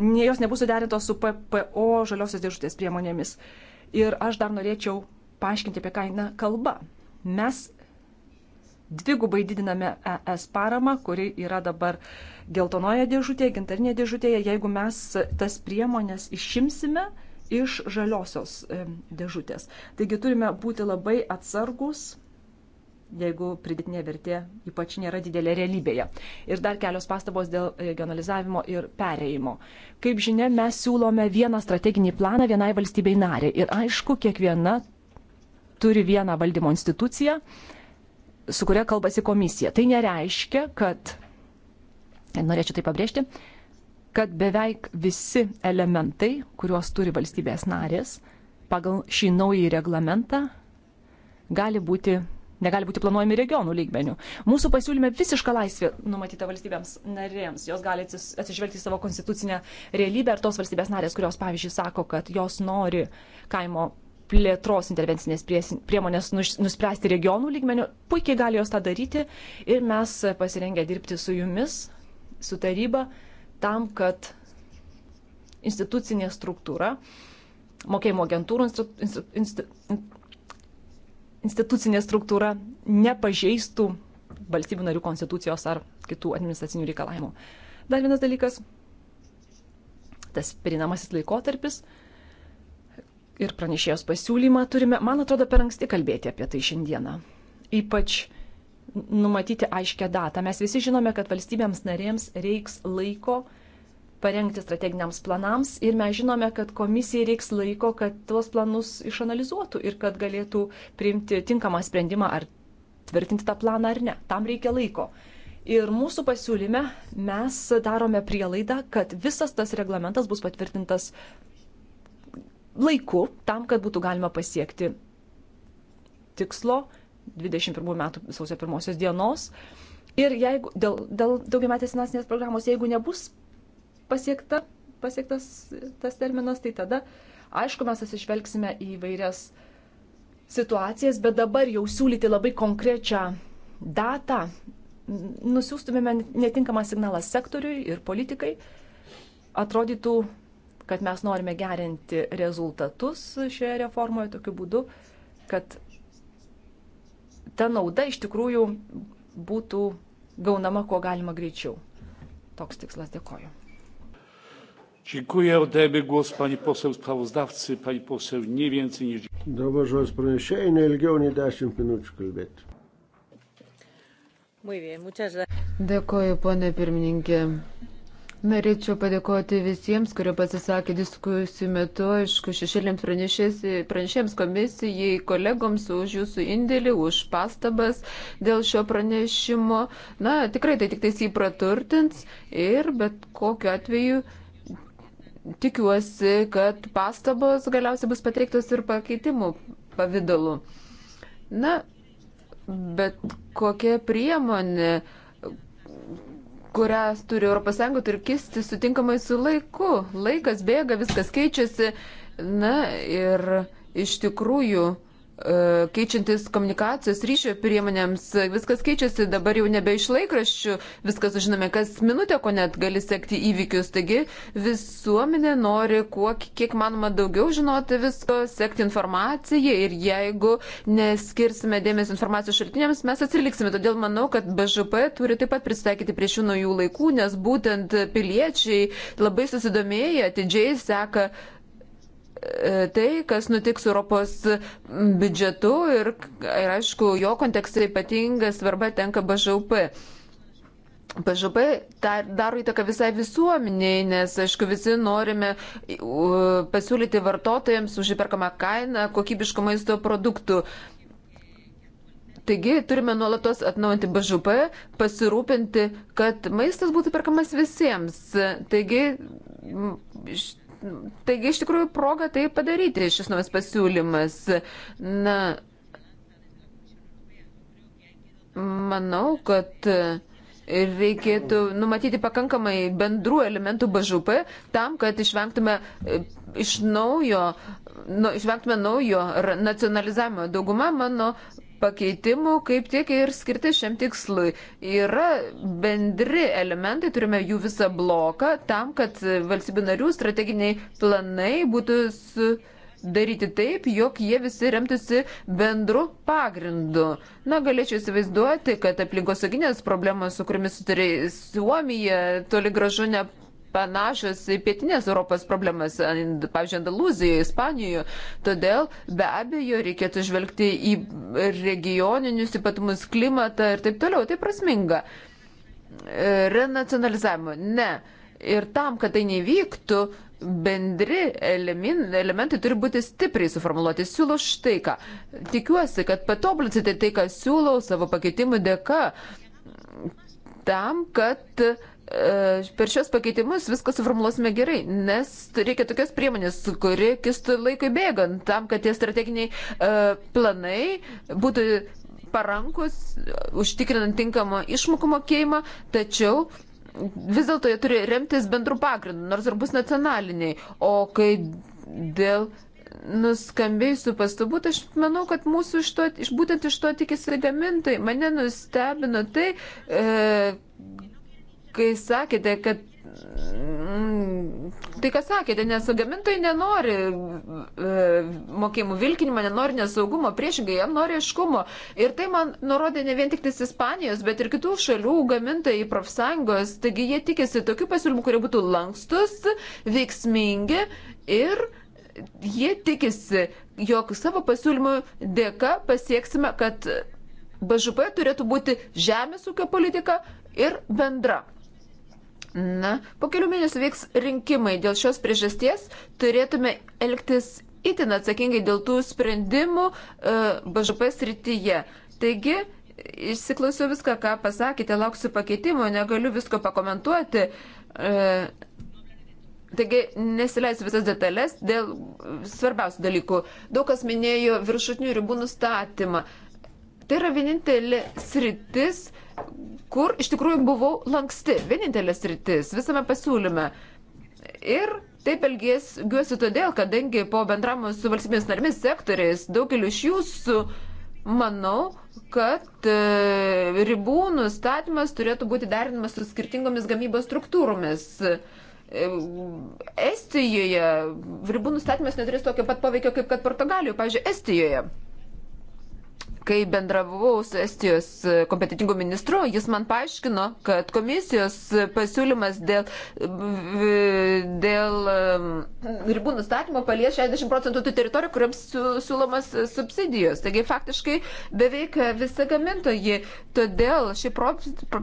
ne, jos nebus suderintos su PPO žaliosios dėžutės priemonėmis. Ir aš dar norėčiau paaiškinti, apie ką eina kalba. Mes dvigubai didiname ES paramą, kuri yra dabar geltonoje dėžutėje, gintarinėje dėžutėje, jeigu mes tas priemonės išimsime iš žaliosios dėžutės. Taigi turime būti labai atsargus jeigu pridėtinė vertė ypač nėra didelė realybėje. Ir dar kelios pastabos dėl regionalizavimo ir pereimo. Kaip žinia, mes siūlome vieną strateginį planą vienai valstybei nariai. Ir aišku, kiekviena turi vieną valdymo instituciją. Uh, su kuria kalbasi komisija. Tai nereiškia, kad, norėčiau tai pabrėžti, kad beveik visi elementai, kuriuos turi valstybės narės, pagal šį naują reglamentą gali būti, negali būti planuojami regionų lygmenių. Mūsų pasiūlyme visišką laisvę numatyta valstybėms narėms. Jos gali atsižvelgti savo konstitucinę realybę ir tos valstybės narės, kurios, pavyzdžiui, sako, kad jos nori kaimo plėtros intervencinės priemonės nuspręsti regionų lygmenių, puikiai gali jos tą daryti ir mes pasirengę dirbti su jumis, su taryba, tam, kad institucinė struktūra, mokėjimo agentūrų instu, instu, instu, institucinė struktūra nepažeistų valstybių narių konstitucijos ar kitų administracinių reikalavimų. Dar vienas dalykas - tas perinamasis laikotarpis – ir pranešėjos pasiūlymą turime, man atrodo, per anksti kalbėti apie tai šiandieną. Ypač numatyti aiškę datą. Mes visi žinome, kad valstybėms narėms reiks laiko parengti strateginiams planams ir mes žinome, kad komisijai reiks laiko, kad tuos planus išanalizuotų ir kad galėtų priimti tinkamą sprendimą ar tvirtinti tą planą ar ne. Tam reikia laiko. Ir mūsų pasiūlyme mes darome prielaidą, kad visas tas reglamentas bus patvirtintas laiku tam, kad būtų galima pasiekti tikslo 21 metų sausio pirmosios dienos. Ir jeigu dėl, dėl daugiametės finansinės programos, jeigu nebus pasiekta, pasiektas tas terminas, tai tada, aišku, mes atsižvelgsime į vairias situacijas, bet dabar jau siūlyti labai konkrečią datą, nusiųstumėme netinkamą signalą sektoriui ir politikai, atrodytų kad mes norime gerinti rezultatus šioje reformoje tokiu būdu, kad ta nauda iš tikrųjų būtų gaunama kuo galima greičiau. Toks tikslas dėkoju. Dziękuję. Oddajemy głos pani poseł sprawozdawcy. Pani poseł nie więcej niż. Dabar žodis pranešėjai, neilgiau nei 10 minučių kalbėti. Dėkoju, ponė pirmininkė. Norėčiau padėkoti visiems, kurie pasisakė diskusijų metu, aišku, šešėlėms pranešėms komisijai, kolegoms už jūsų indėlį, už pastabas dėl šio pranešimo. Na, tikrai tai tik tais jį praturtins ir bet kokiu atveju tikiuosi, kad pastabos galiausiai bus pateiktos ir pakeitimų pavydalu. Na, bet kokia priemonė kurias turi ES, turi kisti sutinkamai su laiku. Laikas bėga, viskas keičiasi. Na ir iš tikrųjų E, keičiantis komunikacijos ryšio priemonėms, viskas keičiasi, dabar jau nebe iš laikraščių, viskas žinome, kas minutę, ko net gali sekti įvykius, taigi visuomenė nori kuo, kiek manoma daugiau žinoti visko, sekti informaciją ir jeigu neskirsime dėmesio informacijos šaltiniams, mes atsiliksime. Todėl manau, kad BŽP turi taip pat pristaikyti prie šių naujų laikų, nes būtent piliečiai labai susidomėję, atidžiai seka E, tai, kas nutiks Europos biudžetu ir, ir aišku, jo kontekste ypatinga svarba tenka BŽUP. BŽP daro įtaką visai visuomeniai, nes, aišku, visi norime pasiūlyti vartotojams už įperkamą kainą kokybiško maisto produktų. Taigi turime nuolatos atnaujinti BŽP, pasirūpinti, kad maistas būtų perkamas visiems. Taigi Taigi iš tikrųjų proga tai padaryti šis naujas pasiūlymas. Na, manau, kad reikėtų numatyti pakankamai bendrų elementų BŽP tam, kad išvengtume iš naujo, nu, išvengtume naujo nacionalizavimo. Dauguma mano pakeitimų kaip tiek ir skirti šiam tikslui. Yra bendri elementai, turime jų visą bloką tam, kad valstybių narių strateginiai planai būtų daryti taip, jog jie visi remtųsi bendru pagrindu. Na, galėčiau įsivaizduoti, kad aplinkosauginės problemos, su kuriamis sutarė Suomija, toli gražu ne panašios į pietinės Europos problemas, pavyzdžiui, Andalūzijoje, Ispanijoje. Todėl be abejo reikėtų žvelgti į regioninius ypatumus, klimatą ir taip toliau. Tai prasminga. Renacionalizavimo. Ne. Ir tam, kad tai nevyktų, bendri elemin, elementai turi būti stipriai suformuoluoti. Siūlau štai ką. Tikiuosi, kad patobulinsite tai, ką siūlau savo pakeitimų dėka, tam, kad E, per šios pakeitimus viską suformuluosime gerai, nes reikia tokios priemonės, kuri kistų laikui bėgant, tam, kad tie strateginiai e, planai būtų parankus, užtikrinant tinkamą išmokų mokėjimą, tačiau vis dėlto jie turi remtis bendrų pagrindų, nors ir bus nacionaliniai. O kai dėl nuskambėjusių pastabų, tai aš manau, kad mūsų iš to, iš, būtent iš to tikisi gamintai. Mane nustebino tai, e, kai sakėte, kad mm, Tai ką sakėte, nes gamintojai nenori e, mokėjimų vilkinimo, nenori nesaugumo, priešingai jam nori iškumo. Ir tai man nurodė ne vien tik Ispanijos, bet ir kitų šalių gamintojai profsąjungos. Taigi jie tikėsi tokių pasiūlymų, kurie būtų lankstus, veiksmingi ir jie tikėsi, jog savo pasiūlymų dėka pasieksime, kad BŽP turėtų būti žemės ūkio politika ir bendra Na, po kelių mėnesių vyks rinkimai. Dėl šios priežasties turėtume elgtis itin atsakingai dėl tų sprendimų uh, e, BŽP srityje. Taigi, išsiklausiau viską, ką pasakėte, lauksiu pakeitimo, negaliu visko pakomentuoti. Uh, Taigi nesileisiu visas detalės dėl svarbiausių dalykų. Daug kas minėjo viršutinių ribų nustatymą. Tai yra vienintelė sritis, uh, kur iš tikrųjų buvau lanksti, vienintelis rytis visame pasiūlyme. Ir taip elgiuosi todėl, kadangi po bendravimo su valstybės narmis sektoriais daugeliu iš jūsų manau, kad e, ribų nustatymas turėtų būti derinamas su skirtingomis gamybos struktūromis. E, Estijoje ribų nustatymas neturės tokio pat poveikio kaip kad Portugalijoje, pavyzdžiui, Estijoje. Kai bendravau su Estijos kompetitingu ministru, jis man paaiškino, kad komisijos pasiūlymas dėl, dėl um, ribų nustatymo palies 60 procentų tų teritorijų, kuriams siūlomas subsidijos. Taigi faktiškai beveik visi gamintojai. Todėl ši pro,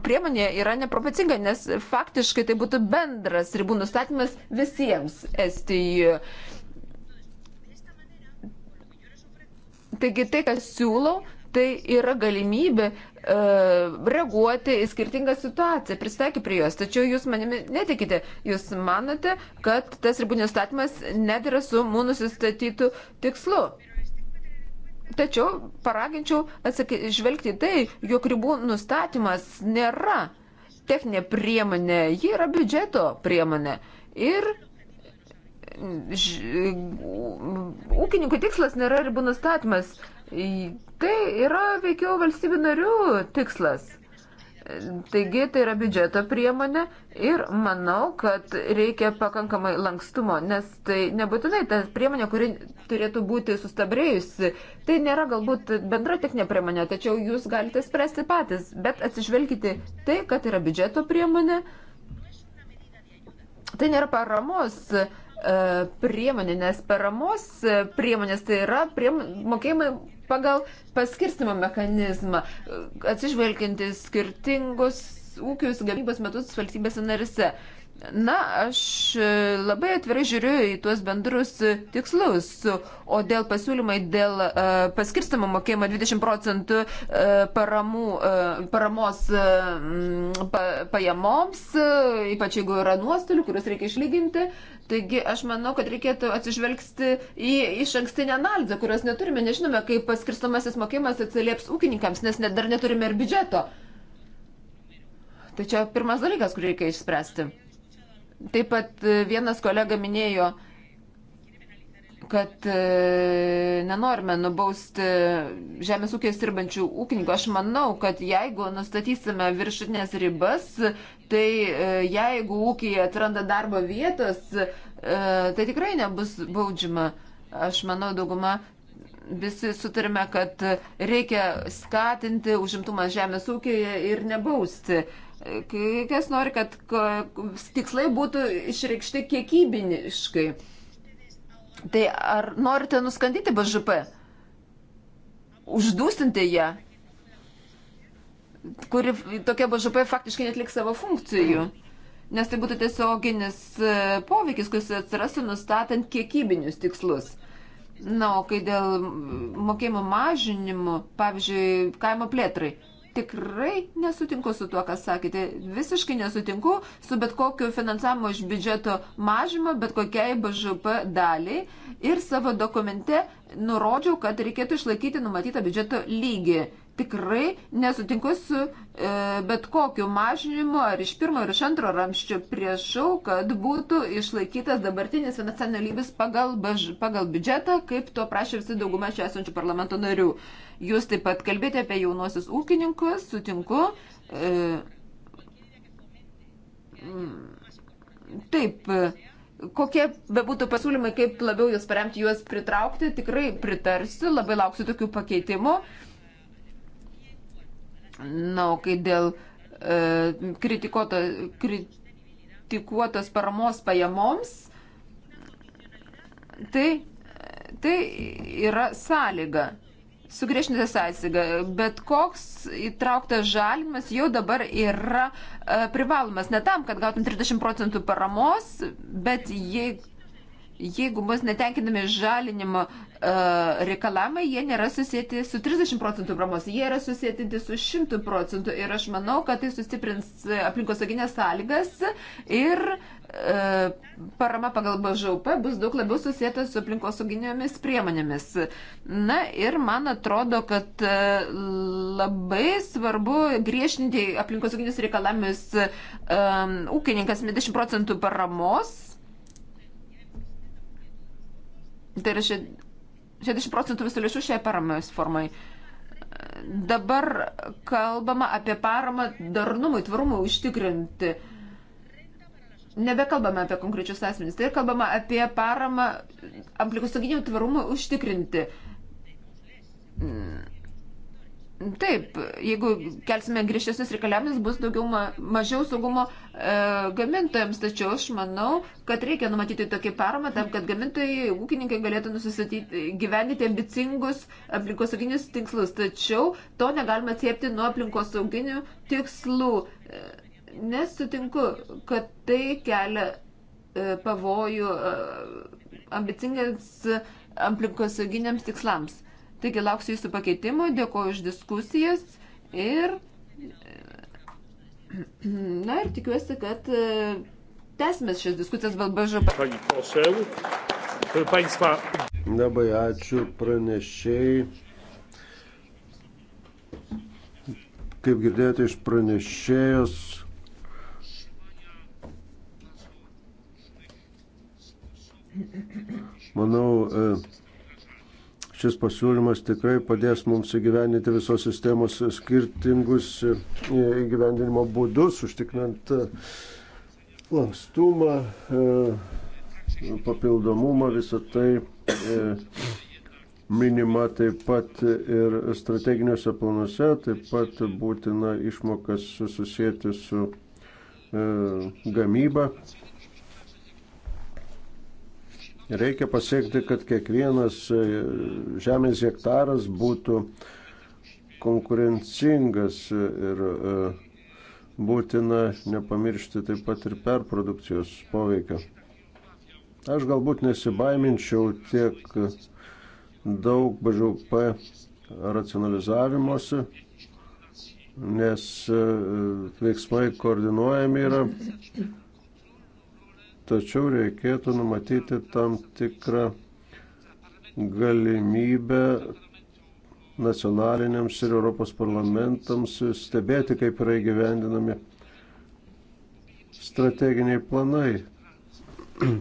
priemonė yra neproporcinga, nes faktiškai tai būtų bendras ribų nustatymas visiems Estijoje. Taigi tai, kas siūlau, tai yra galimybė e, reaguoti į skirtingą situaciją, pristaikyti prie jos. Tačiau jūs manimi netikite. Jūs manote, kad tas ribų nustatymas nedėra su mūsų nusistatytų tikslu. Tačiau paraginčiau žvelgti tai, jog ribų nustatymas nėra techninė priemonė, ji yra biudžeto priemonė. Ir ūkininkų tikslas nėra ribų nustatymas. Tai yra veikiau valstybių narių tikslas. Taigi tai yra biudžeto priemonė ir manau, kad reikia pakankamai lankstumo, nes tai nebūtinai ta priemonė, kuri turėtų būti sustabrėjusi, tai nėra galbūt bendra techninė priemonė, tačiau jūs galite spręsti patys, bet atsižvelgite tai, kad yra biudžeto priemonė, tai nėra paramos E, priemonė, nes paramos e, priemonės tai yra priem, mokėjimai pagal paskirstimo mechanizmą, e, atsižvelginti skirtingus ūkius gamybos metus valstybėse narise. Na, aš labai atvirai žiūriu į tuos bendrus tikslus, o dėl pasiūlymai dėl uh, paskirstamo mokėjimo 20 procentų uh, paramų, uh, paramos uh, pa, pajamoms, uh, ypač jeigu yra nuostolių, kuriuos reikia išlyginti, uh, Taigi aš manau, kad reikėtų atsižvelgti į iš ankstinę analizę, kurios neturime, nežinome, kaip paskirstamasis mokėjimas atsilieps ūkininkams, nes net dar neturime ir biudžeto. Tai čia pirmas dalykas, kurį reikia išspręsti. Taip pat vienas kolega minėjo, kad e, nenorime nubausti e, žemės ūkio sirbančių ūkininkų. Aš manau, kad jeigu nustatysime viršutinės ribas, tai e, jeigu ūkija atranda darbo vietos, e, tai tikrai nebus baudžiama. Aš manau, dauguma visi sutarime, kad reikia skatinti užimtumą žemės ūkijoje ir nebausti. Kai kas nori, kad tikslai būtų išreikšti kiekybiškai. Tai ar norite nuskandyti BŽP? Uždūstinti ją? Kuri tokia BŽP faktiškai netliks savo funkcijų. Nes tai būtų tiesioginis e, poveikis, kuris atsirastų nustatant kiekybinius tikslus. Na, o kai dėl mokėjimo mažinimų, pavyzdžiui, kaimo plėtrai, tikrai nesutinku su tuo, kas sakėte. Visiškai nesutinku su bet kokiu finansavimo iš biudžeto mažymu, bet kokiai BŽP daliai. Ir savo dokumente nurodžiau, kad reikėtų išlaikyti numatytą biudžeto lygį tikrai nesutinku su e, bet kokiu mažinimu ar iš pirmo ir iš antro ramščio priešau, kad būtų išlaikytas dabartinis finansavimo lygis pagal, pagal biudžetą, kaip to prašė visi dauguma čia esančių parlamento narių. Jūs taip pat kalbėjote apie jaunosius ūkininkus, sutinku. E, taip. E, Kokie bebūtų pasiūlymai, kaip labiau jūs paremti juos pritraukti, tikrai pritarsiu, labai lauksiu tokių pakeitimų. Na, o kai dėl e, kritikuoto, kritikuotos paramos pajamoms, tai, tai yra sąlyga. Sugriešinta sąlyga, bet koks įtrauktas žalimas jau dabar yra e, privalomas. Ne tam, kad gautum 30 procentų paramos, bet jeigu jeigu bus netenkinami žalinimo uh, reikalavimai, jie nėra susijęti su 30 procentų programos, jie yra susijęti su 100 procentų ir aš manau, kad tai sustiprins aplinkosauginės sąlygas ir uh, parama pagal BŽUP bus daug labiau susijęta su aplinkosauginėmis priemonėmis. Na ir man atrodo, kad uh, labai svarbu griežtinti aplinkosauginius reikalavimus um, ūkininkas 20 procentų paramos Tai yra 60 procentų visų lėšų šiai paramos formai. Dabar kalbama apie paramą darnumui, tvarumui užtikrinti. Nebekalbame apie konkrečius asmenys, tai kalbama apie paramą aplikosauginių tvarumui užtikrinti. Mm Taip, jeigu kelsime griežtesnius reikalavimus, bus daugiau ma mažiau saugumo e, gamintojams, tačiau aš manau, kad reikia numatyti tokį paramą tam, kad gamintojai, ūkininkai galėtų nusistatyti, gyvendyti ambicingus aplinkosauginius tikslus, tačiau to negalima atsiepti nuo aplinkosauginių tikslų, e, nes sutinku, kad tai kelia e, pavojų e, ambicingiams e, aplinkosauginiams tikslams. Taigi lauksiu jūsų pakeitimo, dėkoju už diskusijas ir, na ir tikiuosi, kad e, tęsime šias diskusijas BBŽP. Labai ačiū pranešėjai. Kaip girdėjote iš pranešėjos, manau, e, Šis pasiūlymas tikrai padės mums įgyvendinti visos sistemos skirtingus e, įgyvendinimo būdus, užtikrinant e, lankstumą, e, papildomumą, visą tai minima taip pat ir strateginiuose planuose, taip pat būtina išmokas susijęti su gamyba Reikia pasiekti, kad kiekvienas e, žemės hektaras būtų konkurencingas ir e, būtina nepamiršti taip pat ir perprodukcijos poveikio. Aš galbūt nesibaiminčiau tiek daug BŽP racionalizavimuose, nes e, veiksmai koordinuojami yra tačiau reikėtų numatyti tam tikrą galimybę nacionaliniams ir Europos parlamentams stebėti, kaip yra įgyvendinami strateginiai planai,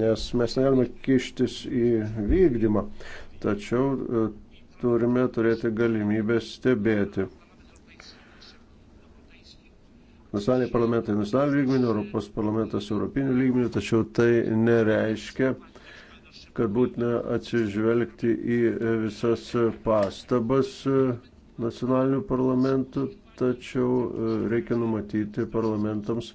nes mes negalime kištis į vykdymą, tačiau e, turime turėti galimybę stebėti nacionaliniai parlamentai nacionalinių lygmenių, Europos parlamentas europinių lygmenių, tačiau tai nereiškia, kad būtina atsižvelgti į visas pastabas nacionalinių parlamentų, tačiau reikia numatyti parlamentams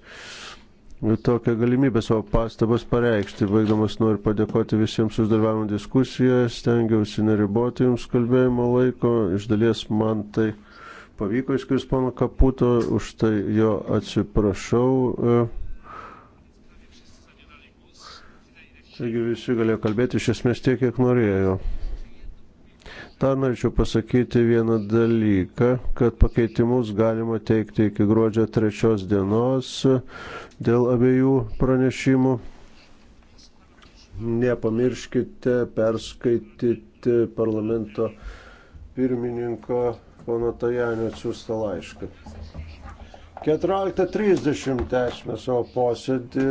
tokią galimybę savo pastabas pareikšti. Baigdamas noriu padėkoti visiems už dalyvavimą diskusijoje, stengiausi neriboti jums kalbėjimo laiko, iš dalies man tai pavyko iškris pono Kaputo, už tai jo atsiprašau. E. Taigi visi galėjo kalbėti iš esmės tiek, kiek norėjo. Dar norėčiau pasakyti vieną dalyką, kad pakeitimus galima teikti iki gruodžio trečios dienos dėl abiejų pranešimų. Nepamirškite perskaityti parlamento pirmininko pono Tajanio atsiųstą laišką. 14.30 tęsime savo posėdį,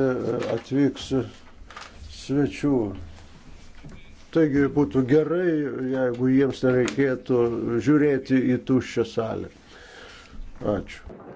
atvyks svečių. Taigi būtų gerai, jeigu jiems nereikėtų žiūrėti į tuščią salę. Ačiū.